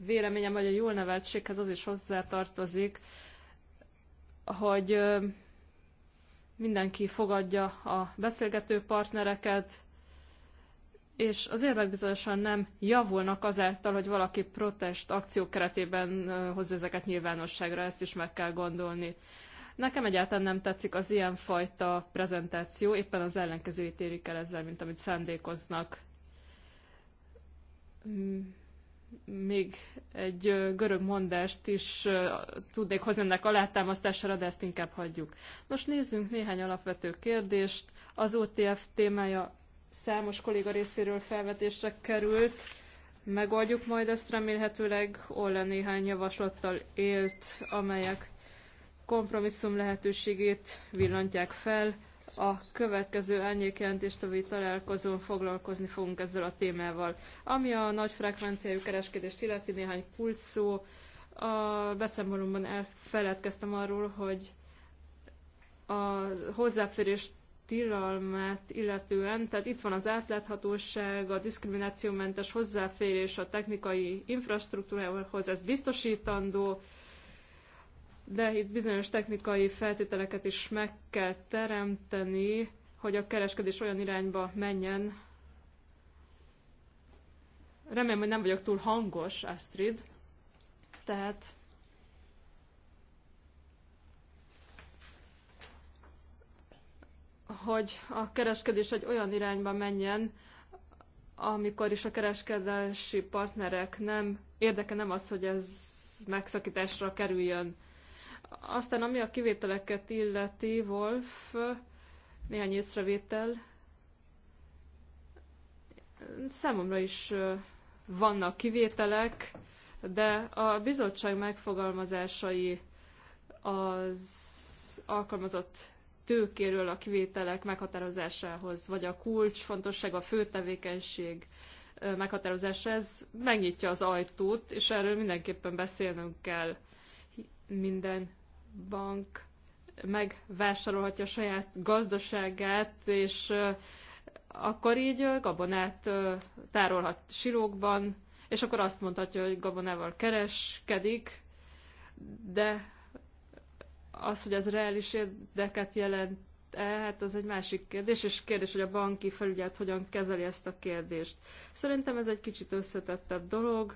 véleményem, hogy a jól neveltséghez az is hozzátartozik, hogy mindenki fogadja a beszélgető partnereket, és az érvek bizonyosan nem javulnak azáltal, hogy valaki protest akció keretében hozza ezeket nyilvánosságra, ezt is meg kell gondolni. Nekem egyáltalán nem tetszik az ilyenfajta prezentáció, éppen az ellenkezőjét érik el ezzel, mint amit szándékoznak. Mm még egy görög mondást is tudnék hozni ennek alátámasztására, de ezt inkább hagyjuk. Most nézzünk néhány alapvető kérdést. Az OTF témája számos kolléga részéről felvetésre került. Megoldjuk majd ezt remélhetőleg. Olle néhány javaslattal élt, amelyek kompromisszum lehetőségét villantják fel a következő árnyékjelentéstevői találkozón foglalkozni fogunk ezzel a témával. Ami a nagy frekvenciájú kereskedést illeti néhány szó. a beszámolomban elfeledkeztem arról, hogy a hozzáférés tilalmát illetően, tehát itt van az átláthatóság, a diszkriminációmentes hozzáférés a technikai infrastruktúrához, ez biztosítandó, de itt bizonyos technikai feltételeket is meg kell teremteni, hogy a kereskedés olyan irányba menjen. Remélem, hogy nem vagyok túl hangos, Astrid. Tehát hogy a kereskedés egy olyan irányba menjen, amikor is a kereskedési partnerek nem, érdeke nem az, hogy ez megszakításra kerüljön. Aztán ami a kivételeket illeti, Wolf, néhány észrevétel. Számomra is vannak kivételek, de a bizottság megfogalmazásai az alkalmazott tőkéről a kivételek meghatározásához, vagy a kulcs fontosság, a főtevékenység meghatározása, ez megnyitja az ajtót, és erről mindenképpen beszélnünk kell minden bank megvásárolhatja a saját gazdaságát, és akkor így gabonát tárolhat silókban, és akkor azt mondhatja, hogy gabonával kereskedik, de az, hogy ez reális érdeket jelent, hát az egy másik kérdés, és kérdés, hogy a banki felügyelet hogyan kezeli ezt a kérdést. Szerintem ez egy kicsit összetettebb dolog,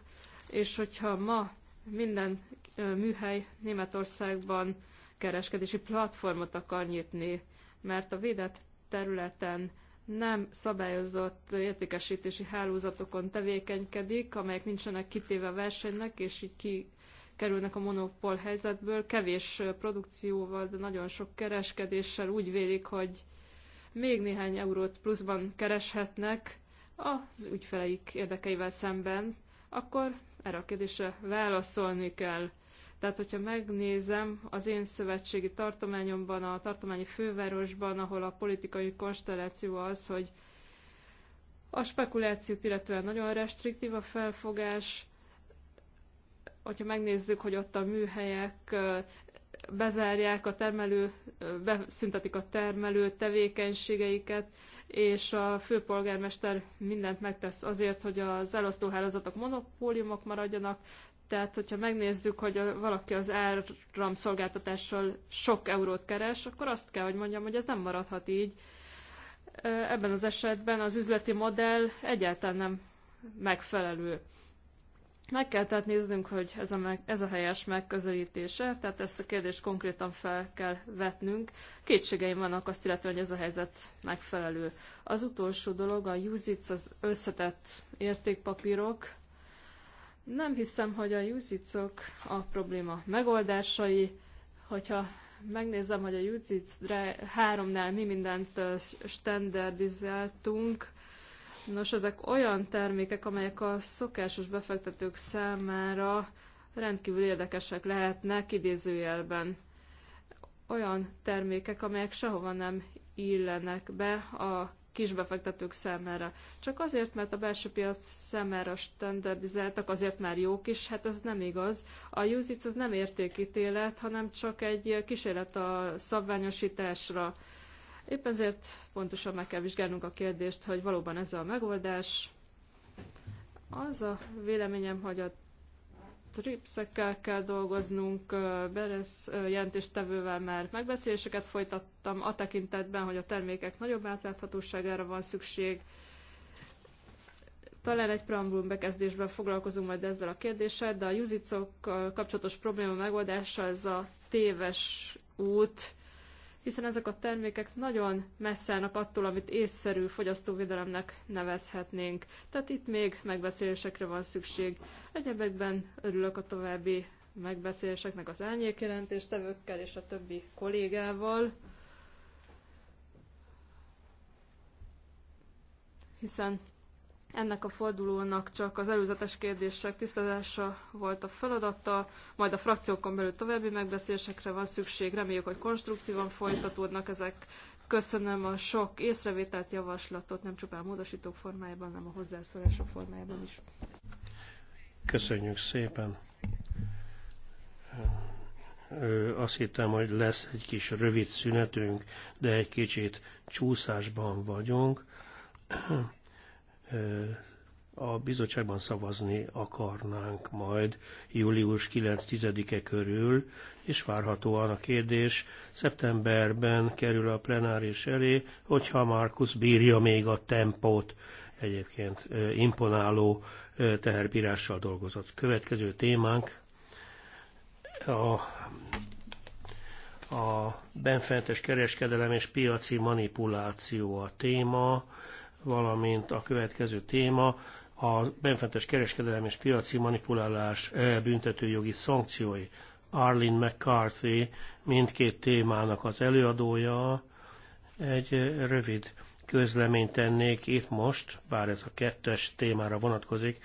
és hogyha ma minden műhely Németországban kereskedési platformot akar nyitni, mert a védett területen nem szabályozott értékesítési hálózatokon tevékenykedik, amelyek nincsenek kitéve a versenynek, és így ki kerülnek a monopól helyzetből. Kevés produkcióval, de nagyon sok kereskedéssel úgy vélik, hogy még néhány eurót pluszban kereshetnek az ügyfeleik érdekeivel szemben, akkor erre a kérdésre válaszolni kell. Tehát, hogyha megnézem az én szövetségi tartományomban, a tartományi fővárosban, ahol a politikai konstelláció az, hogy a spekulációt illetően nagyon restriktív a felfogás, hogyha megnézzük, hogy ott a műhelyek bezárják a termelő, beszüntetik a termelő tevékenységeiket, és a főpolgármester mindent megtesz azért, hogy az elosztóhálózatok monopóliumok maradjanak, tehát, hogyha megnézzük, hogy a, valaki az szolgáltatással sok eurót keres, akkor azt kell, hogy mondjam, hogy ez nem maradhat így. Ebben az esetben az üzleti modell egyáltalán nem megfelelő. Meg kell tehát néznünk, hogy ez a, meg, ez a helyes megközelítése, tehát ezt a kérdést konkrétan fel kell vetnünk. Kétségeim vannak azt illetve, hogy ez a helyzet megfelelő. Az utolsó dolog, a USITS, az összetett értékpapírok. Nem hiszem, hogy a usits -ok a probléma megoldásai, hogyha megnézem, hogy a USITS 3-nál mi mindent standardizáltunk, Nos, ezek olyan termékek, amelyek a szokásos befektetők számára rendkívül érdekesek lehetnek idézőjelben. Olyan termékek, amelyek sehova nem illenek be a kisbefektetők számára. Csak azért, mert a belső piac számára standardizáltak, azért már jók is, hát ez nem igaz. A UZIC az nem értékítélet, hanem csak egy kísérlet a szabványosításra. Épp ezért pontosan meg kell vizsgálnunk a kérdést, hogy valóban ez a megoldás. Az a véleményem, hogy a tripszekkel kell dolgoznunk, Beres jelentéstevővel már megbeszéléseket folytattam a tekintetben, hogy a termékek nagyobb átláthatóságára van szükség. Talán egy preambulum bekezdésben foglalkozunk majd ezzel a kérdéssel, de a juzicok kapcsolatos probléma megoldása ez a téves út, hiszen ezek a termékek nagyon messze állnak attól, amit észszerű fogyasztóvédelemnek nevezhetnénk. Tehát itt még megbeszélésekre van szükség. Egyebekben örülök a további megbeszéléseknek az árnyékjelentéstevőkkel és a többi kollégával, hiszen ennek a fordulónak csak az előzetes kérdések tisztázása volt a feladata, majd a frakciókon belül további megbeszélésekre van szükség. Reméljük, hogy konstruktívan folytatódnak ezek. Köszönöm a sok észrevételt, javaslatot, nem csupán a módosítók formájában, hanem a hozzászólások formájában is. Köszönjük szépen! Azt hittem, hogy lesz egy kis rövid szünetünk, de egy kicsit csúszásban vagyunk a bizottságban szavazni akarnánk majd július 9-10-e körül, és várhatóan a kérdés szeptemberben kerül a plenáris elé, hogyha Markus bírja még a tempót, egyébként imponáló teherbírással dolgozott. Következő témánk a, a benfentes kereskedelem és piaci manipuláció a téma, valamint a következő téma a benfentes kereskedelem és piaci manipulálás e, büntetőjogi szankciói. Arlene McCarthy mindkét témának az előadója. Egy e, rövid közleményt tennék itt most, bár ez a kettes témára vonatkozik.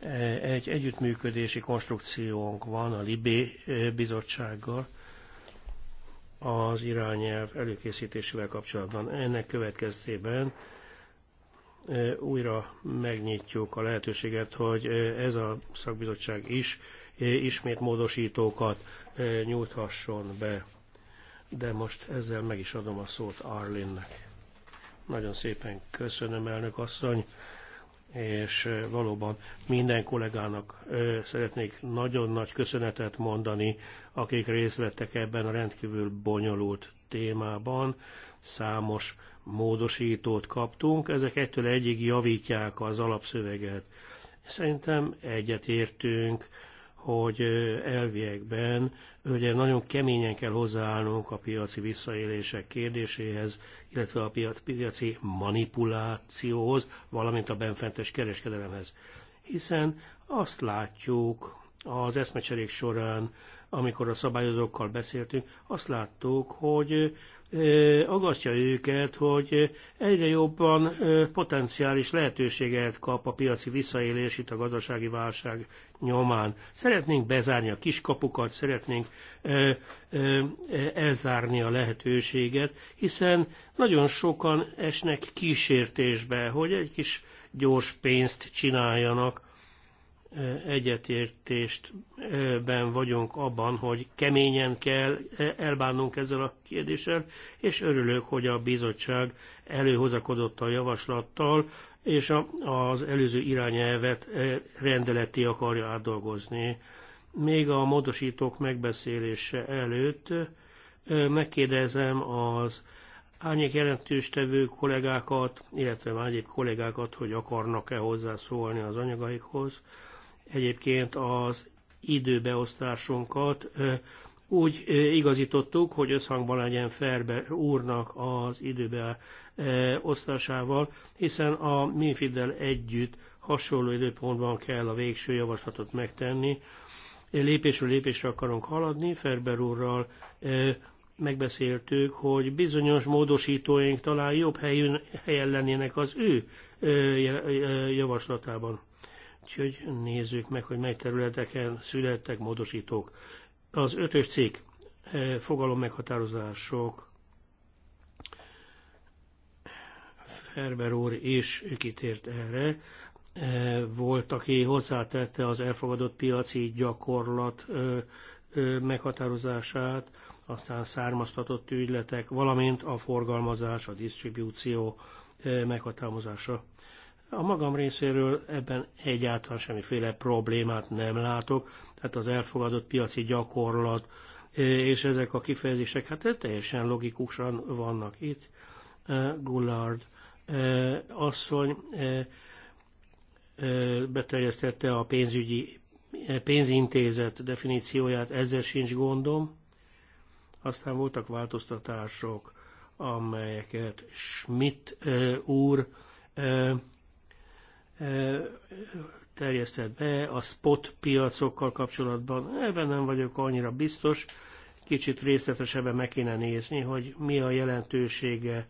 E, egy együttműködési konstrukciónk van a Libé bizottsággal az irányelv előkészítésével kapcsolatban. Ennek következtében újra megnyitjuk a lehetőséget, hogy ez a szakbizottság is ismét módosítókat nyújthasson be. De most ezzel meg is adom a szót Arlinnek. Nagyon szépen köszönöm, elnök asszony, és valóban minden kollégának szeretnék nagyon nagy köszönetet mondani, akik részt vettek ebben a rendkívül bonyolult témában. Számos módosítót kaptunk, ezek egytől egyig javítják az alapszöveget. Szerintem egyetértünk, hogy elviekben ugye nagyon keményen kell hozzáállnunk a piaci visszaélések kérdéséhez, illetve a piaci manipulációhoz, valamint a benfentes kereskedelemhez. Hiszen azt látjuk az eszmecserék során, amikor a szabályozókkal beszéltünk, azt láttuk, hogy agasztja őket, hogy egyre jobban potenciális lehetőséget kap a piaci visszaélés itt a gazdasági válság nyomán. Szeretnénk bezárni a kiskapukat, szeretnénk elzárni a lehetőséget, hiszen nagyon sokan esnek kísértésbe, hogy egy kis gyors pénzt csináljanak egyetértéstben vagyunk abban, hogy keményen kell elbánnunk ezzel a kérdéssel, és örülök, hogy a bizottság előhozakodott a javaslattal, és az előző irányelvet eh, rendeleti akarja átdolgozni. Még a módosítók megbeszélése előtt eh, megkérdezem az árnyék jelentős tevő kollégákat, illetve már egyéb kollégákat, hogy akarnak-e hozzászólni az anyagaikhoz egyébként az időbeosztásunkat úgy igazítottuk, hogy összhangban legyen Ferber úrnak az időbeosztásával, hiszen a Minfiddel együtt hasonló időpontban kell a végső javaslatot megtenni. Lépésről lépésre akarunk haladni, Ferber úrral megbeszéltük, hogy bizonyos módosítóink talán jobb helyen, helyen lennének az ő javaslatában. Úgyhogy nézzük meg, hogy mely területeken születtek módosítók. Az ötös cikk eh, fogalom meghatározások Ferber úr is kitért erre. Eh, volt, aki hozzátette az elfogadott piaci gyakorlat eh, meghatározását, aztán származtatott ügyletek, valamint a forgalmazás, a disztribúció meghatározása. A magam részéről ebben egyáltalán semmiféle problémát nem látok, tehát az elfogadott piaci gyakorlat eh, és ezek a kifejezések, hát teljesen logikusan vannak itt. Eh, Gullard eh, asszony beterjesztette a pénzügyi pénzintézet definícióját, ezzel sincs gondom. Aztán voltak változtatások, amelyeket Schmidt úr terjesztett be a spot piacokkal kapcsolatban. Ebben nem vagyok annyira biztos, kicsit részletesebben meg kéne nézni, hogy mi a jelentősége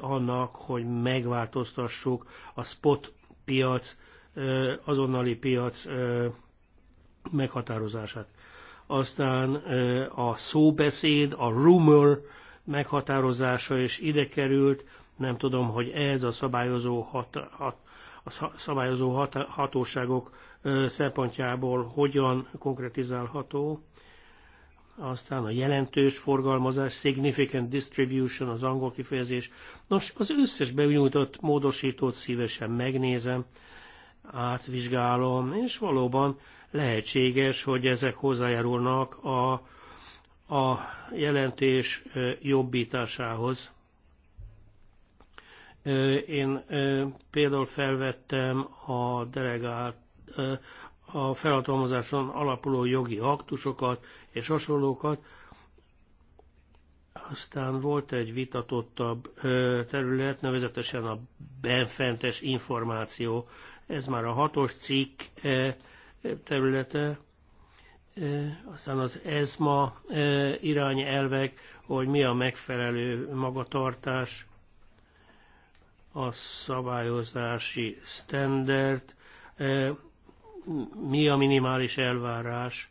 annak, hogy megváltoztassuk a spot piac, azonnali piac meghatározását. Aztán a szóbeszéd, a rumor meghatározása is ide került, nem tudom, hogy ez a szabályozó hat, hat, a szabályozó hatóságok szempontjából hogyan konkretizálható. Aztán a jelentős forgalmazás, significant distribution, az angol kifejezés. Nos, az összes benyújtott módosítót szívesen megnézem, átvizsgálom, és valóban lehetséges, hogy ezek hozzájárulnak a, a jelentés jobbításához. Én például felvettem a delegált, a felhatalmazáson alapuló jogi aktusokat és hasonlókat. Aztán volt egy vitatottabb terület, nevezetesen a benfentes információ. Ez már a hatos cikk területe. Aztán az ESMA irányelvek, hogy mi a megfelelő magatartás, a szabályozási standard, e, mi a minimális elvárás.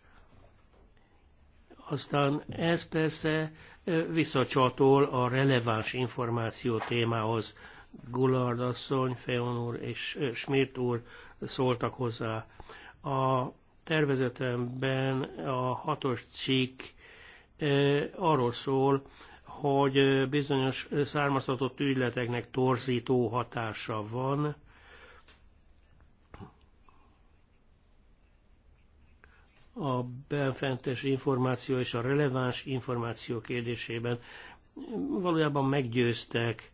Aztán ez persze e, visszacsatol a releváns információ témához. Gulard asszony, Feon úr és e, Schmidt úr szóltak hozzá. A tervezetemben a hatos cikk arról szól, hogy bizonyos származtatott ügyleteknek torzító hatása van. A benfentes információ és a releváns információ kérdésében valójában meggyőztek,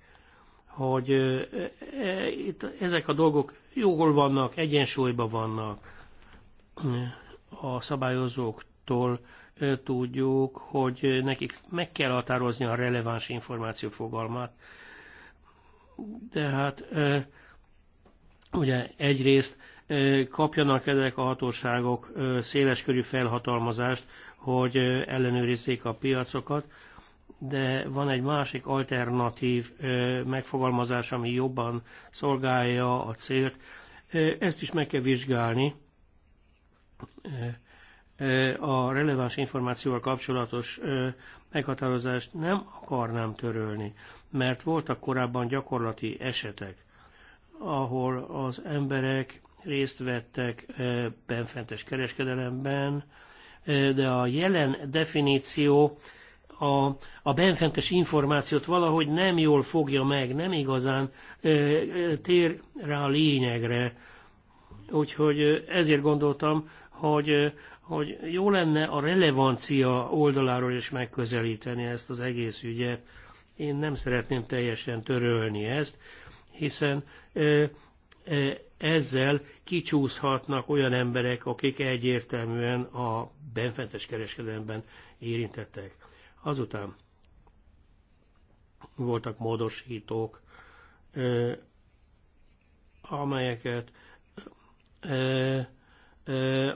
hogy e, e, ezek a dolgok jól vannak, egyensúlyban vannak a szabályozóktól tudjuk, hogy nekik meg kell határozni a releváns információ fogalmát. De hát ugye egyrészt kapjanak ezek a hatóságok széleskörű felhatalmazást, hogy ellenőrizzék a piacokat, de van egy másik alternatív megfogalmazás, ami jobban szolgálja a célt. Ezt is meg kell vizsgálni a releváns információval kapcsolatos meghatározást nem akarnám törölni, mert voltak korábban gyakorlati esetek, ahol az emberek részt vettek benfentes kereskedelemben, de a jelen definíció a, a benfentes információt valahogy nem jól fogja meg, nem igazán tér rá a lényegre. Úgyhogy ezért gondoltam, hogy hogy jó lenne a relevancia oldaláról is megközelíteni ezt az egész ügyet. Én nem szeretném teljesen törölni ezt, hiszen ezzel kicsúszhatnak olyan emberek, akik egyértelműen a benfentes kereskedelemben érintettek. Azután voltak módosítók, amelyeket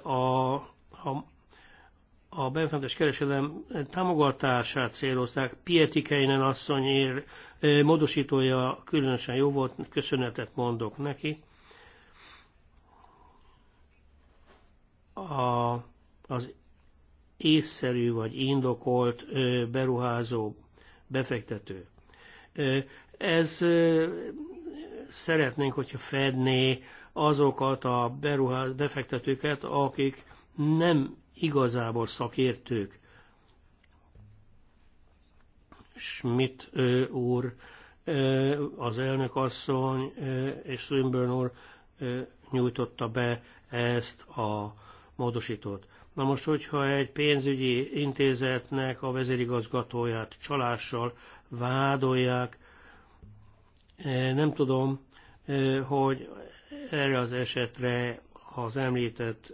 a a, a benfentes kereselem támogatását célozták. Keinen asszony ér, módosítója különösen jó volt, köszönetet mondok neki. A, az észszerű vagy indokolt beruházó befektető. Ez szeretnénk, hogyha fedné azokat a beruház, befektetőket, akik nem igazából szakértők. Schmidt ö, úr, ö, az elnök asszony ö, és Swinburne úr ö, nyújtotta be ezt a módosítót. Na most, hogyha egy pénzügyi intézetnek a vezérigazgatóját csalással vádolják, nem tudom, hogy erre az esetre az említett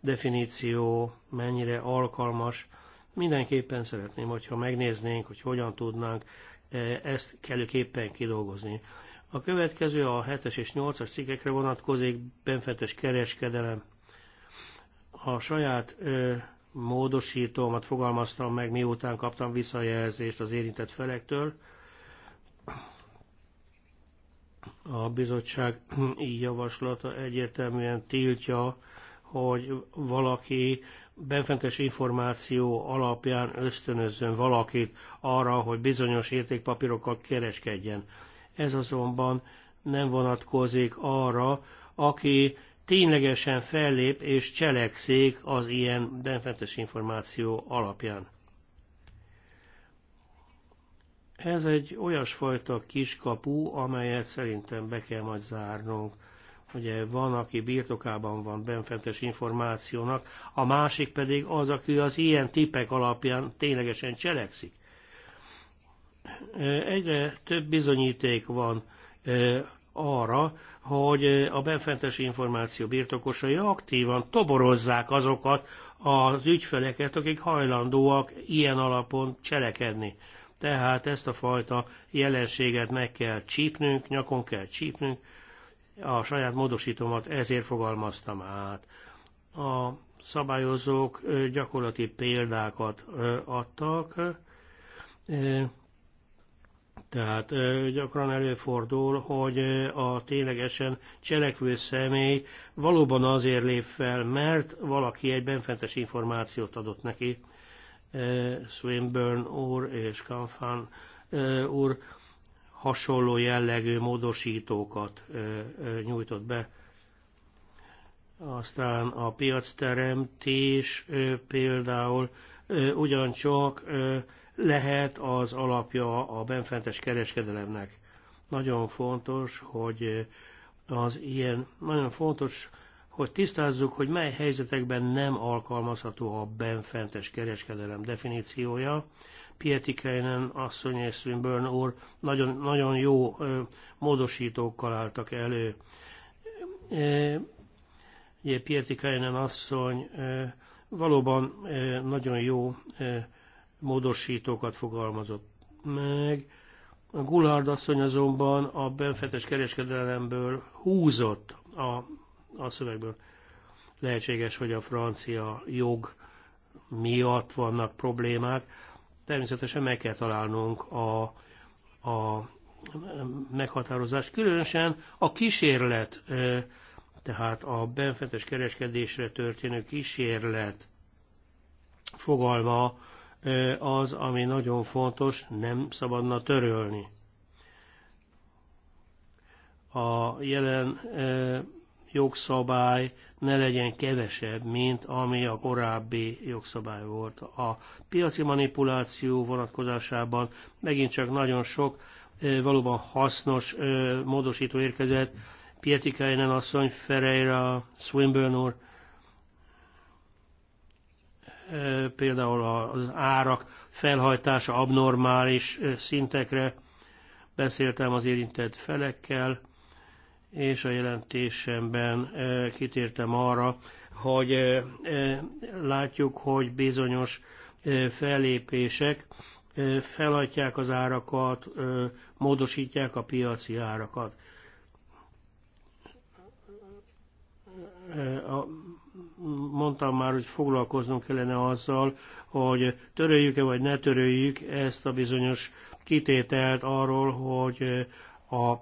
definíció mennyire alkalmas. Mindenképpen szeretném, hogyha megnéznénk, hogy hogyan tudnánk e, ezt kellőképpen kidolgozni. A következő a 7-es és 8-as cikkekre vonatkozik, benfentes kereskedelem. A saját ö, módosítómat fogalmaztam meg, miután kaptam visszajelzést az érintett felektől. A bizottság javaslata egyértelműen tiltja hogy valaki benfentes információ alapján ösztönözzön valakit arra, hogy bizonyos értékpapírokkal kereskedjen. Ez azonban nem vonatkozik arra, aki ténylegesen fellép és cselekszik az ilyen benfentes információ alapján. Ez egy olyasfajta kiskapu, amelyet szerintem be kell majd zárnunk. Ugye van, aki birtokában van benfentes információnak, a másik pedig az, aki az ilyen tipek alapján ténylegesen cselekszik. Egyre több bizonyíték van arra, hogy a benfentes információ birtokosai aktívan toborozzák azokat az ügyfeleket, akik hajlandóak ilyen alapon cselekedni. Tehát ezt a fajta jelenséget meg kell csípnünk, nyakon kell csípnünk, a saját módosítomat ezért fogalmaztam át. A szabályozók gyakorlati példákat adtak, tehát gyakran előfordul, hogy a ténylegesen cselekvő személy valóban azért lép fel, mert valaki egy benfentes információt adott neki. Swinburne úr és Kanfan úr hasonló jellegű módosítókat nyújtott be. Aztán a piacteremtés például ugyancsak lehet az alapja a benfentes kereskedelemnek. Nagyon fontos, hogy az ilyen, nagyon fontos, hogy tisztázzuk, hogy mely helyzetekben nem alkalmazható a benfentes kereskedelem definíciója. Pietikeinen asszony és Swinburne úr nagyon, nagyon jó módosítókkal álltak elő. Ugye Pietikeinen asszony valóban nagyon jó módosítókat fogalmazott meg. A Gullard asszony azonban a benfetes kereskedelemből húzott a, a szövegből. Lehetséges, hogy a francia jog miatt vannak problémák természetesen meg kell találnunk a, a meghatározást, különösen a kísérlet, tehát a benfentes kereskedésre történő kísérlet fogalma az, ami nagyon fontos, nem szabadna törölni. A jelen jogszabály ne legyen kevesebb, mint ami a korábbi jogszabály volt. A piaci manipuláció vonatkozásában megint csak nagyon sok valóban hasznos módosító érkezett, Pietikainen asszony, Ferreira, Swinburne úr, például az árak felhajtása abnormális szintekre, beszéltem az érintett felekkel, és a jelentésemben e, kitértem arra, hogy e, e, látjuk, hogy bizonyos fellépések felhatják az árakat, módosítják a piaci árakat. A mondtam már, hogy foglalkoznunk kellene azzal, hogy töröljük-e vagy ne töröljük ezt a bizonyos kitételt arról, hogy a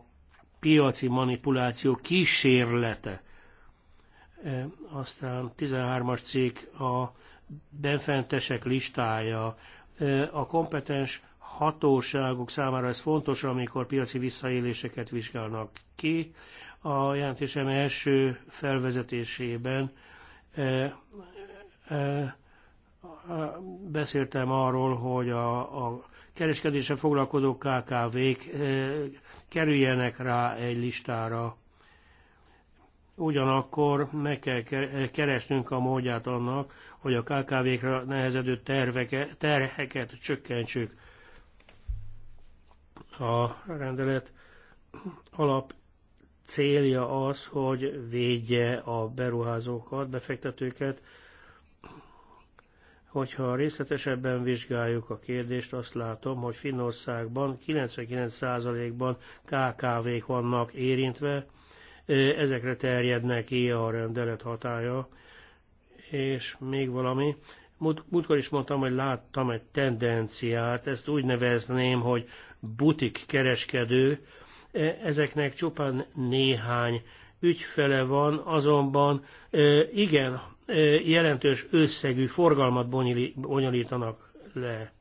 piaci manipuláció kísérlete. E, aztán 13-as cikk a benfentesek listája. E, a kompetens hatóságok számára ez fontos, amikor piaci visszaéléseket vizsgálnak ki. A jelentésem első felvezetésében e, beszéltem arról, hogy a, a kereskedése foglalkozó KKV-k kerüljenek rá egy listára. Ugyanakkor meg kell keresnünk a módját annak, hogy a KKV-kra nehezedő terveke, terheket csökkentsük. A rendelet alap célja az, hogy védje a beruházókat, befektetőket Hogyha részletesebben vizsgáljuk a kérdést, azt látom, hogy Finnországban 99%-ban KKV-k vannak érintve, ezekre terjednek ki a rendelet hatája, és még valami. Múlt, múltkor is mondtam, hogy láttam egy tendenciát, ezt úgy nevezném, hogy butik kereskedő, ezeknek csupán néhány ügyfele van, azonban igen, jelentős összegű forgalmat bonyolítanak le.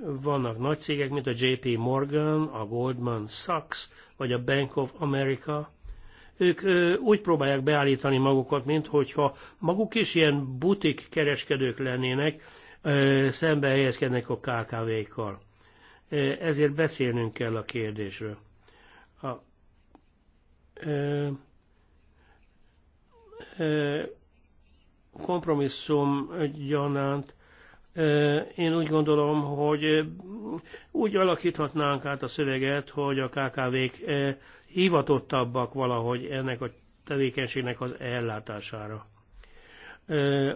Vannak nagy cégek, mint a JP Morgan, a Goldman Sachs, vagy a Bank of America. Ők úgy próbálják beállítani magukat, mint hogyha maguk is ilyen butik kereskedők lennének, szembe helyezkednek a KKV-kkal. Ezért beszélnünk kell a kérdésről. A, kompromisszum gyanánt én úgy gondolom, hogy úgy alakíthatnánk át a szöveget, hogy a KKV-k hivatottabbak valahogy ennek a tevékenységnek az ellátására.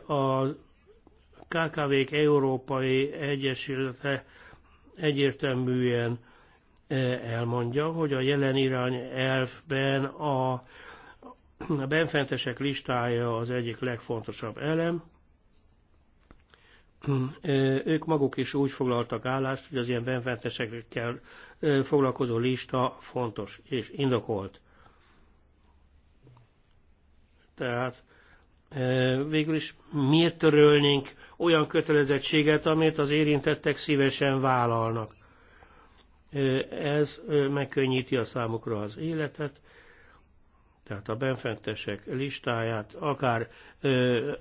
A KKV-k Európai Egyesülete egyértelműen elmondja, hogy a jelen irány elfben a a benfentesek listája az egyik legfontosabb elem. Ők maguk is úgy foglaltak állást, hogy az ilyen benfentesekkel foglalkozó lista fontos és indokolt. Tehát végül is miért törölnénk olyan kötelezettséget, amit az érintettek szívesen vállalnak. Ez megkönnyíti a számukra az életet, tehát a benfentesek listáját akár,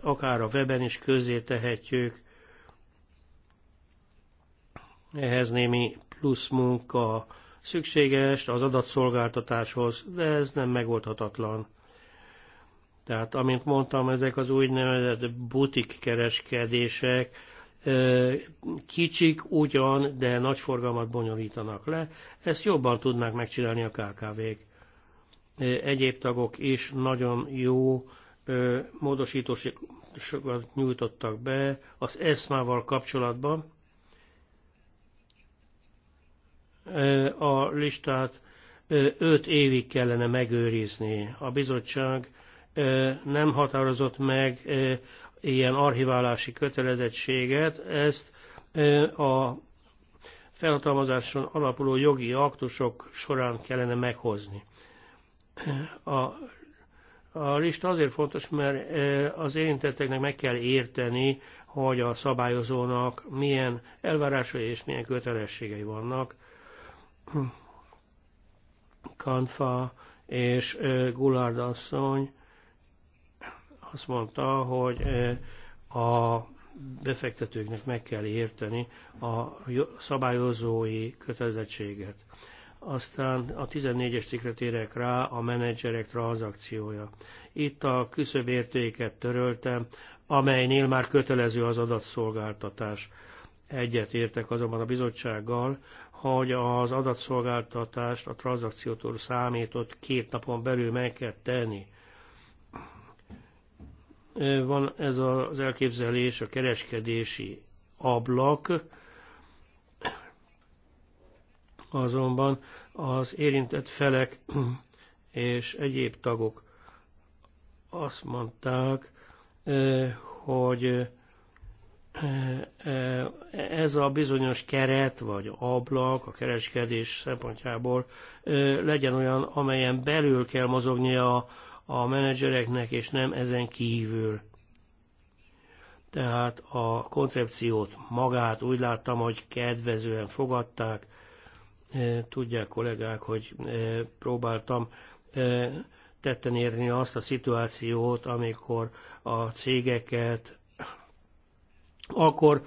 akár a weben is közé tehetjük. Ehhez némi plusz munka szükséges az adatszolgáltatáshoz, de ez nem megoldhatatlan. Tehát, amint mondtam, ezek az úgynevezett butik kereskedések, kicsik ugyan, de nagy forgalmat bonyolítanak le, ezt jobban tudnák megcsinálni a KKV-k egyéb tagok is nagyon jó módosítósokat nyújtottak be az ESMA-val kapcsolatban. A listát 5 évig kellene megőrizni. A bizottság nem határozott meg ilyen archiválási kötelezettséget, ezt a felhatalmazáson alapuló jogi aktusok során kellene meghozni. A, a lista azért fontos, mert az érintetteknek meg kell érteni, hogy a szabályozónak milyen elvárásai és milyen kötelességei vannak. Kanfa és Gulárd asszony azt mondta, hogy a befektetőknek meg kell érteni a szabályozói kötelezettséget. Aztán a 14-es cikkre térek rá a menedzserek tranzakciója. Itt a értéket töröltem, amelynél már kötelező az adatszolgáltatás. Egyet értek azonban a bizottsággal, hogy az adatszolgáltatást a tranzakciótól számított két napon belül meg kell tenni. Van ez az elképzelés a kereskedési ablak, azonban az érintett felek és egyéb tagok azt mondták, hogy ez a bizonyos keret vagy ablak a kereskedés szempontjából legyen olyan, amelyen belül kell mozognia a menedzsereknek, és nem ezen kívül. Tehát a koncepciót magát úgy láttam, hogy kedvezően fogadták, Tudják kollégák, hogy próbáltam tetten érni azt a szituációt, amikor a cégeket akkor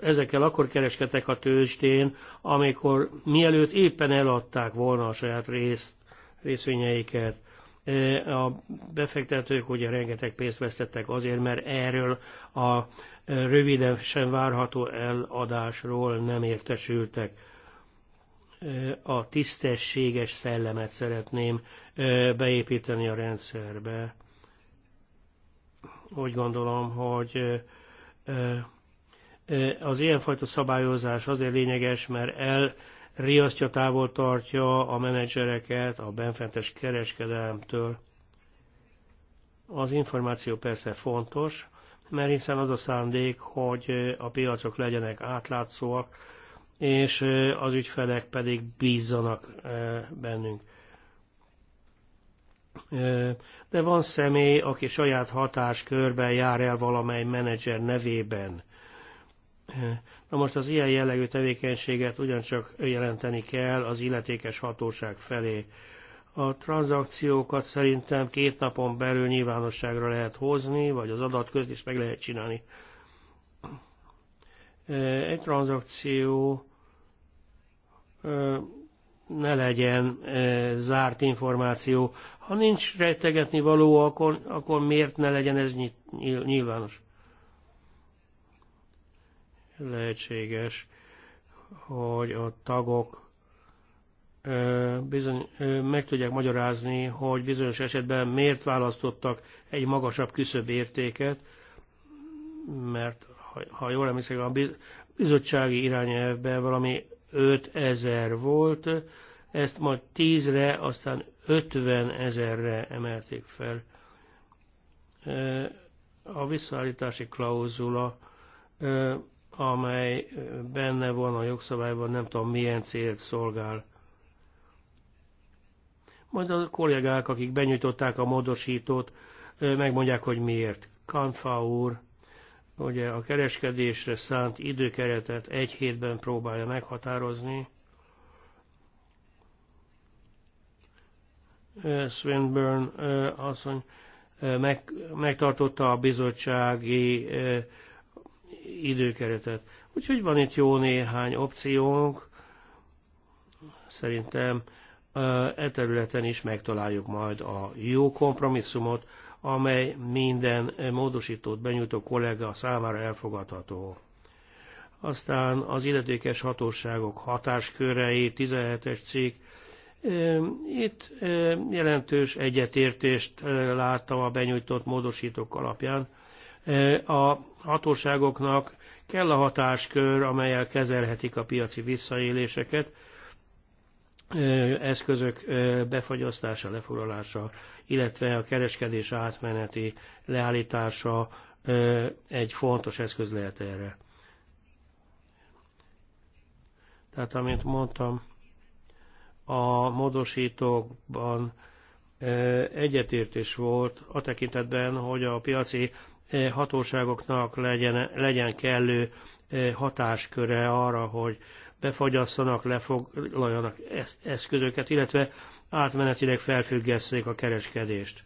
ezekkel akkor kereskedtek a tőzsdén, amikor mielőtt éppen eladták volna a saját részt, részvényeiket. A befektetők ugye rengeteg pénzt vesztettek azért, mert erről a rövidesen várható eladásról nem értesültek. A tisztességes szellemet szeretném beépíteni a rendszerbe. Úgy gondolom, hogy az ilyenfajta szabályozás azért lényeges, mert el riasztja távol tartja a menedzsereket a benfentes kereskedelemtől. Az információ persze fontos, mert hiszen az a szándék, hogy a piacok legyenek átlátszóak, és az ügyfelek pedig bízzanak bennünk. De van személy, aki saját hatáskörben jár el valamely menedzser nevében. Na most az ilyen jellegű tevékenységet ugyancsak jelenteni kell az illetékes hatóság felé. A tranzakciókat szerintem két napon belül nyilvánosságra lehet hozni, vagy az adat közt is meg lehet csinálni. Egy tranzakció ne legyen zárt információ. Ha nincs rejtegetni való, akkor, akkor miért ne legyen ez nyilvános? Lehetséges, hogy a tagok bizony, meg tudják magyarázni, hogy bizonyos esetben miért választottak egy magasabb küszöbb értéket, mert ha, ha jól emlékszem, a bizottsági irányelvben valami 5000 volt, ezt majd 10-re, aztán 50 ezerre emelték fel. A visszaállítási klauzula, amely benne van a jogszabályban, nem tudom milyen célt szolgál majd a kollégák, akik benyújtották a módosítót, megmondják, hogy miért. Kanfa úr, ugye a kereskedésre szánt időkeretet egy hétben próbálja meghatározni. Swinburne asszony meg, megtartotta a bizottsági időkeretet. Úgyhogy van itt jó néhány opciónk. Szerintem e területen is megtaláljuk majd a jó kompromisszumot, amely minden módosítót benyújtó kollega számára elfogadható. Aztán az illetékes hatóságok hatáskörei, 17-es cikk, itt jelentős egyetértést láttam a benyújtott módosítók alapján. A hatóságoknak kell a hatáskör, amelyel kezelhetik a piaci visszaéléseket, eszközök befagyasztása, lefoglalása, illetve a kereskedés átmeneti leállítása egy fontos eszköz lehet erre. Tehát, amint mondtam, a módosítókban egyetértés volt a tekintetben, hogy a piaci hatóságoknak legyen, legyen kellő hatásköre arra, hogy fogyasszanak, lefoglaljanak eszközöket, illetve átmenetileg felfüggesszék a kereskedést.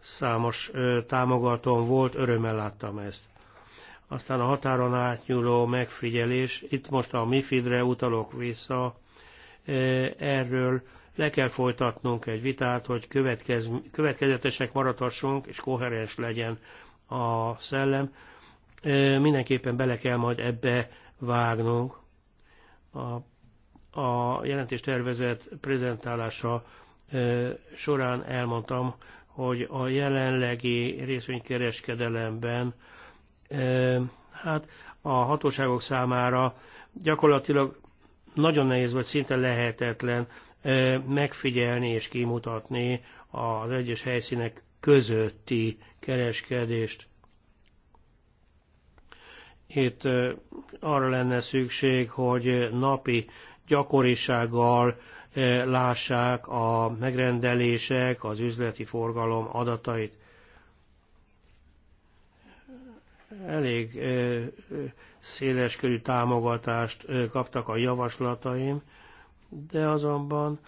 Számos támogatón volt, örömmel láttam ezt. Aztán a határon átnyúló megfigyelés, itt most a MIFID-re utalok vissza, erről le kell folytatnunk egy vitát, hogy következ, következetesek maradhassunk, és koherens legyen a szellem. Mindenképpen bele kell majd ebbe vágnunk. A, a jelentéstervezet prezentálása során elmondtam, hogy a jelenlegi részvénykereskedelemben hát a hatóságok számára gyakorlatilag nagyon nehéz vagy szinte lehetetlen megfigyelni és kimutatni az egyes helyszínek közötti kereskedést. Itt arra lenne szükség, hogy napi gyakorisággal lássák a megrendelések, az üzleti forgalom adatait. Elég széleskörű támogatást kaptak a javaslataim, de azonban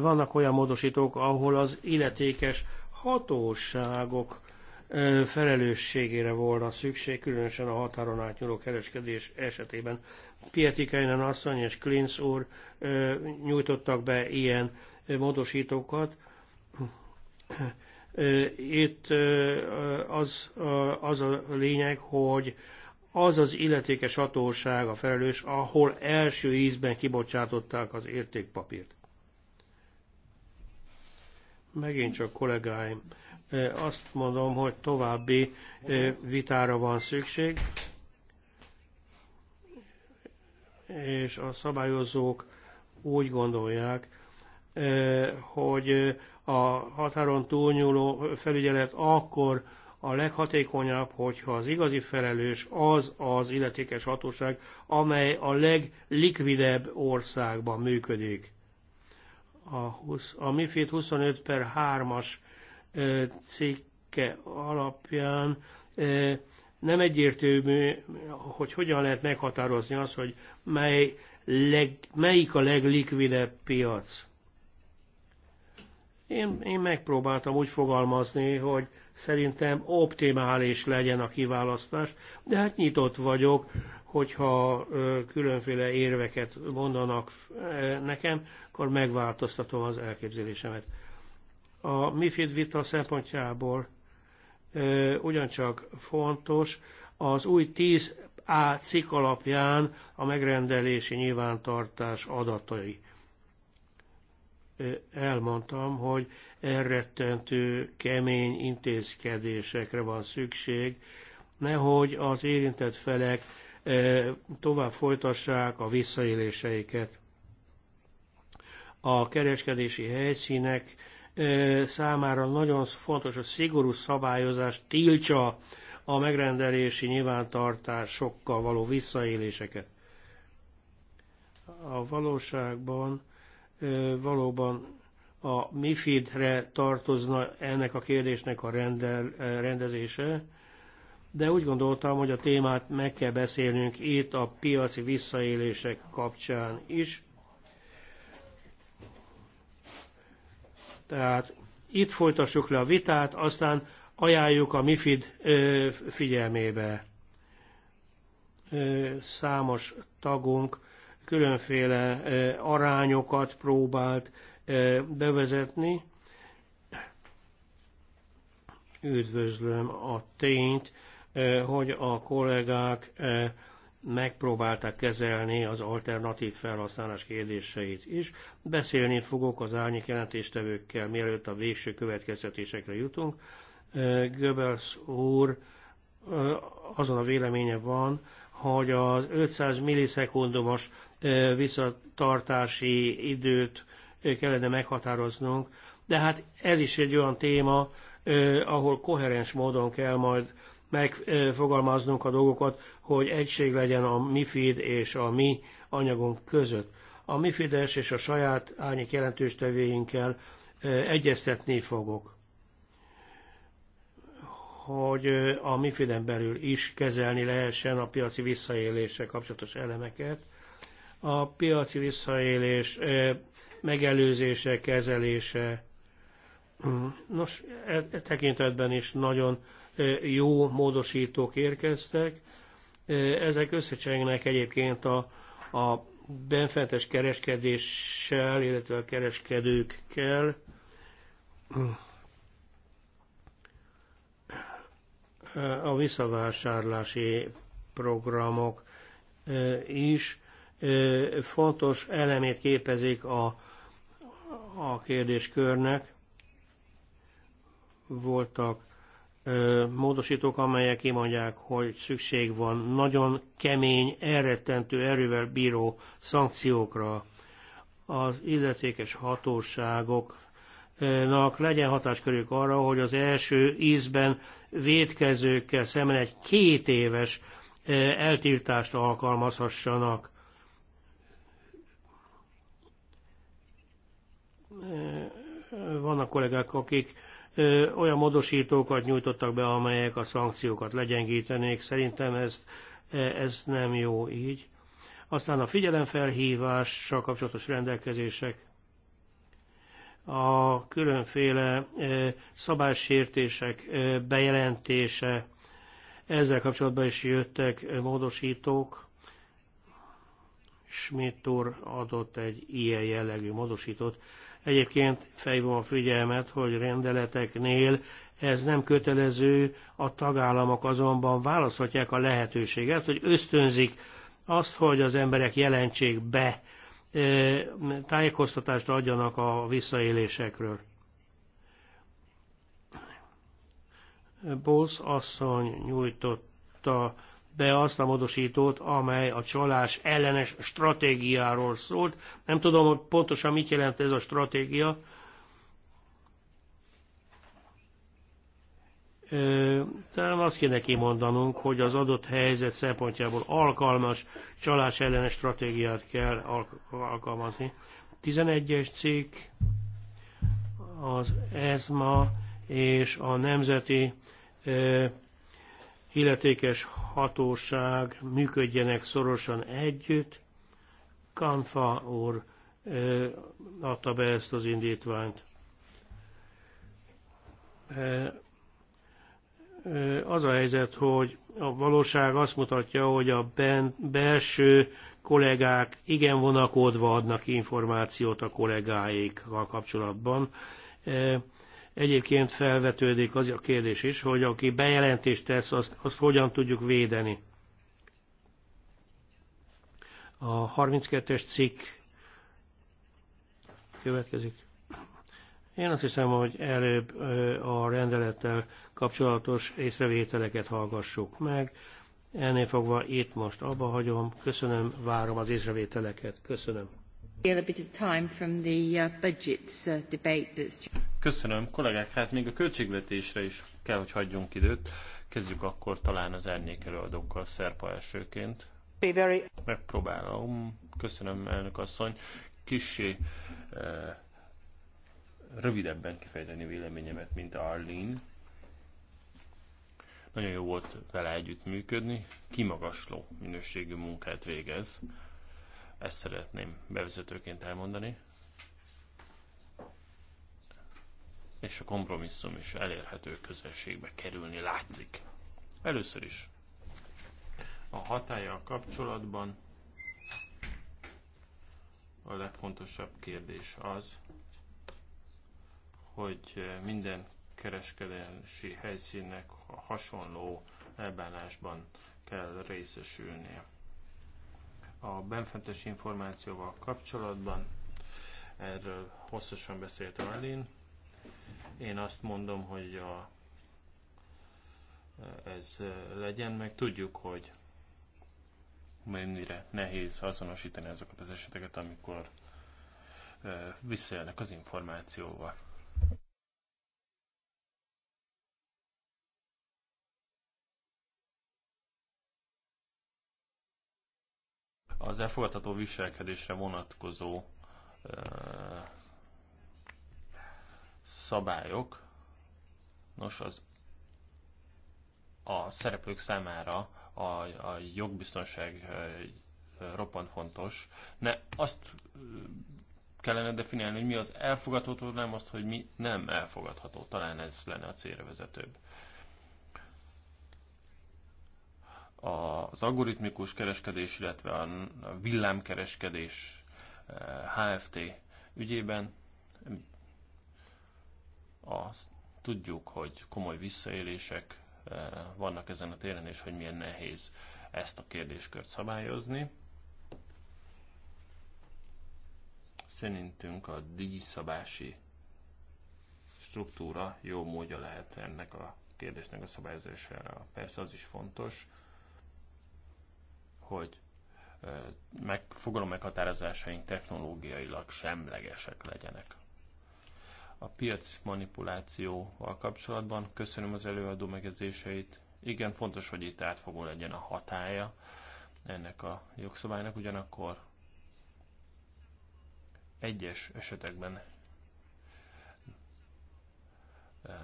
vannak olyan módosítók, ahol az illetékes hatóságok felelősségére volna szükség, különösen a határon átnyúló kereskedés esetében. Pietikainen asszony és Klinz úr nyújtottak be ilyen módosítókat. Itt az, az a lényeg, hogy az az illetékes hatóság a felelős, ahol első ízben kibocsátották az értékpapírt. Megint csak kollégáim, azt mondom, hogy további vitára van szükség, és a szabályozók úgy gondolják, hogy a határon túlnyúló felügyelet akkor a leghatékonyabb, hogyha az igazi felelős az az illetékes hatóság, amely a leglikvidebb országban működik. A, 20, a MIFID 25 per 3-as cikke alapján nem egyértelmű, hogy hogyan lehet meghatározni azt, hogy mely leg, melyik a leglikvidebb piac. Én, én megpróbáltam úgy fogalmazni, hogy szerintem optimális legyen a kiválasztás, de hát nyitott vagyok, hogyha különféle érveket mondanak nekem, akkor megváltoztatom az elképzelésemet. A MIFID vita szempontjából ugyancsak fontos az új 10A cikk alapján a megrendelési nyilvántartás adatai. Elmondtam, hogy elrettentő kemény intézkedésekre van szükség, nehogy az érintett felek tovább folytassák a visszaéléseiket. A kereskedési helyszínek számára nagyon fontos, hogy szigorú szabályozás tiltsa a megrendelési nyilvántartásokkal való visszaéléseket. A valóságban valóban a MIFID-re tartozna ennek a kérdésnek a rendel, rendezése, de úgy gondoltam, hogy a témát meg kell beszélnünk itt a piaci visszaélések kapcsán is. Tehát itt folytassuk le a vitát, aztán ajánljuk a MIFID figyelmébe. Számos tagunk különféle arányokat próbált bevezetni. Üdvözlöm a tényt, hogy a kollégák megpróbálták kezelni az alternatív felhasználás kérdéseit is. Beszélni fogok az árnyék jelentéstevőkkel, mielőtt a végső következtetésekre jutunk. Göbels úr azon a véleménye van, hogy az 500 millisekundumos visszatartási időt kellene meghatároznunk, de hát ez is egy olyan téma, ahol koherens módon kell majd megfogalmaznunk a dolgokat, hogy egység legyen a MIFID és a mi anyagunk között. A mi es és a saját árnyék jelentős tevéinkkel egyeztetni fogok hogy a MIFID-en belül is kezelni lehessen a piaci visszaéléssel kapcsolatos elemeket. A piaci visszaélés megelőzése, kezelése, nos, e, e tekintetben is nagyon jó módosítók érkeztek. Ezek összecsengnek egyébként a, a benfentes kereskedéssel, illetve a kereskedőkkel. A visszavásárlási programok is fontos elemét képezik a, a kérdéskörnek. Voltak módosítók, amelyek kimondják, hogy szükség van nagyon kemény, elrettentő erővel bíró szankciókra. Az illetékes hatóságoknak legyen hatáskörük arra, hogy az első ízben védkezőkkel szemben egy két éves eltiltást alkalmazhassanak. Vannak kollégák, akik olyan módosítókat nyújtottak be, amelyek a szankciókat legyengítenék. Szerintem ez, e, ez nem jó így. Aztán a figyelemfelhívással kapcsolatos rendelkezések, a különféle e, szabálysértések e, bejelentése, ezzel kapcsolatban is jöttek módosítók. Schmidt úr adott egy ilyen jellegű módosítót. Egyébként fejvom a figyelmet, hogy rendeleteknél ez nem kötelező, a tagállamok azonban választhatják a lehetőséget, hogy ösztönzik azt, hogy az emberek jelentsék be, tájékoztatást adjanak a visszaélésekről. Bolsz asszony nyújtotta be azt a módosítót, amely a csalás ellenes stratégiáról szólt. Nem tudom, hogy pontosan mit jelent ez a stratégia. Talán azt kéne kimondanunk, hogy az adott helyzet szempontjából alkalmas csalás ellenes stratégiát kell alkalmazni. 11-es cikk az ESMA és a Nemzeti illetékes hatóság működjenek szorosan együtt. Kanfa úr adta be ezt az indítványt. Az a helyzet, hogy a valóság azt mutatja, hogy a belső kollégák igen vonakodva adnak információt a kollégáikkal kapcsolatban Egyébként felvetődik az a kérdés is, hogy aki bejelentést tesz, azt, azt hogyan tudjuk védeni. A 32-es cikk következik. Én azt hiszem, hogy előbb a rendelettel kapcsolatos észrevételeket hallgassuk meg. Ennél fogva itt most abba hagyom. Köszönöm, várom az észrevételeket. Köszönöm. Uh, uh, Köszönöm, kollégák, hát még a költségvetésre is kell, hogy hagyjunk időt. Kezdjük akkor talán az árnyék előadókkal szerpa elsőként. Megpróbálom. Köszönöm, elnök asszony. Kissé eh, rövidebben kifejteni véleményemet, mint Arlene. Nagyon jó volt vele működni. kimagasló minőségű munkát végez. Ezt szeretném bevezetőként elmondani. És a kompromisszum is elérhető közelségbe kerülni látszik. Először is a hatája kapcsolatban a legfontosabb kérdés az, hogy minden kereskedési helyszínnek hasonló elbánásban kell részesülnie a benfentes információval kapcsolatban. Erről hosszasan beszélt Arlin. Én azt mondom, hogy a, ez legyen, meg tudjuk, hogy mennyire nehéz azonosítani azokat az eseteket, amikor eh, visszajönnek az információval. az elfogadható viselkedésre vonatkozó szabályok, nos az a szereplők számára a, a jogbiztonság roppant fontos. Ne azt kellene definiálni, hogy mi az elfogadható, nem azt, hogy mi nem elfogadható. Talán ez lenne a célra vezetőbb. az algoritmikus kereskedés, illetve a villámkereskedés HFT eh, ügyében azt tudjuk, hogy komoly visszaélések eh, vannak ezen a téren, és hogy milyen nehéz ezt a kérdéskört szabályozni. Szerintünk a díjszabási struktúra jó módja lehet ennek a kérdésnek a szabályozására. Persze az is fontos, hogy meg, fogalom meghatározásaink technológiailag semlegesek legyenek. A piac manipulációval kapcsolatban köszönöm az előadó megjegyzéseit. Igen, fontos, hogy itt átfogó legyen a hatája ennek a jogszabálynak, ugyanakkor egyes esetekben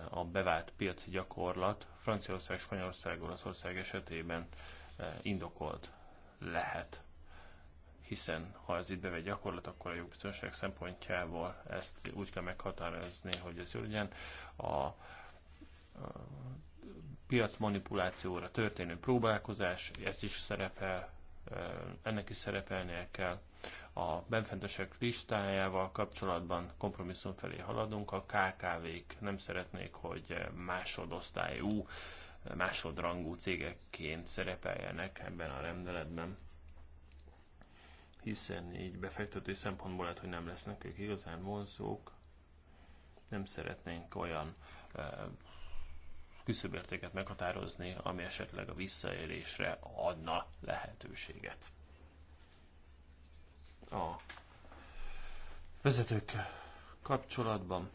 a bevált piaci gyakorlat Franciaország, Spanyolország, Olaszország esetében indokolt lehet. Hiszen ha ez itt bevegy gyakorlat, akkor a jogbiztonság szempontjából ezt úgy kell meghatározni, hogy ez jó legyen. A, a piac manipulációra történő próbálkozás, ez is szerepel, ennek is szerepelnie kell. A benfentesek listájával kapcsolatban kompromisszum felé haladunk, a KKV-k nem szeretnék, hogy másodosztályú másodrangú cégekként szerepeljenek ebben a rendeletben hiszen így befektető szempontból lehet, hogy nem lesznek ők igazán vonzók. Nem szeretnénk olyan küszöbértéket meghatározni, ami esetleg a visszaélésre adna lehetőséget. A vezetők kapcsolatban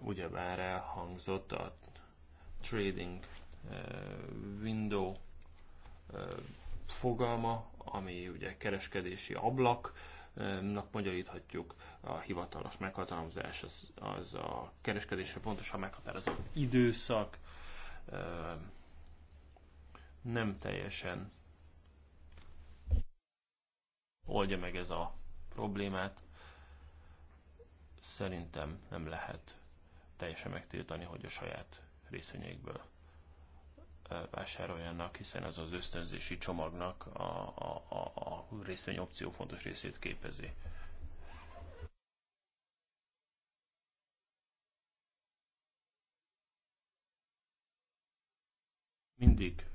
ugyebár elhangzott a trading window fogalma, ami ugye kereskedési ablak, nak magyaríthatjuk a hivatalos meghatározás, az, az a kereskedésre pontosan meghatározott időszak, nem teljesen oldja meg ez a problémát. Szerintem nem lehet teljesen megtiltani, hogy a saját részvényekből vásároljanak, hiszen az az ösztönzési csomagnak a, a, a, a részvény opció fontos részét képezi. Mindig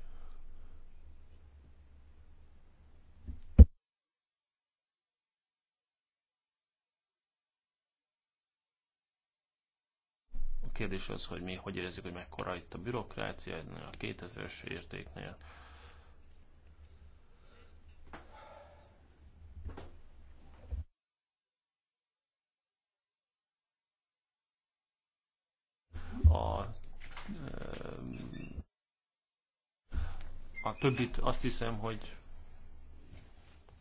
kérdés az, hogy mi hogy érezzük, hogy mekkora itt a bürokrácia a 2000-es értéknél. A, a többit azt hiszem, hogy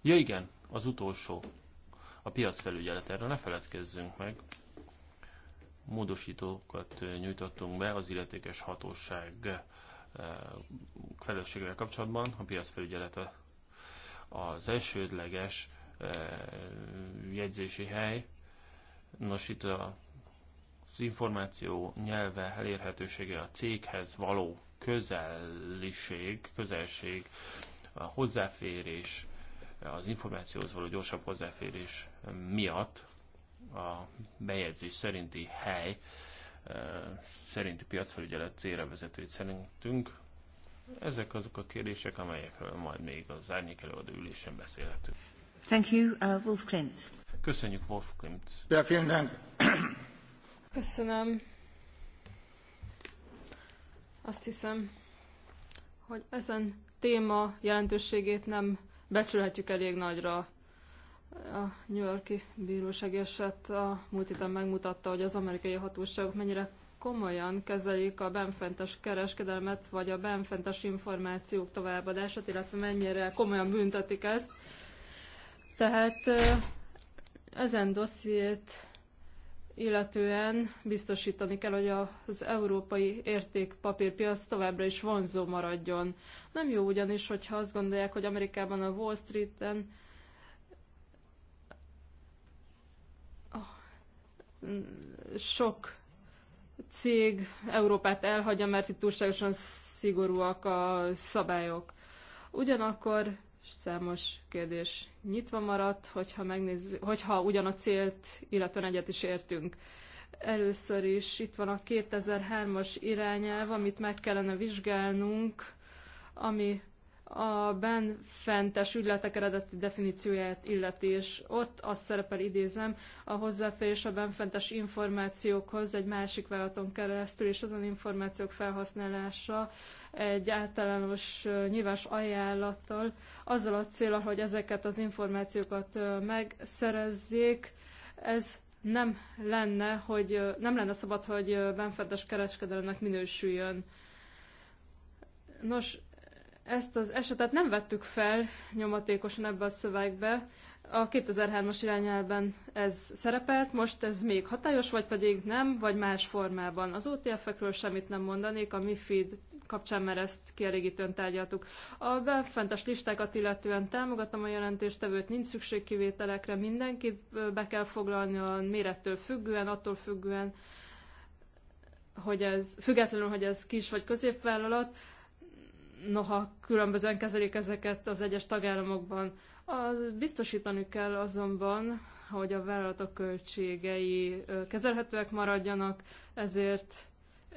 ja igen, az utolsó, a piacfelügyelet, erről ne feledkezzünk meg módosítókat eh, nyújtottunk be az illetékes hatóság eh, felelősségével kapcsolatban, a piacfelügyelete az elsődleges eh, jegyzési hely. Nos, itt az információ nyelve elérhetősége a céghez való közelliség, közelség, a hozzáférés, az információhoz való gyorsabb hozzáférés miatt a bejegyzés szerinti hely szerinti piacfelügyelet célra vezetőt szerintünk. Ezek azok a kérdések, amelyekről majd még az árnyék előadó ülésen beszélhetünk. Thank you, uh, Wolf Klintz. Köszönjük, Wolf Klintz. Ja, Köszönöm. Azt hiszem, hogy ezen téma jelentőségét nem becsülhetjük elég nagyra. A New Yorki bíróság eset hát a múlt héten megmutatta, hogy az amerikai hatóságok mennyire komolyan kezelik a benfentes kereskedelmet, vagy a benfentes információk továbbadását, illetve mennyire komolyan büntetik ezt. Tehát ezen dossziét illetően biztosítani kell, hogy az európai értékpapírpiac továbbra is vonzó maradjon. Nem jó ugyanis, hogyha azt gondolják, hogy Amerikában a Wall Street-en sok cég Európát elhagyja, mert itt túlságosan szigorúak a szabályok. Ugyanakkor számos kérdés nyitva maradt, hogyha, megnézzük, hogyha ugyan a célt, illetve egyet is értünk. Először is itt van a 2003-as irányelv, amit meg kellene vizsgálnunk, ami a Fentes ügyletek eredeti definícióját illeti, és ott azt szerepel, idézem, a hozzáférés a Fentes információkhoz egy másik vállalaton keresztül, és azon információk felhasználása egy általános nyilvános ajánlattal, azzal a célral, hogy ezeket az információkat megszerezzék, ez nem lenne, hogy nem lenne szabad, hogy benfentes kereskedelemnek minősüljön. Nos, ezt az esetet nem vettük fel nyomatékosan ebbe a szövegbe. A 2003-as irányelben ez szerepelt, most ez még hatályos, vagy pedig nem, vagy más formában. Az OTF-ekről semmit nem mondanék, a MIFID kapcsán már ezt kielégítően tárgyaltuk. A benfentes listákat illetően támogatom a jelentéstevőt, nincs szükség kivételekre, mindenkit be kell foglalni a mérettől függően, attól függően, hogy ez, függetlenül, hogy ez kis vagy középvállalat, noha különbözően kezelik ezeket az egyes tagállamokban. Az biztosítani kell azonban, hogy a vállalatok költségei kezelhetőek maradjanak, ezért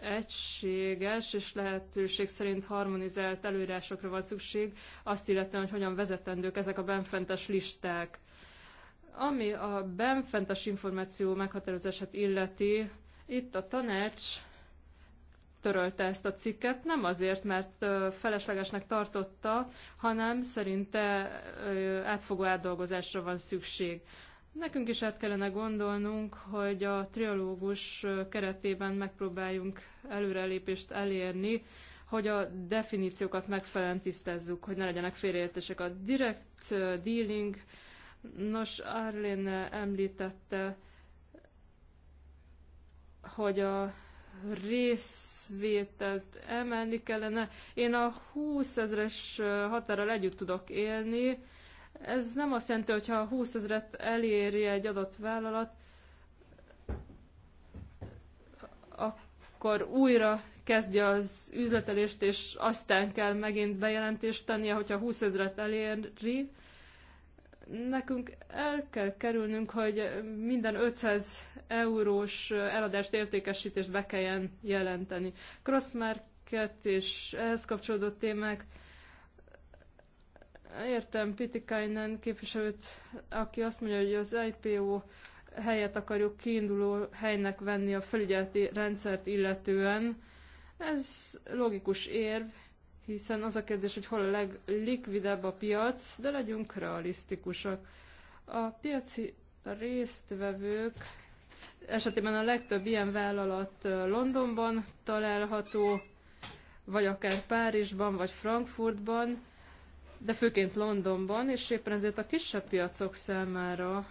egységes és lehetőség szerint harmonizált előírásokra van szükség, azt illetően, hogy hogyan vezetendők ezek a benfentes listák. Ami a benfentes információ meghatározását illeti, itt a tanács törölte ezt a cikket, nem azért, mert feleslegesnek tartotta, hanem szerinte átfogó átdolgozásra van szükség. Nekünk is át kellene gondolnunk, hogy a triológus keretében megpróbáljunk előrelépést elérni, hogy a definíciókat megfelelően tisztázzuk, hogy ne legyenek félreértések. A direct dealing, nos, Arlene említette, hogy a rész részvételt emelni kellene. Én a 20 ezres határral együtt tudok élni. Ez nem azt jelenti, hogy ha 20 ezret eléri egy adott vállalat, akkor újra kezdje az üzletelést, és aztán kell megint bejelentést tennie, hogyha 20 ezret eléri, nekünk el kell kerülnünk, hogy minden 500 eurós eladást értékesítést be kelljen jelenteni. Crossmarket és ehhez kapcsolódó témák. Értem Piti Pitikainen képviselőt, aki azt mondja, hogy az IPO helyet akarjuk kiinduló helynek venni a felügyeleti rendszert illetően. Ez logikus érv, hiszen az a kérdés, hogy hol a leglikvidebb a piac, de legyünk realisztikusak. A piaci résztvevők esetében a legtöbb ilyen vállalat Londonban található, vagy akár Párizsban, vagy Frankfurtban, de főként Londonban, és éppen ezért a kisebb piacok számára,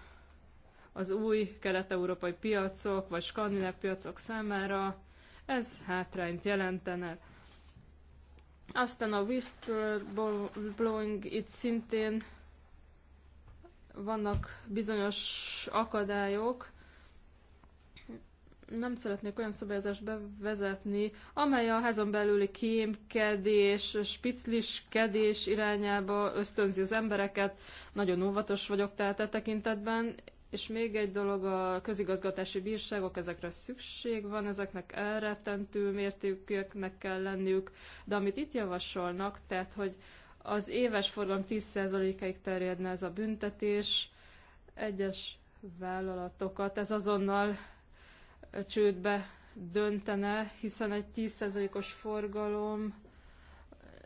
az új kelet-európai piacok, vagy skandináv piacok számára ez hátrányt jelentene. Aztán a whistleblowing itt szintén vannak bizonyos akadályok. Nem szeretnék olyan szabályozást bevezetni, amely a házon belüli kémkedés, spicliskedés irányába ösztönzi az embereket. Nagyon óvatos vagyok tehát e tekintetben, és még egy dolog, a közigazgatási bírságok, ezekre szükség van, ezeknek elrettentő mértékűeknek kell lenniük, de amit itt javasolnak, tehát hogy az éves forgalom 10%-ig terjedne ez a büntetés, egyes vállalatokat, ez azonnal csődbe döntene, hiszen egy 10%-os forgalom,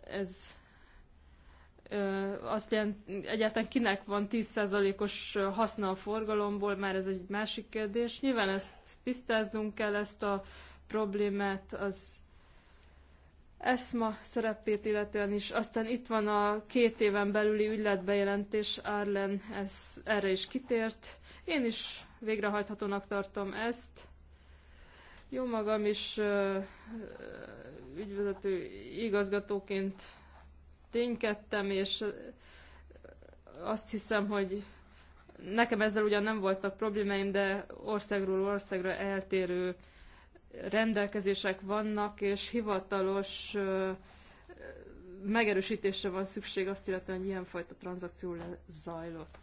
ez azt jelent, egyáltalán kinek van 10%-os haszna a forgalomból, már ez egy másik kérdés. Nyilván ezt tisztáznunk kell, ezt a problémát, az ESMA szerepét illetően is. Aztán itt van a két éven belüli ügyletbejelentés, Arlen ez, erre is kitért. Én is végrehajthatónak tartom ezt. Jó magam is ügyvezető igazgatóként ténykedtem, és azt hiszem, hogy nekem ezzel ugyan nem voltak problémáim, de országról országra eltérő rendelkezések vannak, és hivatalos megerősítésre van szükség azt illetve, hogy ilyenfajta tranzakció zajlott.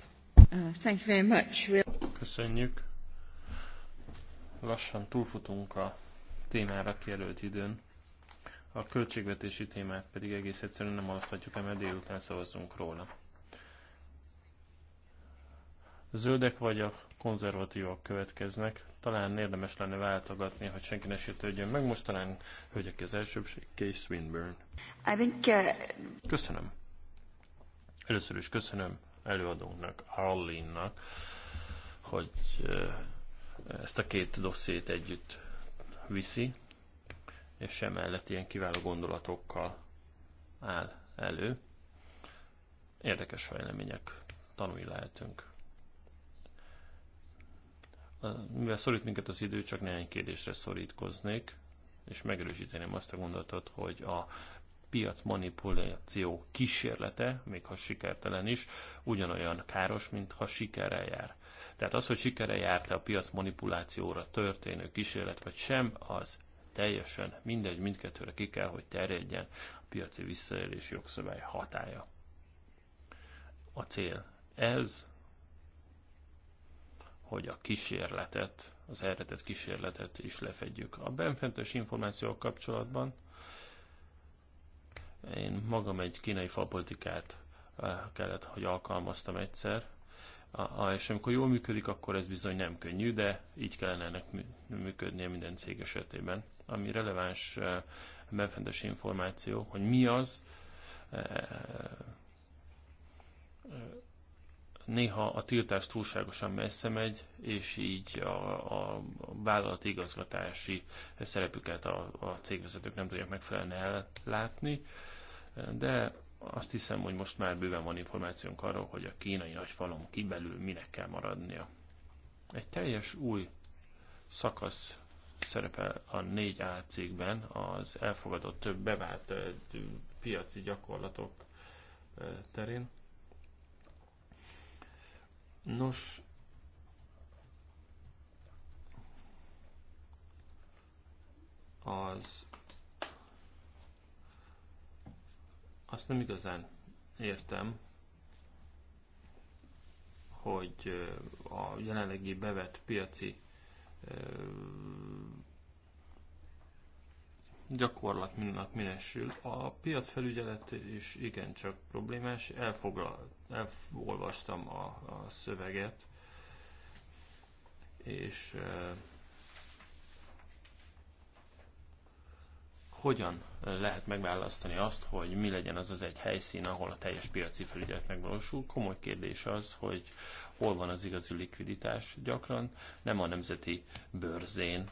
Thank you very much. Köszönjük. Lassan túlfutunk a témára kijelölt időn. A költségvetési témát pedig egész egyszerűen nem alaszthatjuk, mert délután szavazzunk róla. A zöldek vagy a konzervatívak következnek. Talán érdemes lenne váltogatni, hogy senki ne sértődjön meg. Most talán hölgyek az elsőbség, Kay Swinburne. I think, uh... Köszönöm. Először is köszönöm előadónknak, Arlene-nak, hogy uh, ezt a két dossziét együtt viszi és emellett ilyen kiváló gondolatokkal áll elő. Érdekes fejlemények tanulni lehetünk. Mivel szorít minket az idő, csak néhány kérdésre szorítkoznék, és megerősíteném azt a gondolatot, hogy a piac manipuláció kísérlete, még ha sikertelen is, ugyanolyan káros, mint ha sikerrel jár. Tehát az, hogy sikerrel járt-e a piac manipulációra történő kísérlet, vagy sem, az teljesen mindegy, mindkettőre ki kell, hogy terjedjen a piaci visszaélés jogszabály hatája. A cél ez, hogy a kísérletet, az eredetet kísérletet is lefedjük. A benfentes információk kapcsolatban én magam egy kínai falpolitikát eh, kellett, hogy alkalmaztam egyszer, és amikor jól működik, akkor ez bizony nem könnyű, de így kellene ennek működnie minden cég esetében ami releváns eh, benfentes információ, hogy mi az, eh, eh, néha a tiltás túlságosan messze megy, és így a, a vállalati igazgatási szerepüket a, a cégvezetők nem tudják megfelelően ellátni, de azt hiszem, hogy most már bőven van információnk arról, hogy a kínai nagyfalom kibelül minek kell maradnia. Egy teljes új szakasz szerepel a 4A cikkben az elfogadott több bevált piaci gyakorlatok terén. Nos, az azt nem igazán értem, hogy a jelenlegi bevett piaci gyakorlat minnak minősül. A piacfelügyelet is igencsak problémás. Elfoglal, elolvastam a, a szöveget, és hogyan lehet megválasztani azt, hogy mi legyen az az egy helyszín, ahol a teljes piaci felügyelet megvalósul. Komoly kérdés az, hogy hol van az igazi likviditás gyakran, nem a nemzeti bőrzén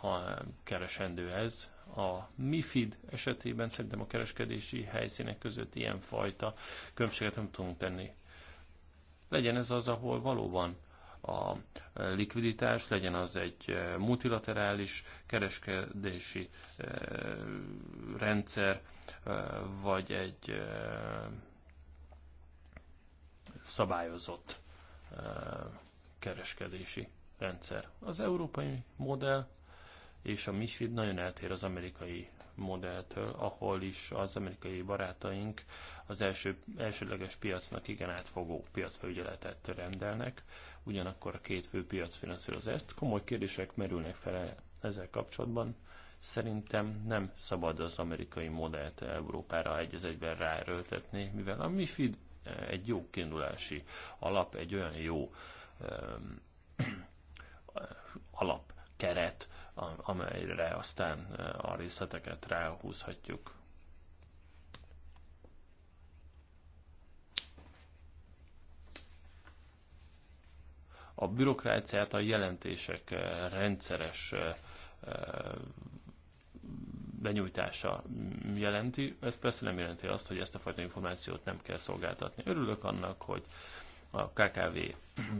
ha keresendő ez. A MIFID esetében szerintem a kereskedési helyszínek között ilyenfajta különbséget nem tudunk tenni. Legyen ez az, ahol valóban a likviditás, legyen az egy eh, multilaterális kereskedési eh, rendszer, eh, vagy egy szabályozott kereskedési rendszer. Az európai modell és a MIFID nagyon eltér az amerikai modelltől, ahol is az amerikai barátaink az első, elsődleges piacnak igen átfogó piacfelügyeletet rendelnek, ugyanakkor a két fő piac finanszíroz ezt. Komoly kérdések merülnek fel e- ezzel kapcsolatban. Szerintem nem szabad az amerikai modellt Európára egy az egyben ráerőltetni, mivel a MIFID egy jó kiindulási alap, egy olyan jó um, alap, keret, amelyre aztán eh, a részleteket ráhúzhatjuk. A bürokráciát a jelentések eh, rendszeres eh, benyújtása jelenti. Ez persze nem jelenti azt, hogy ezt a fajta információt nem kell szolgáltatni. Örülök annak, hogy a KKV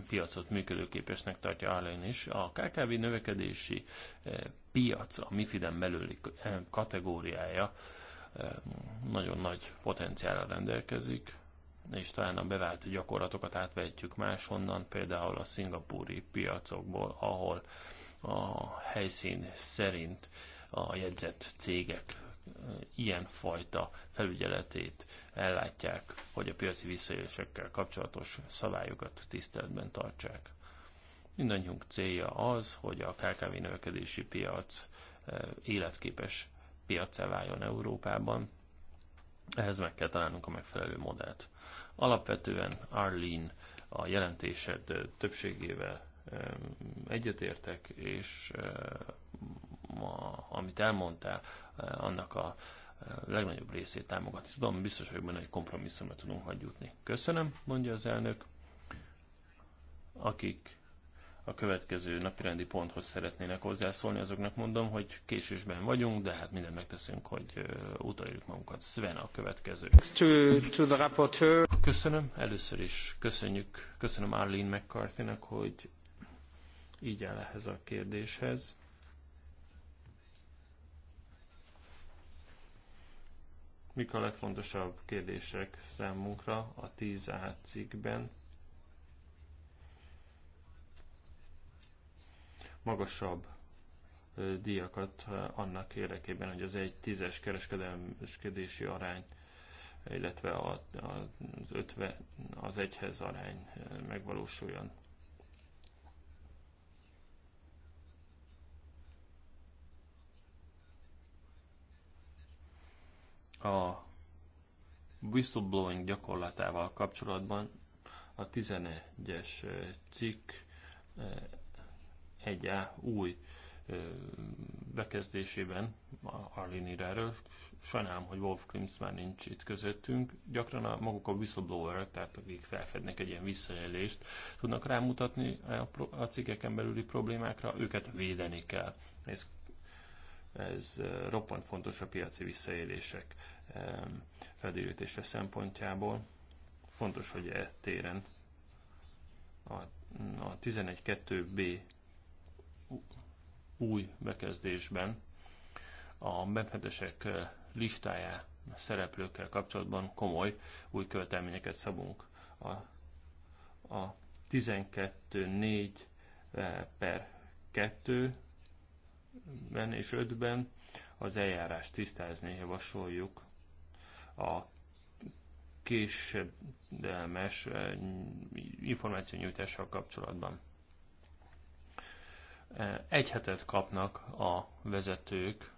piacot működőképesnek tartja Arlen is. A KKV növekedési eh, piac, a MIFID-en belüli eh, kategóriája eh, nagyon nagy potenciállal rendelkezik, és talán a bevált gyakorlatokat átvehetjük máshonnan, például a szingapúri piacokból, ahol a helyszín szerint a jegyzett cégek ilyen fajta felügyeletét ellátják, hogy a piaci visszaélésekkel kapcsolatos szabályokat tiszteletben tartsák. Mindannyiunk célja az, hogy a KKV növekedési piac eh, életképes piacá váljon Európában. Ehhez meg kell találnunk a megfelelő modellt. Alapvetően Arlene a jelentésed többségével egyetértek, és eh, amit elmondtál, eh, annak a eh, legnagyobb részét támogatni tudom, biztos vagyok benne, hogy kompromisszumra tudunk majd jutni. Köszönöm, mondja az elnök. Akik a következő napirendi ponthoz szeretnének hozzászólni, azoknak mondom, hogy késésben vagyunk, de hát mindent megteszünk, hogy eh, utaljuk magunkat. Sven a következő. To, to the rapporteur. Köszönöm, először is köszönjük, köszönöm Arlene mccarthy hogy így áll ehhez a kérdéshez. Mik a legfontosabb kérdések számunkra a 10A cikkben? Magasabb díjakat annak érdekében, hogy az egy tízes kereskedelmeskedési arány, illetve a, a, az, ötve, az egyhez arány megvalósuljon. a whistleblowing gyakorlatával kapcsolatban a 11-es cikk 1 A új bekezdésében Arlene ír erről. Sajnálom, hogy Wolf Klimsz már nincs itt közöttünk. Gyakran a, maguk a whistleblower tehát akik felfednek egy ilyen visszaélést, tudnak rámutatni a, a cikkeken belüli problémákra, őket védeni kell. Ez ez roppant fontos a piaci visszaélések felderítése szempontjából. Fontos, hogy e téren a, a 11.2b új bekezdésben a benfentesek listájá szereplőkkel kapcsolatban komoly új követelményeket szabunk. A, a 12.4 per 2 ben és 5-ben az eljárást tisztázni javasoljuk a késedelmes információnyújtással kapcsolatban. Egy hetet kapnak a vezetők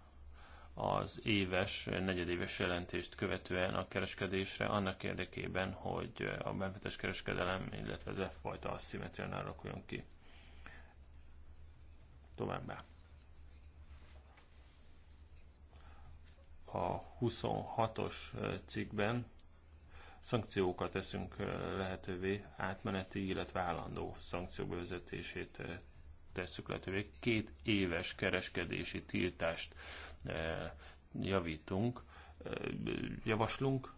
az éves, negyedéves jelentést követően a kereskedésre, annak érdekében, hogy a benfetes kereskedelem, illetve az F-fajta asszimetrián alakuljon ki. Továbbá. a 26-os cikkben szankciókat teszünk lehetővé, átmeneti, illetve állandó szankciók bevezetését tesszük lehetővé. Két éves kereskedési tiltást javítunk, javaslunk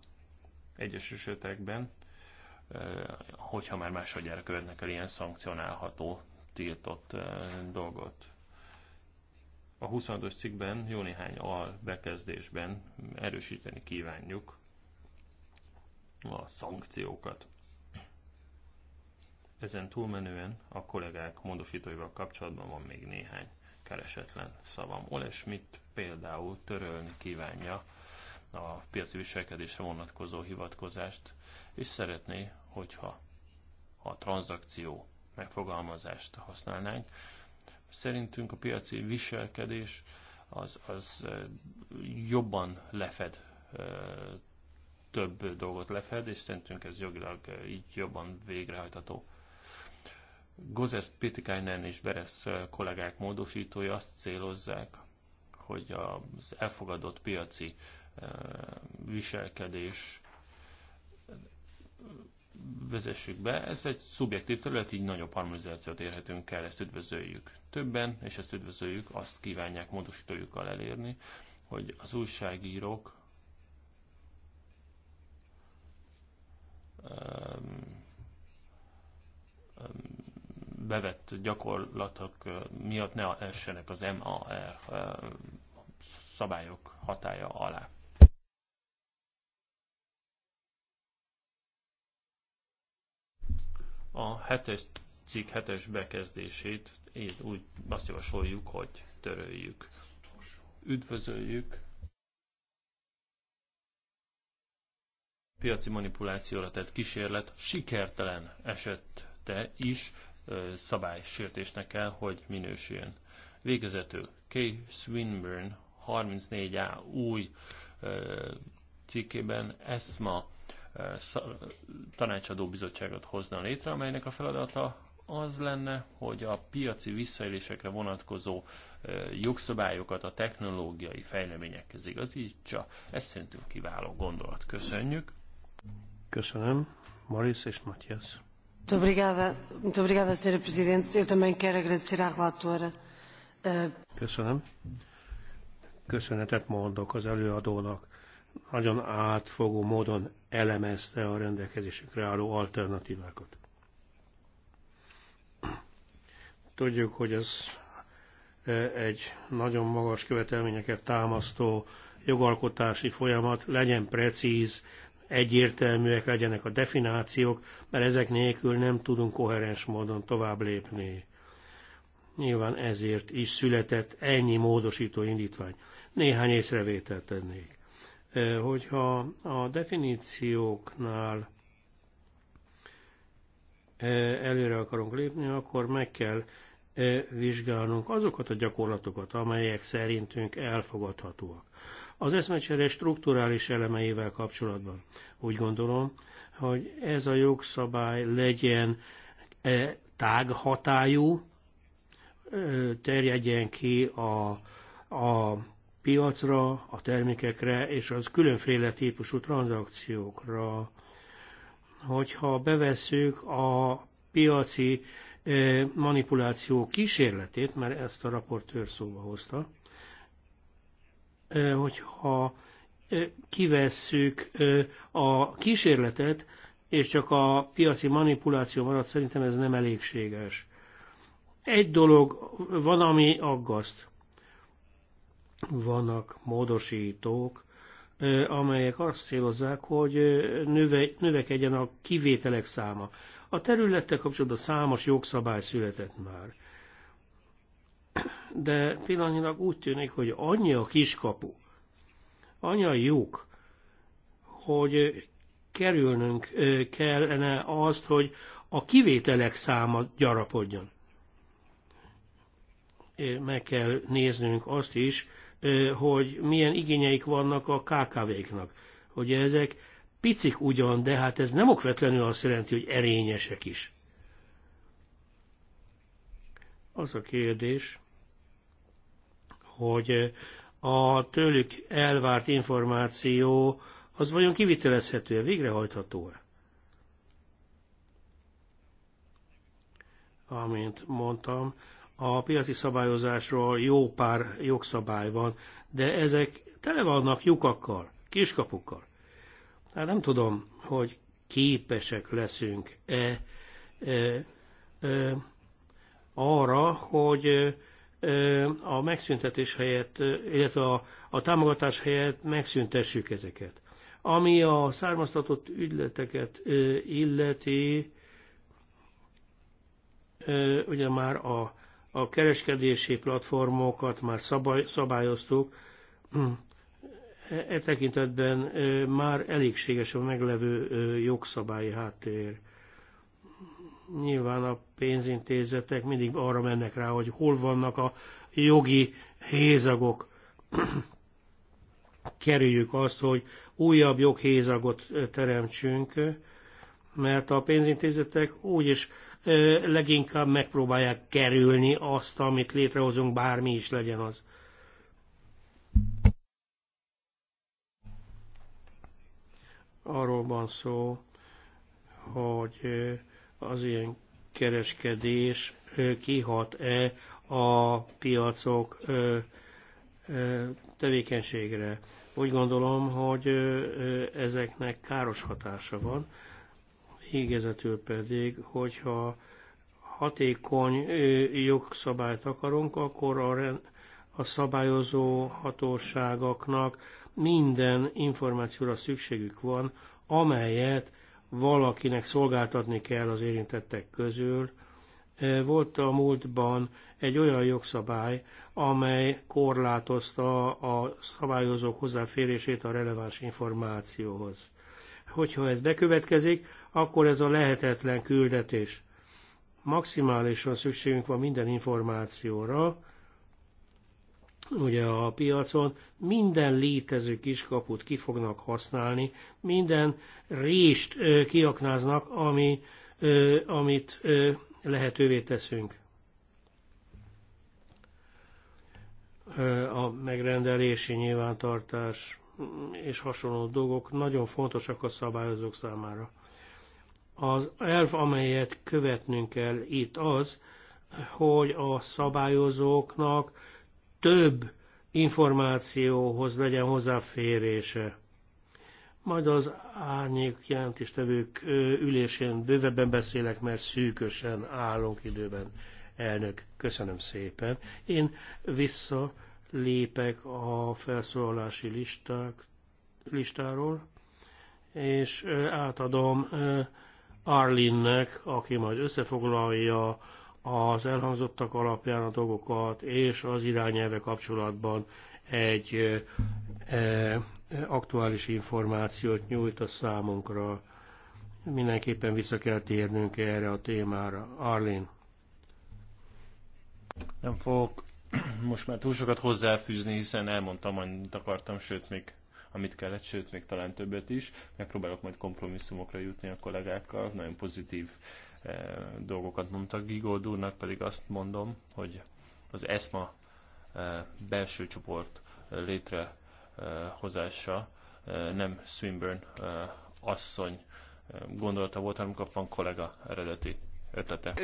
egyes esetekben, hogyha már másodjára követnek el ilyen szankcionálható tiltott dolgot a 25-ös cikkben jó néhány al bekezdésben erősíteni kívánjuk a szankciókat. Ezen túlmenően a kollégák módosítóival kapcsolatban van még néhány keresetlen szavam. Ole Schmidt például törölni kívánja a piaci viselkedésre vonatkozó hivatkozást, és szeretné, hogyha a tranzakció megfogalmazást használnánk, Szerintünk a piaci viselkedés az, az jobban lefed több dolgot lefed, és szerintünk ez jogilag így jobban végrehajtható. Gozes Pitikainen és Beres kollégák módosítói azt célozzák, hogy az elfogadott piaci viselkedés vezessük be, ez egy szubjektív terület, így nagyobb harmonizációt érhetünk el, ezt üdvözöljük többen, és ezt üdvözöljük, azt kívánják módosítójukkal elérni, hogy az újságírók bevett gyakorlatok miatt ne essenek az MAR szabályok hatája alá. A hetes cikk hetes bekezdését én úgy azt javasoljuk, hogy töröljük. Üdvözöljük piaci manipulációra tett kísérlet sikertelen esette is szabálysértésnek kell, hogy minősüljön. Végezetül K. Swinburne 34A új cikkében ESMA tanácsadó bizottságot hozna létre, amelynek a feladata az lenne, hogy a piaci visszaélésekre vonatkozó jogszabályokat a technológiai fejleményekhez igazítsa. Ez szerintünk kiváló gondolat. Köszönjük. Köszönöm. Maris és Matthias. Muito obrigada, muito Presidente. Eu também quero agradecer à relatora. Eh, Köszönöm. Köszönetet mondok az előadónak nagyon átfogó módon elemezte a rendelkezésükre álló alternatívákat. Tudjuk, hogy ez e, egy nagyon magas követelményeket támasztó jogalkotási folyamat, legyen precíz, egyértelműek legyenek a definációk, mert ezek nélkül nem tudunk koherens módon tovább lépni. Nyilván ezért is született ennyi módosító indítvány. Néhány észrevételt tennék. Hogyha a definícióknál előre akarunk lépni, akkor meg kell vizsgálnunk azokat a gyakorlatokat, amelyek szerintünk elfogadhatóak. Az eszmecsere strukturális elemeivel kapcsolatban úgy gondolom, hogy ez a jogszabály legyen tághatályú, terjedjen ki a, a piacra, a termékekre és az különféle típusú tranzakciókra. Hogyha bevesszük a piaci manipuláció kísérletét, mert ezt a raportőr szóba hozta, hogyha kivesszük a kísérletet, és csak a piaci manipuláció marad, szerintem ez nem elégséges. Egy dolog van, ami aggaszt vannak módosítók, amelyek azt célozzák, hogy növe, növekedjen a kivételek száma. A területtel kapcsolatban számos jogszabály született már. De pillanatnyilag úgy tűnik, hogy annyi a kiskapu, annyi a lyuk, hogy kerülnünk kellene azt, hogy a kivételek száma gyarapodjon. Meg kell néznünk azt is, hogy milyen igényeik vannak a KKV-knak. Hogy ezek picik ugyan, de hát ez nem okvetlenül azt jelenti, hogy erényesek is. Az a kérdés, hogy a tőlük elvárt információ az vajon kivitelezhető-e, végrehajtható-e? Amint mondtam, a piaci szabályozásról jó pár jogszabály van, de ezek tele vannak lyukakkal, kiskapukkal. Hát nem tudom, hogy képesek leszünk-e e, e, e arra, hogy e, e, a megszüntetés helyett, illetve a, a támogatás helyett megszüntessük ezeket. Ami a származtatott ügyleteket e, illeti, ugye már a a kereskedési platformokat már szabály, szabályoztuk, e tekintetben már elégséges a meglevő jogszabályi háttér. Nyilván a pénzintézetek mindig arra mennek rá, hogy hol vannak a jogi hézagok. Kerüljük azt, hogy újabb joghézagot teremtsünk, mert a pénzintézetek úgyis leginkább megpróbálják kerülni azt, amit létrehozunk, bármi is legyen az. Arról van szó, hogy az ilyen kereskedés kihat-e a piacok tevékenységre. Úgy gondolom, hogy ezeknek káros hatása van Végezetül pedig, hogyha hatékony jogszabályt akarunk, akkor a, a szabályozó hatóságoknak minden információra szükségük van, amelyet valakinek szolgáltatni kell az érintettek közül. Volt a múltban egy olyan jogszabály, amely korlátozta a szabályozók hozzáférését a releváns információhoz. Hogyha ez bekövetkezik, akkor ez a lehetetlen küldetés. Maximálisan szükségünk van minden információra, ugye a piacon minden létező kiskaput ki fognak használni, minden rést kiaknáznak, ami, ö, amit ö, lehetővé teszünk. a megrendelési nyilvántartás és hasonló dolgok nagyon fontosak a szabályozók számára. Az elv, amelyet követnünk kell itt az, hogy a szabályozóknak több információhoz legyen hozzáférése. Majd az árnyék jelentéstevők ülésén bővebben beszélek, mert szűkösen állunk időben. Elnök, köszönöm szépen. Én vissza lépek a felszólalási listák, listáról, és átadom Arlinnek, aki majd összefoglalja az elhangzottak alapján a dolgokat, és az irányelve kapcsolatban egy e, aktuális információt nyújt a számunkra. Mindenképpen vissza kell térnünk erre a témára. Arlin. Nem fogok most már túl sokat hozzáfűzni, hiszen elmondtam, amit akartam, sőt még amit kellett, sőt még talán többet is. Megpróbálok majd kompromisszumokra jutni a kollégákkal, nagyon pozitív eh, dolgokat mondtak Gigold úrnak, pedig azt mondom, hogy az ESMA eh, belső csoport eh, létrehozása eh, eh, nem Swinburne eh, asszony eh, gondolata volt, hanem van kollega eredeti ötlete.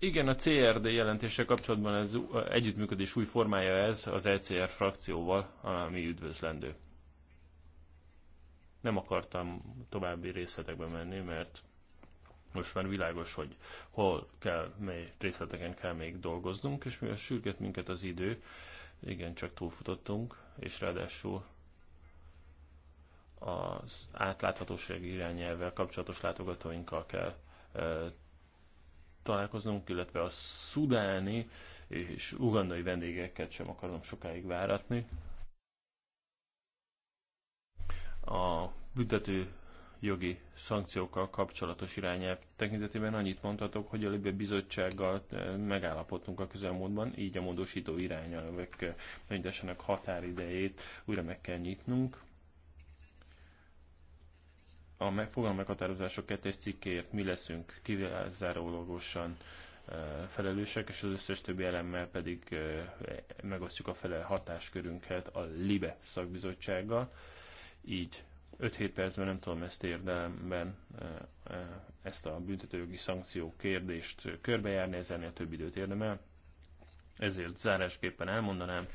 Igen, a CRD jelentése kapcsolatban ez együttműködés új formája ez az ECR frakcióval, ami üdvözlendő. Nem akartam további részletekbe menni, mert most már világos, hogy hol kell, mely részleteken kell még dolgoznunk, és mivel sürget minket az idő, igen, csak túlfutottunk, és ráadásul az átláthatóság irányelvvel kapcsolatos látogatóinkkal kell eh, találkoznunk, illetve a szudáni és ugandai vendégeket sem akarom sokáig váratni. A büntető jogi szankciókkal kapcsolatos irányelv tekintetében annyit mondhatok, hogy a Libia Bizottsággal eh, megállapodtunk a közelmúltban, így a módosító irányelvek mindessenek eh, határidejét újra meg kell nyitnunk a fogalom meghatározások kettes cikkéért mi leszünk kizárólagosan e, felelősek, és az összes többi elemmel pedig e, megosztjuk a felel hatáskörünket a LIBE szakbizottsággal. Így 5-7 percben nem tudom ezt érdemben, e, ezt a büntetőjogi szankció kérdést körbejárni, ez a több időt érdemel. Ezért zárásképpen elmondanám,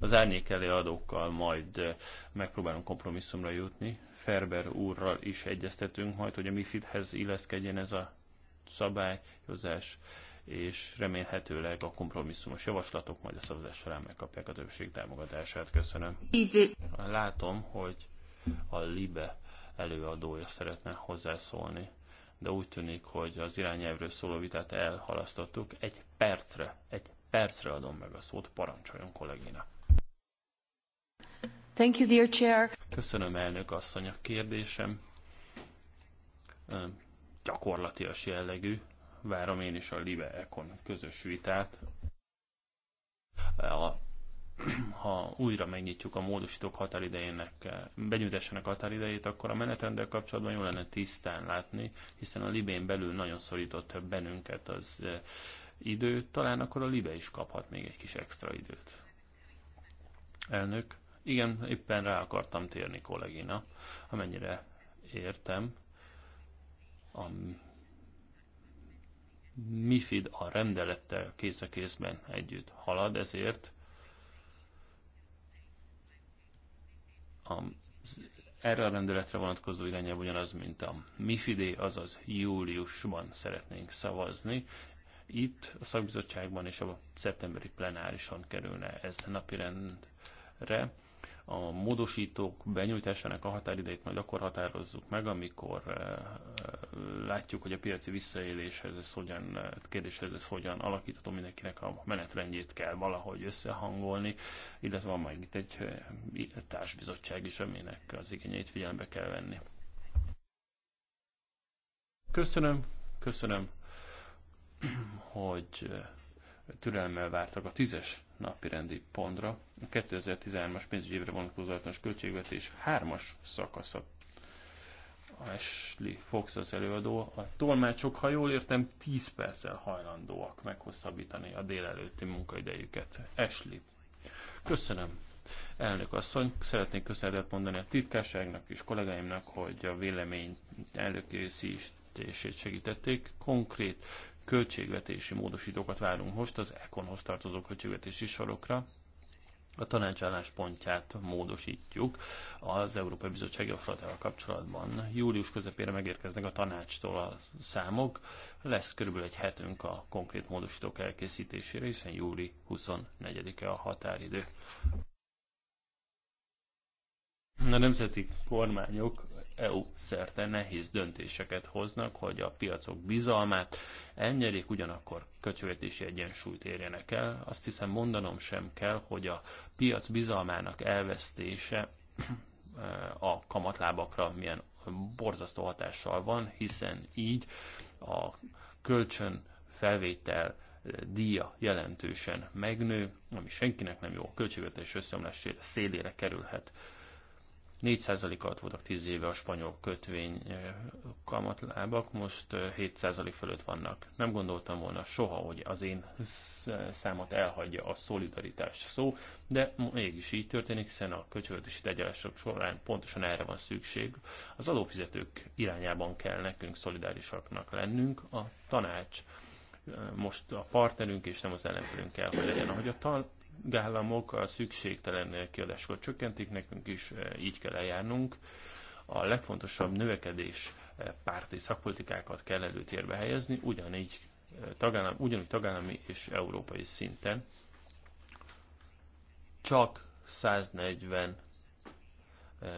az árnyék előadókkal majd megpróbálunk kompromisszumra jutni. Ferber úrral is egyeztetünk majd, hogy a MIFID-hez illeszkedjen ez a szabályozás, és remélhetőleg a kompromisszumos javaslatok majd a szavazás során megkapják a többség támogatását. Köszönöm. Látom, hogy a LIBE előadója szeretne hozzászólni, de úgy tűnik, hogy az irányelvről szóló vitát elhalasztottuk. Egy percre, egy percre adom meg a szót, parancsoljon kolléginak. Thank you, dear chair. Köszönöm, elnök asszony, a kérdésem gyakorlatias jellegű. Várom én is a Libe Econ közös vitát. A, ha újra megnyitjuk a módosítók határidejének, benyújtassanak határidejét, akkor a menetrendel kapcsolatban jól lenne tisztán látni, hiszen a Libén belül nagyon szorított bennünket az idő, talán akkor a Libe is kaphat még egy kis extra időt. Elnök, igen, éppen rá akartam térni kollégina, amennyire értem. A MIFID a rendelettel kész a kézben együtt halad, ezért a, erre a rendeletre vonatkozó irányelv ugyanaz, mint a mifid azaz júliusban szeretnénk szavazni. Itt a szakbizottságban és a szeptemberi plenárison kerülne ez napirendre a módosítók benyújtásának a határidejét majd akkor határozzuk meg, amikor eh, eh, látjuk, hogy a piaci visszaéléshez ez hogyan, eh, kérdéshez ez hogyan alakítható, mindenkinek a menetrendjét kell valahogy összehangolni, illetve van majd itt egy társbizottság is, aminek az igényeit figyelembe kell venni. Köszönöm, köszönöm, hogy türelemmel vártak a tízes napirendi pontra. A 2013-as pénzügyi évre általános költségvetés hármas szakasza. Ashley Fox az előadó. A tolmácsok, ha jól értem, 10 perccel hajlandóak meghosszabbítani a délelőtti munkaidejüket. Ashley. Köszönöm. Elnök asszony, szeretnék köszönetet mondani a titkárságnak és kollégáimnak, hogy a vélemény előkészítését segítették. Konkrét költségvetési módosítókat várunk most az Econhoz tartozó költségvetési sorokra. A tanácsállás pontját módosítjuk az Európai Bizottság javaslatával kapcsolatban. Július közepére megérkeznek a tanácstól a számok, lesz körülbelül egy hetünk a konkrét módosítók elkészítésére, hiszen júli 24-e a határidő. A nemzeti kormányok EU szerte nehéz döntéseket hoznak, hogy a piacok bizalmát elnyerjék, ugyanakkor köcsövetési egyensúlyt érjenek el. Azt hiszem mondanom sem kell, hogy a piac bizalmának elvesztése eh, a kamatlábakra milyen borzasztó hatással van, hiszen így a kölcsön felvétel eh, díja jelentősen megnő, ami senkinek nem jó, a költségvetés összeomlás szélére kerülhet. 4% alatt voltak 10 éve a spanyol kötvény eh, kamatlábak, most 7% eh, fölött vannak. Nem gondoltam volna soha, hogy az én számot elhagyja a szolidaritás szó, de mégis így történik, hiszen a költségvetési tegyelások során pontosan erre van szükség. Az adófizetők irányában kell nekünk szolidárisaknak lennünk, a tanács eh, most a partnerünk és nem az ellenfelünk kell, hogy legyen. Ahogy a, tagállamok a szükségtelen kiadásokat csökkentik, nekünk is eh, így kell eljárnunk. A legfontosabb növekedés eh, párti szakpolitikákat kell előtérbe helyezni, ugyanígy eh, tagállam, ugyanúgy tagállami és európai szinten. Csak 140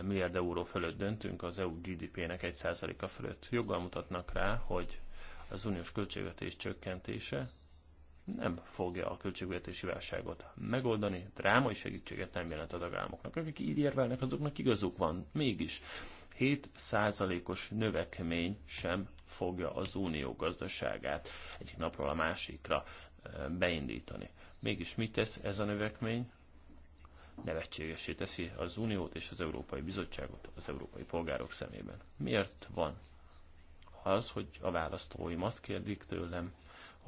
milliárd euró fölött döntünk, az EU GDP-nek 1%-a fölött. Joggal mutatnak rá, hogy az uniós költségvetés csökkentése nem fogja a költségvetési válságot megoldani, drámai segítséget nem jelent a tagállamoknak. Akik így érvelnek, azoknak igazuk van, mégis 7%-os növekmény sem fogja az unió gazdaságát egyik napról a másikra eh, beindítani. Mégis mit tesz ez a növekmény? Nevetségesé teszi az Uniót és az Európai Bizottságot az európai polgárok szemében. Miért van az, hogy a választóim azt kérdik tőlem,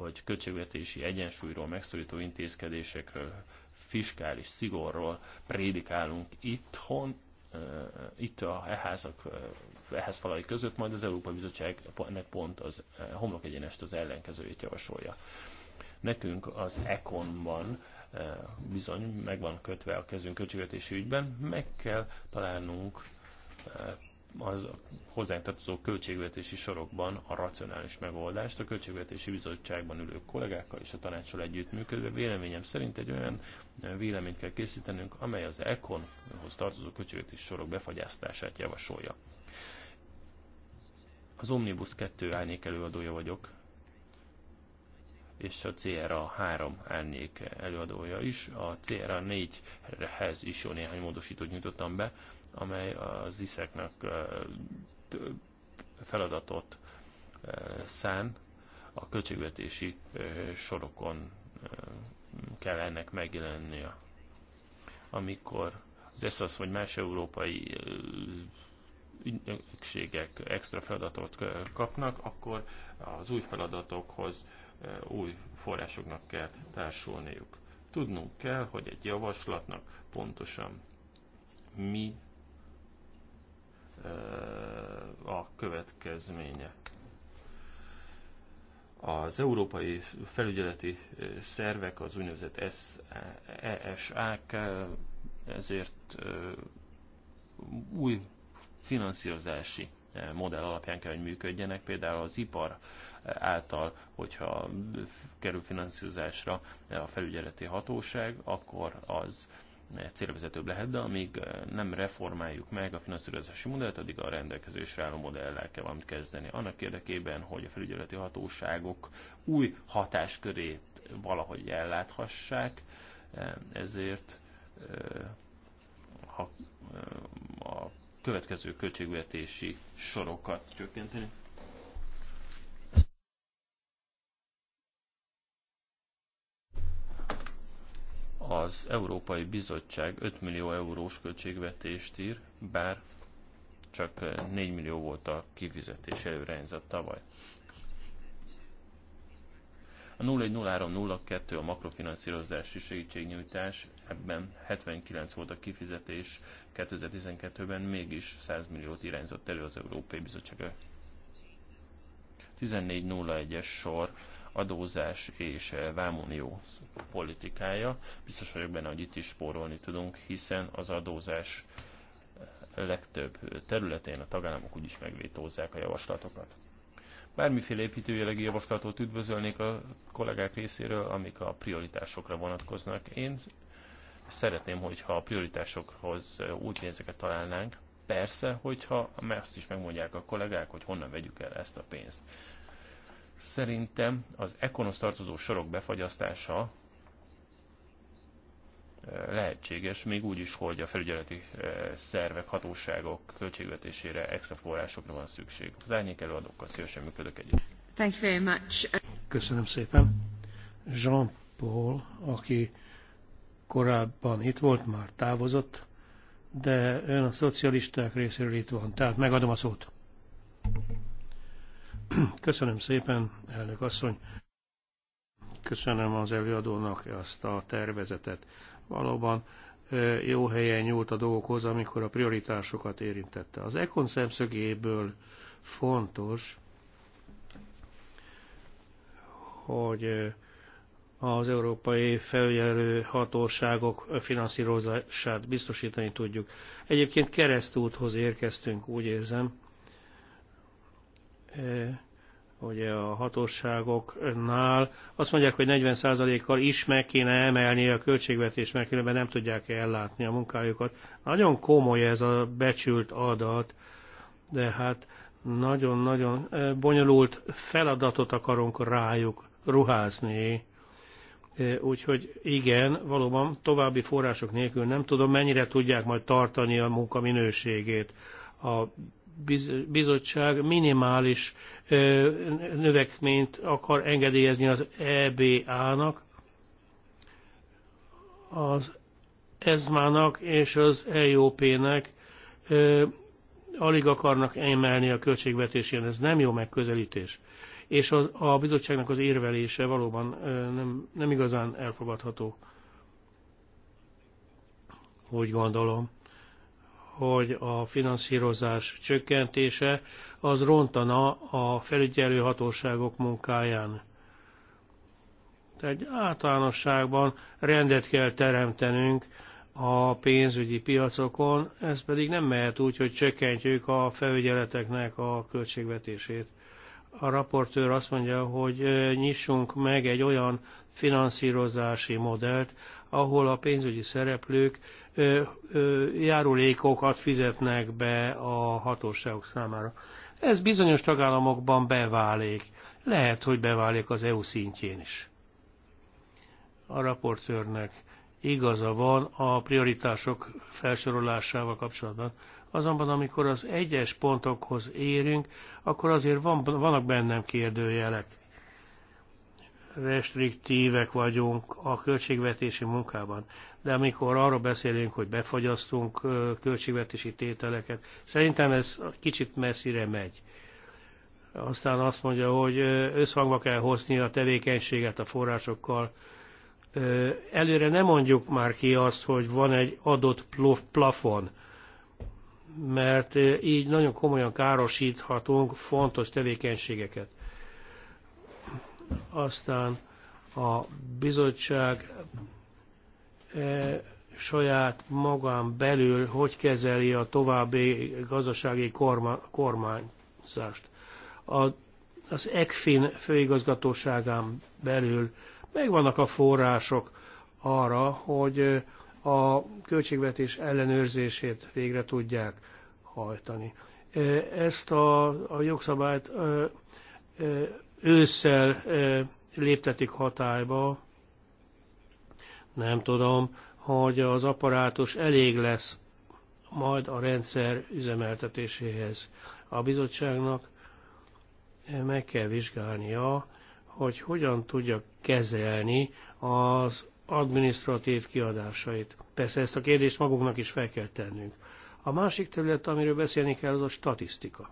hogy költségvetési egyensúlyról, megszorító intézkedésekről, fiskális szigorról prédikálunk itthon, itt a házak, ehhez falai között, majd az Európai Bizottság ennek pont az homlok egyenest az ellenkezőjét javasolja. Nekünk az Econban bizony megvan kötve a kezünk költségvetési ügyben, meg kell találnunk az hozzánk tartozó költségvetési sorokban a racionális megoldást. A költségvetési bizottságban ülő kollégákkal és a tanácsol együttműködve véleményem szerint egy olyan véleményt kell készítenünk, amely az ECON-hoz tartozó költségvetési sorok befagyasztását javasolja. Az Omnibus 2 árnyék előadója vagyok és a CRA 3 árnyék előadója is. A CRA 4-hez is jó néhány módosítót nyújtottam be, amely az iszeknek feladatot szán a költségvetési sorokon kell ennek megjelennie. Amikor az ESZASZ vagy más európai ügynökségek extra feladatot kapnak, akkor az új feladatokhoz új forrásoknak kell társulniuk. Tudnunk kell, hogy egy javaslatnak pontosan mi a következménye. Az európai felügyeleti szervek, az úgynevezett ESA-k e ezért új finanszírozási modell alapján kell, hogy működjenek, például az ipar által, hogyha kerül finanszírozásra a felügyeleti hatóság, akkor az célvezetőbb lehet, de amíg nem reformáljuk meg a finanszírozási modellt, addig a rendelkezésre álló modellel kell valamit kezdeni. Annak érdekében, hogy a felügyeleti hatóságok új hatáskörét valahogy elláthassák, ezért eh, ha eh, a következő költségvetési sorokat csökkenteni. Az Európai Bizottság 5 millió eurós költségvetést ír, bár csak 4 millió volt a kifizetés előrehányzat tavaly. A 010302 a makrofinanszírozási segítségnyújtás, ebben 79 volt a kifizetés 2012-ben, mégis 100 milliót irányzott elő az Európai Bizottság. 1401-es sor adózás és eh, vámunió politikája. Biztos vagyok benne, hogy itt is spórolni tudunk, hiszen az adózás eh, legtöbb eh, területén a tagállamok úgyis megvétózzák a javaslatokat. Bármiféle építőjelegi javaslatot üdvözölnék a kollégák részéről, amik a prioritásokra vonatkoznak. Én szeretném, hogyha a prioritásokhoz új pénzeket találnánk. Persze, hogyha azt is megmondják a kollégák, hogy honnan vegyük el ezt a pénzt. Szerintem az Econos tartozó sorok befagyasztása lehetséges, még úgy is, hogy a felügyeleti eh, szervek, hatóságok költségvetésére extra forrásokra van szükség. Az árnyék előadókkal szívesen működök együtt. Thank you very much. Köszönöm szépen. Jean-Paul, aki korábban itt volt, már távozott, de ön a szocialisták részéről itt van, tehát megadom a szót. Köszönöm szépen, elnök asszony. Köszönöm az előadónak azt a tervezetet valóban jó helyen nyúlt a dolgokhoz, amikor a prioritásokat érintette. Az Econ szemszögéből fontos, hogy az európai felügyelő hatóságok finanszírozását biztosítani tudjuk. Egyébként keresztúthoz érkeztünk, úgy érzem ugye a hatóságoknál azt mondják, hogy 40%-kal is meg kéne emelni a költségvetés, mert különben nem tudják ellátni a munkájukat. Nagyon komoly ez a becsült adat, de hát nagyon-nagyon eh, bonyolult feladatot akarunk rájuk ruházni. Eh, úgyhogy igen, valóban további források nélkül nem tudom, mennyire tudják majd tartani a munka minőségét. A bizottság minimális növekményt akar engedélyezni az EBA-nak, az ESMA-nak és az eop nek alig akarnak emelni a költségvetésén. Ez nem jó megközelítés. És az, a bizottságnak az érvelése valóban nem, nem igazán elfogadható. Úgy gondolom hogy a finanszírozás csökkentése az rontana a felügyelő hatóságok munkáján. Tehát általánosságban rendet kell teremtenünk a pénzügyi piacokon, ez pedig nem mehet úgy, hogy csökkentjük a felügyeleteknek a költségvetését. A raportőr azt mondja, hogy nyissunk meg egy olyan finanszírozási modellt, ahol a pénzügyi szereplők ö, ö, járulékokat fizetnek be a hatóságok számára. Ez bizonyos tagállamokban beválik. Lehet, hogy beválik az EU szintjén is. A raportőrnek igaza van a prioritások felsorolásával kapcsolatban. Azonban amikor az egyes pontokhoz érünk, akkor azért van, vannak bennem kérdőjelek restriktívek vagyunk a költségvetési munkában, de amikor arra beszélünk, hogy befagyasztunk költségvetési tételeket, szerintem ez kicsit messzire megy. Aztán azt mondja, hogy összhangba kell hozni a tevékenységet a forrásokkal. Előre nem mondjuk már ki azt, hogy van egy adott plafon, mert így nagyon komolyan károsíthatunk fontos tevékenységeket aztán a bizottság e, saját magán belül hogy kezeli a további gazdasági korma, kormányzást. A, az ECFIN főigazgatóságán belül megvannak a források arra, hogy a költségvetés ellenőrzését végre tudják hajtani. E, ezt a, a jogszabályt e, e, ősszel léptetik hatályba. Nem tudom, hogy az apparátus elég lesz majd a rendszer üzemeltetéséhez. A bizottságnak meg kell vizsgálnia, hogy hogyan tudja kezelni az administratív kiadásait. Persze ezt a kérdést magunknak is fel kell tennünk. A másik terület, amiről beszélni kell, az a statisztika.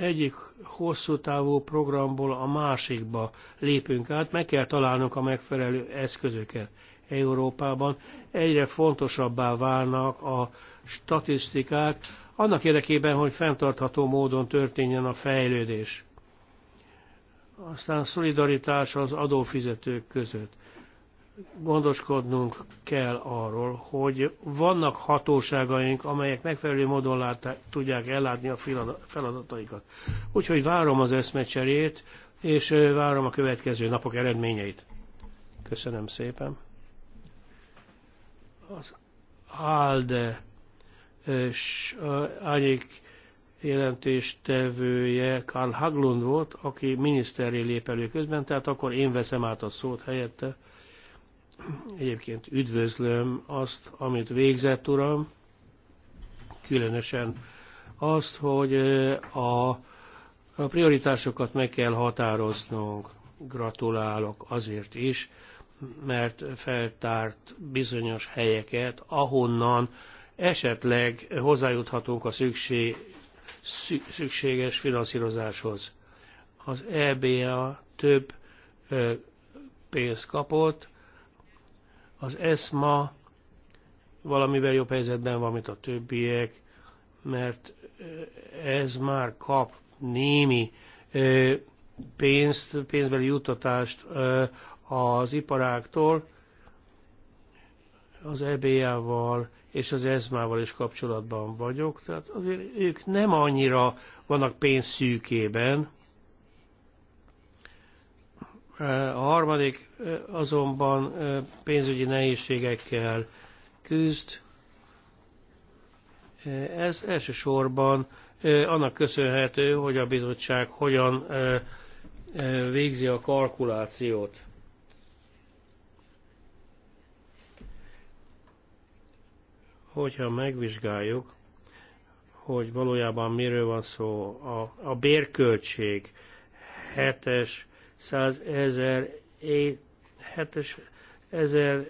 egyik hosszú távú programból a másikba lépünk át, meg kell találnunk a megfelelő eszközöket. Európában egyre fontosabbá válnak a statisztikák, annak érdekében, hogy fenntartható módon történjen a fejlődés. Aztán szolidaritás az adófizetők között gondoskodnunk kell arról, hogy vannak hatóságaink, amelyek megfelelő módon látták, tudják ellátni a feladataikat. Úgyhogy várom az eszmecserét, és várom a következő napok eredményeit. Köszönöm szépen. Az ALDE és Ányék jelentéstevője Karl Haglund volt, aki miniszteri lép elő közben, tehát akkor én veszem át a szót helyette. Egyébként üdvözlöm azt, amit végzett, uram, különösen azt, hogy a, a prioritásokat meg kell határoznunk. Gratulálok azért is, mert feltárt bizonyos helyeket, ahonnan esetleg hozzájuthatunk a szükség, szükséges finanszírozáshoz. Az EBA több pénzt kapott, az ESMA valamivel jobb helyzetben van, mint a többiek, mert eh, ez már kap némi eh, pénzt, pénzbeli juttatást eh, az iparáktól, az EBA-val és az ESMA-val is kapcsolatban vagyok, tehát azért ők nem annyira vannak pénzszűkében, a harmadik azonban pénzügyi nehézségekkel küzd. Ez elsősorban annak köszönhető, hogy a bizottság hogyan végzi a kalkulációt. Hogyha megvizsgáljuk, hogy valójában miről van szó, a, a bérköltség hetes 1850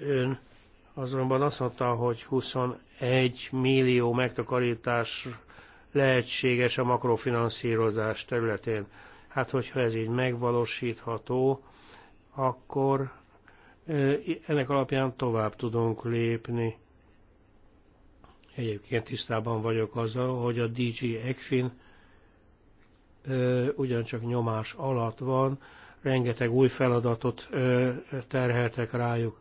ön azonban azt mondta, hogy 21 millió megtakarítás lehetséges a makrofinanszírozás területén. Hát, hogyha ez így megvalósítható, akkor ennek alapján tovább tudunk lépni. Egyébként tisztában vagyok azzal, hogy a DG Ekfin ugyancsak nyomás alatt van, rengeteg új feladatot terheltek rájuk.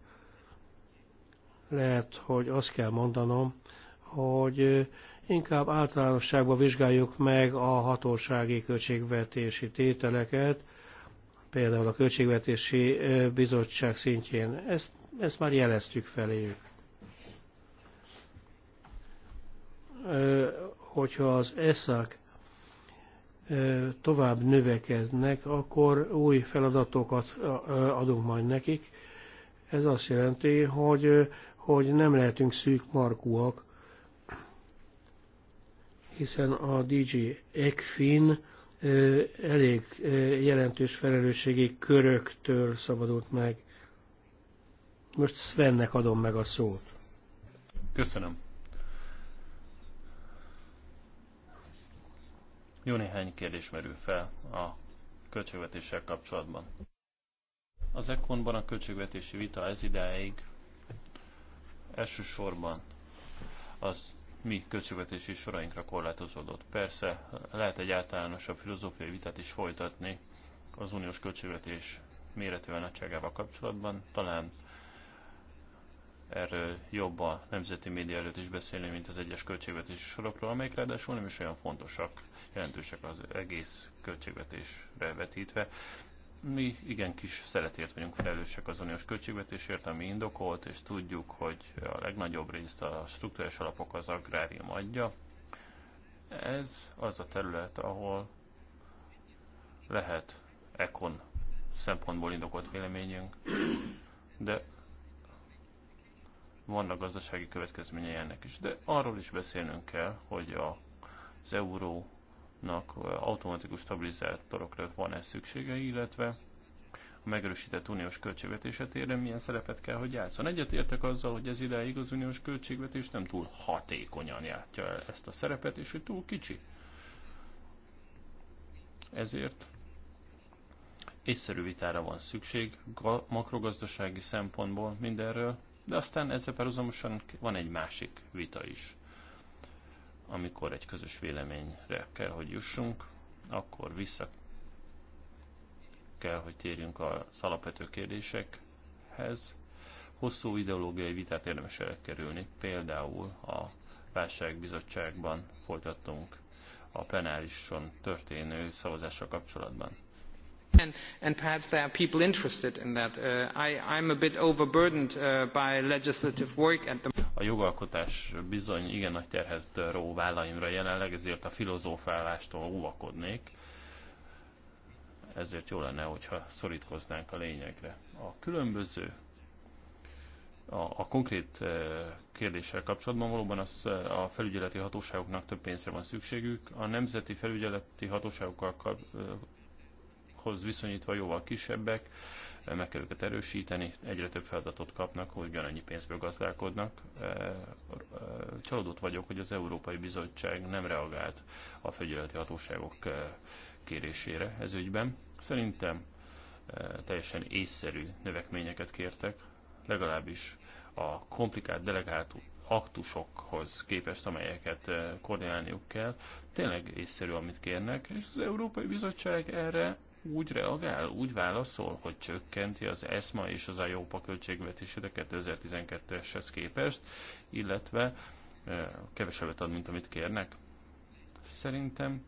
Lehet, hogy azt kell mondanom, hogy inkább általánosságban vizsgáljuk meg a hatósági költségvetési tételeket, például a Költségvetési Bizottság szintjén. Ezt, ezt már jeleztük feléjük. hogyha az ESZAK tovább növekednek, akkor új feladatokat adunk majd nekik. Ez azt jelenti, hogy, hogy nem lehetünk szűk markúak, hiszen a DJ Ekfin elég jelentős felelősségi köröktől szabadult meg. Most Svennek adom meg a szót. Köszönöm. Jó néhány kérdés merül fel a költségvetéssel kapcsolatban. Az ekonban a költségvetési vita ez idáig elsősorban az mi költségvetési sorainkra korlátozódott. Persze lehet egy általánosabb filozófiai vitát is folytatni az uniós költségvetés méretével nagyságával kapcsolatban. Talán erről jobb a nemzeti média előtt is beszélni, mint az egyes költségvetési sorokról, amelyek ráadásul nem is olyan fontosak, jelentősek az egész költségvetésre vetítve. Mi igen kis szeretért vagyunk felelősek az uniós költségvetésért, ami indokolt, és tudjuk, hogy a legnagyobb részt a struktúrás alapok az agrárium adja. Ez az a terület, ahol lehet ekon szempontból indokolt véleményünk, de vannak gazdasági következményei ennek is. De arról is beszélnünk kell, hogy a, az eurónak automatikus stabilizátorokra van-e szüksége, illetve a megerősített uniós költségvetése téren milyen szerepet kell, hogy játszon. Egyetértek azzal, hogy ez ideig az uniós költségvetés nem túl hatékonyan játja el ezt a szerepet, és hogy túl kicsi. Ezért észszerű vitára van szükség makrogazdasági szempontból mindenről, de aztán ezzel párhuzamosan van egy másik vita is. Amikor egy közös véleményre kell, hogy jussunk, akkor vissza kell, hogy térjünk az alapvető kérdésekhez. Hosszú ideológiai vitát érdemes elkerülni. Például a válságbizottságban folytattunk a plenárison történő szavazással kapcsolatban. And, and perhaps there are people interested in that. Uh, I, I'm a bit overburdened uh, by legislative work at the a jogalkotás bizony igen nagy terhet uh, ró vállaimra jelenleg, ezért a filozófálástól óvakodnék. Ezért jó lenne, hogyha szorítkoznánk a lényegre. A különböző a, a konkrét uh, kérdéssel kapcsolatban valóban az, uh, a felügyeleti hatóságoknak több pénzre van szükségük. A nemzeti felügyeleti hatóságokkal kap, hoz viszonyítva jóval kisebbek, eh, meg kell őket erősíteni, egyre több feladatot kapnak, hogy ugyanannyi pénzből gazdálkodnak. Eh, eh, csalódott vagyok, hogy az Európai Bizottság nem reagált a felügyeleti hatóságok kérésére ez ügyben. Szerintem teljesen észszerű növekményeket kértek, legalábbis a komplikált delegált aktusokhoz képest, amelyeket koordinálniuk kell. Tényleg észszerű, amit kérnek, és az Európai Bizottság erre úgy reagál, úgy válaszol, hogy csökkenti az ESMA és az IOPA költségvetésére 2012-eshez képest, illetve eh, kevesebbet ad, mint amit kérnek. Szerintem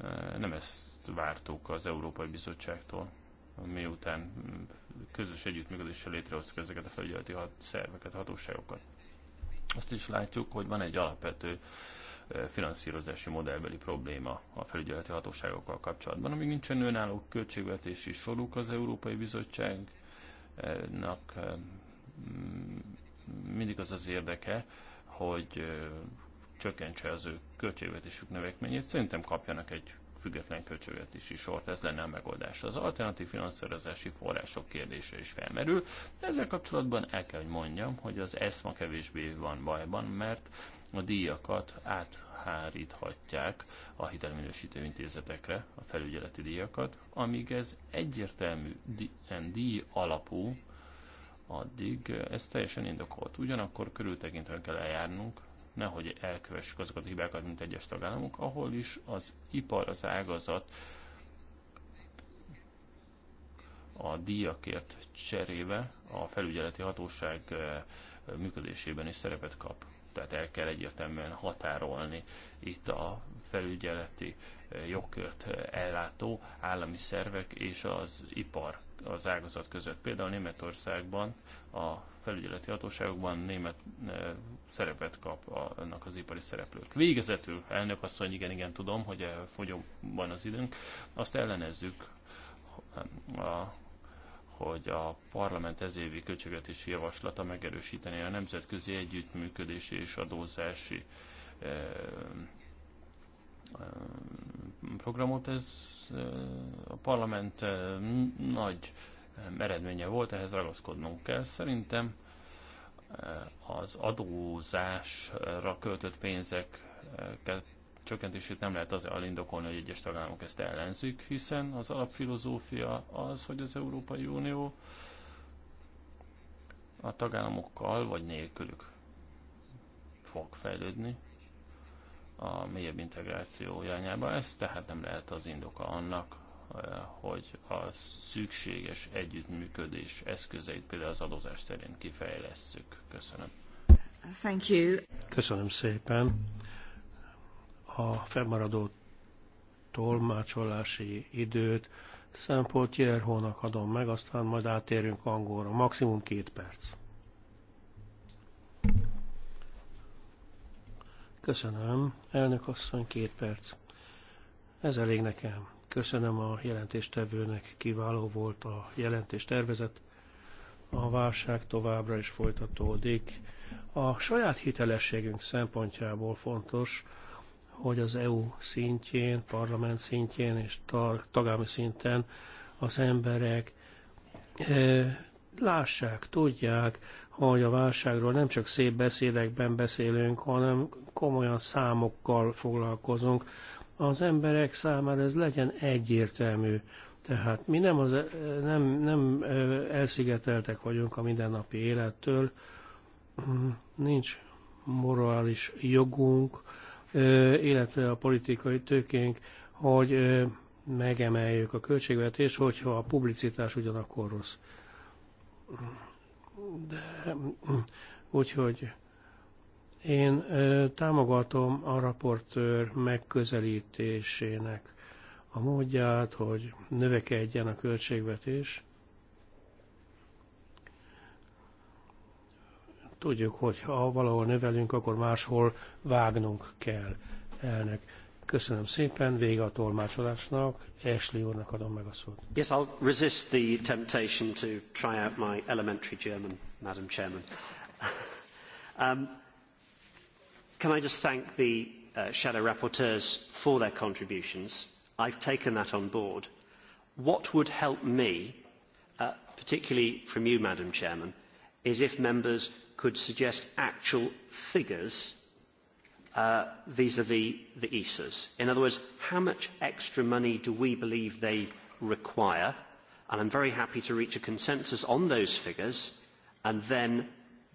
eh, nem ezt vártuk az Európai Bizottságtól, miután mm, közös együttműködéssel létrehoztuk ezeket a felügyeleti hat szerveket, hatóságokat. Azt is látjuk, hogy van egy alapvető finanszírozási modellbeli probléma a felügyeleti hatóságokkal kapcsolatban. Amíg nincsen önálló költségvetési soruk az Európai Bizottságnak, mindig az az érdeke, hogy csökkentse az ő költségvetésük növekményét. Szerintem kapjanak egy független költségvetési sort, ez lenne a megoldás. Az alternatív finanszírozási források kérdése is felmerül, de ezzel kapcsolatban el kell, hogy mondjam, hogy az ESMA kevésbé van bajban, mert a díjakat átháríthatják a hitelminősítő intézetekre, a felügyeleti díjakat, amíg ez egyértelmű díj alapú, addig ez teljesen indokolt. Ugyanakkor körültekintően kell eljárnunk, nehogy elkövessük azokat a hibákat, mint egyes tagállamok, ahol is az ipar, az ágazat a díjakért cserébe a felügyeleti hatóság eh, működésében is szerepet kap tehát el kell egyértelműen határolni itt a felügyeleti eh, jogkört eh, ellátó állami szervek és az ipar az ágazat között. Például Németországban a felügyeleti hatóságokban német eh, szerepet kapnak az ipari szereplők. Végezetül, elnök asszony, igen, igen, tudom, hogy fogyóban az időnk, azt ellenezzük a hogy a parlament ezévi költségvetési javaslata megerősíteni a nemzetközi együttműködési és adózási eh, eh, programot. Ez eh, a parlament nagy eredménye volt, ehhez ragaszkodnunk kell. Szerintem az adózásra költött pénzeket csökkentését nem lehet az elindokolni, hogy egyes tagállamok ezt ellenzik, hiszen az alapfilozófia az, hogy az Európai Unió a tagállamokkal vagy nélkülük fog fejlődni a mélyebb integráció irányába. Ez tehát nem lehet az indoka annak, eh, hogy a szükséges együttműködés eszközeit például az adózás terén kifejlesszük. Köszönöm. Thank you. Köszönöm szépen a felmaradó tolmácsolási időt Szempont Hónak adom meg, aztán majd átérünk angolra. Maximum két perc. Köszönöm. Elnök asszony, két perc. Ez elég nekem. Köszönöm a jelentéstevőnek, kiváló volt a jelentés tervezet. A válság továbbra is folytatódik. A saját hitelességünk szempontjából fontos, hogy az EU szintjén, parlament szintjén és tagállami szinten az emberek e, lássák, tudják, hogy a válságról nem csak szép beszédekben beszélünk, hanem komolyan számokkal foglalkozunk. Az emberek számára ez legyen egyértelmű. Tehát mi nem, az, e, nem, nem e, elszigeteltek vagyunk a mindennapi élettől, mm, nincs morális jogunk, illetve a politikai tőkénk, hogy megemeljük a költségvetést, hogyha a publicitás ugyanakkor rossz. De, úgyhogy én támogatom a raportőr megközelítésének a módját, hogy növekedjen a költségvetés, Tudjuk, hogy ha valahol nevelünk, akkor máshol vágnunk kell elnek. Köszönöm szépen, vége a tolmácsolásnak. Ashley úrnak adom meg a szót. Yes, I'll resist the temptation to try out my elementary German, Madam Chairman. um, can I just thank the uh, shadow rapporteurs for their contributions? I've taken that on board. What would help me, uh, particularly from you, Madam Chairman, is if members could suggest actual figures vis-à-vis uh, -vis the ESAs. In other words, how much extra money do we believe they require? And I'm very happy to reach a consensus on those figures, and then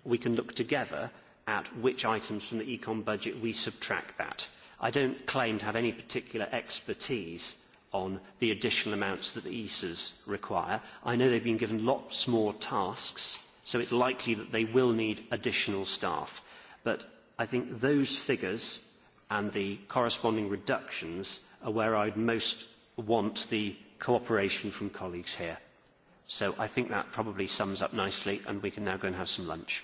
we can look together at which items from the econ budget we subtract that. I don't claim to have any particular expertise on the additional amounts that the ESAs require. I know they've been given lots more tasks so it's likely that they will need additional staff. But I think those figures and the corresponding reductions are where I'd most want the cooperation from colleagues here. So I think that probably sums up nicely, and we can now go and have some lunch.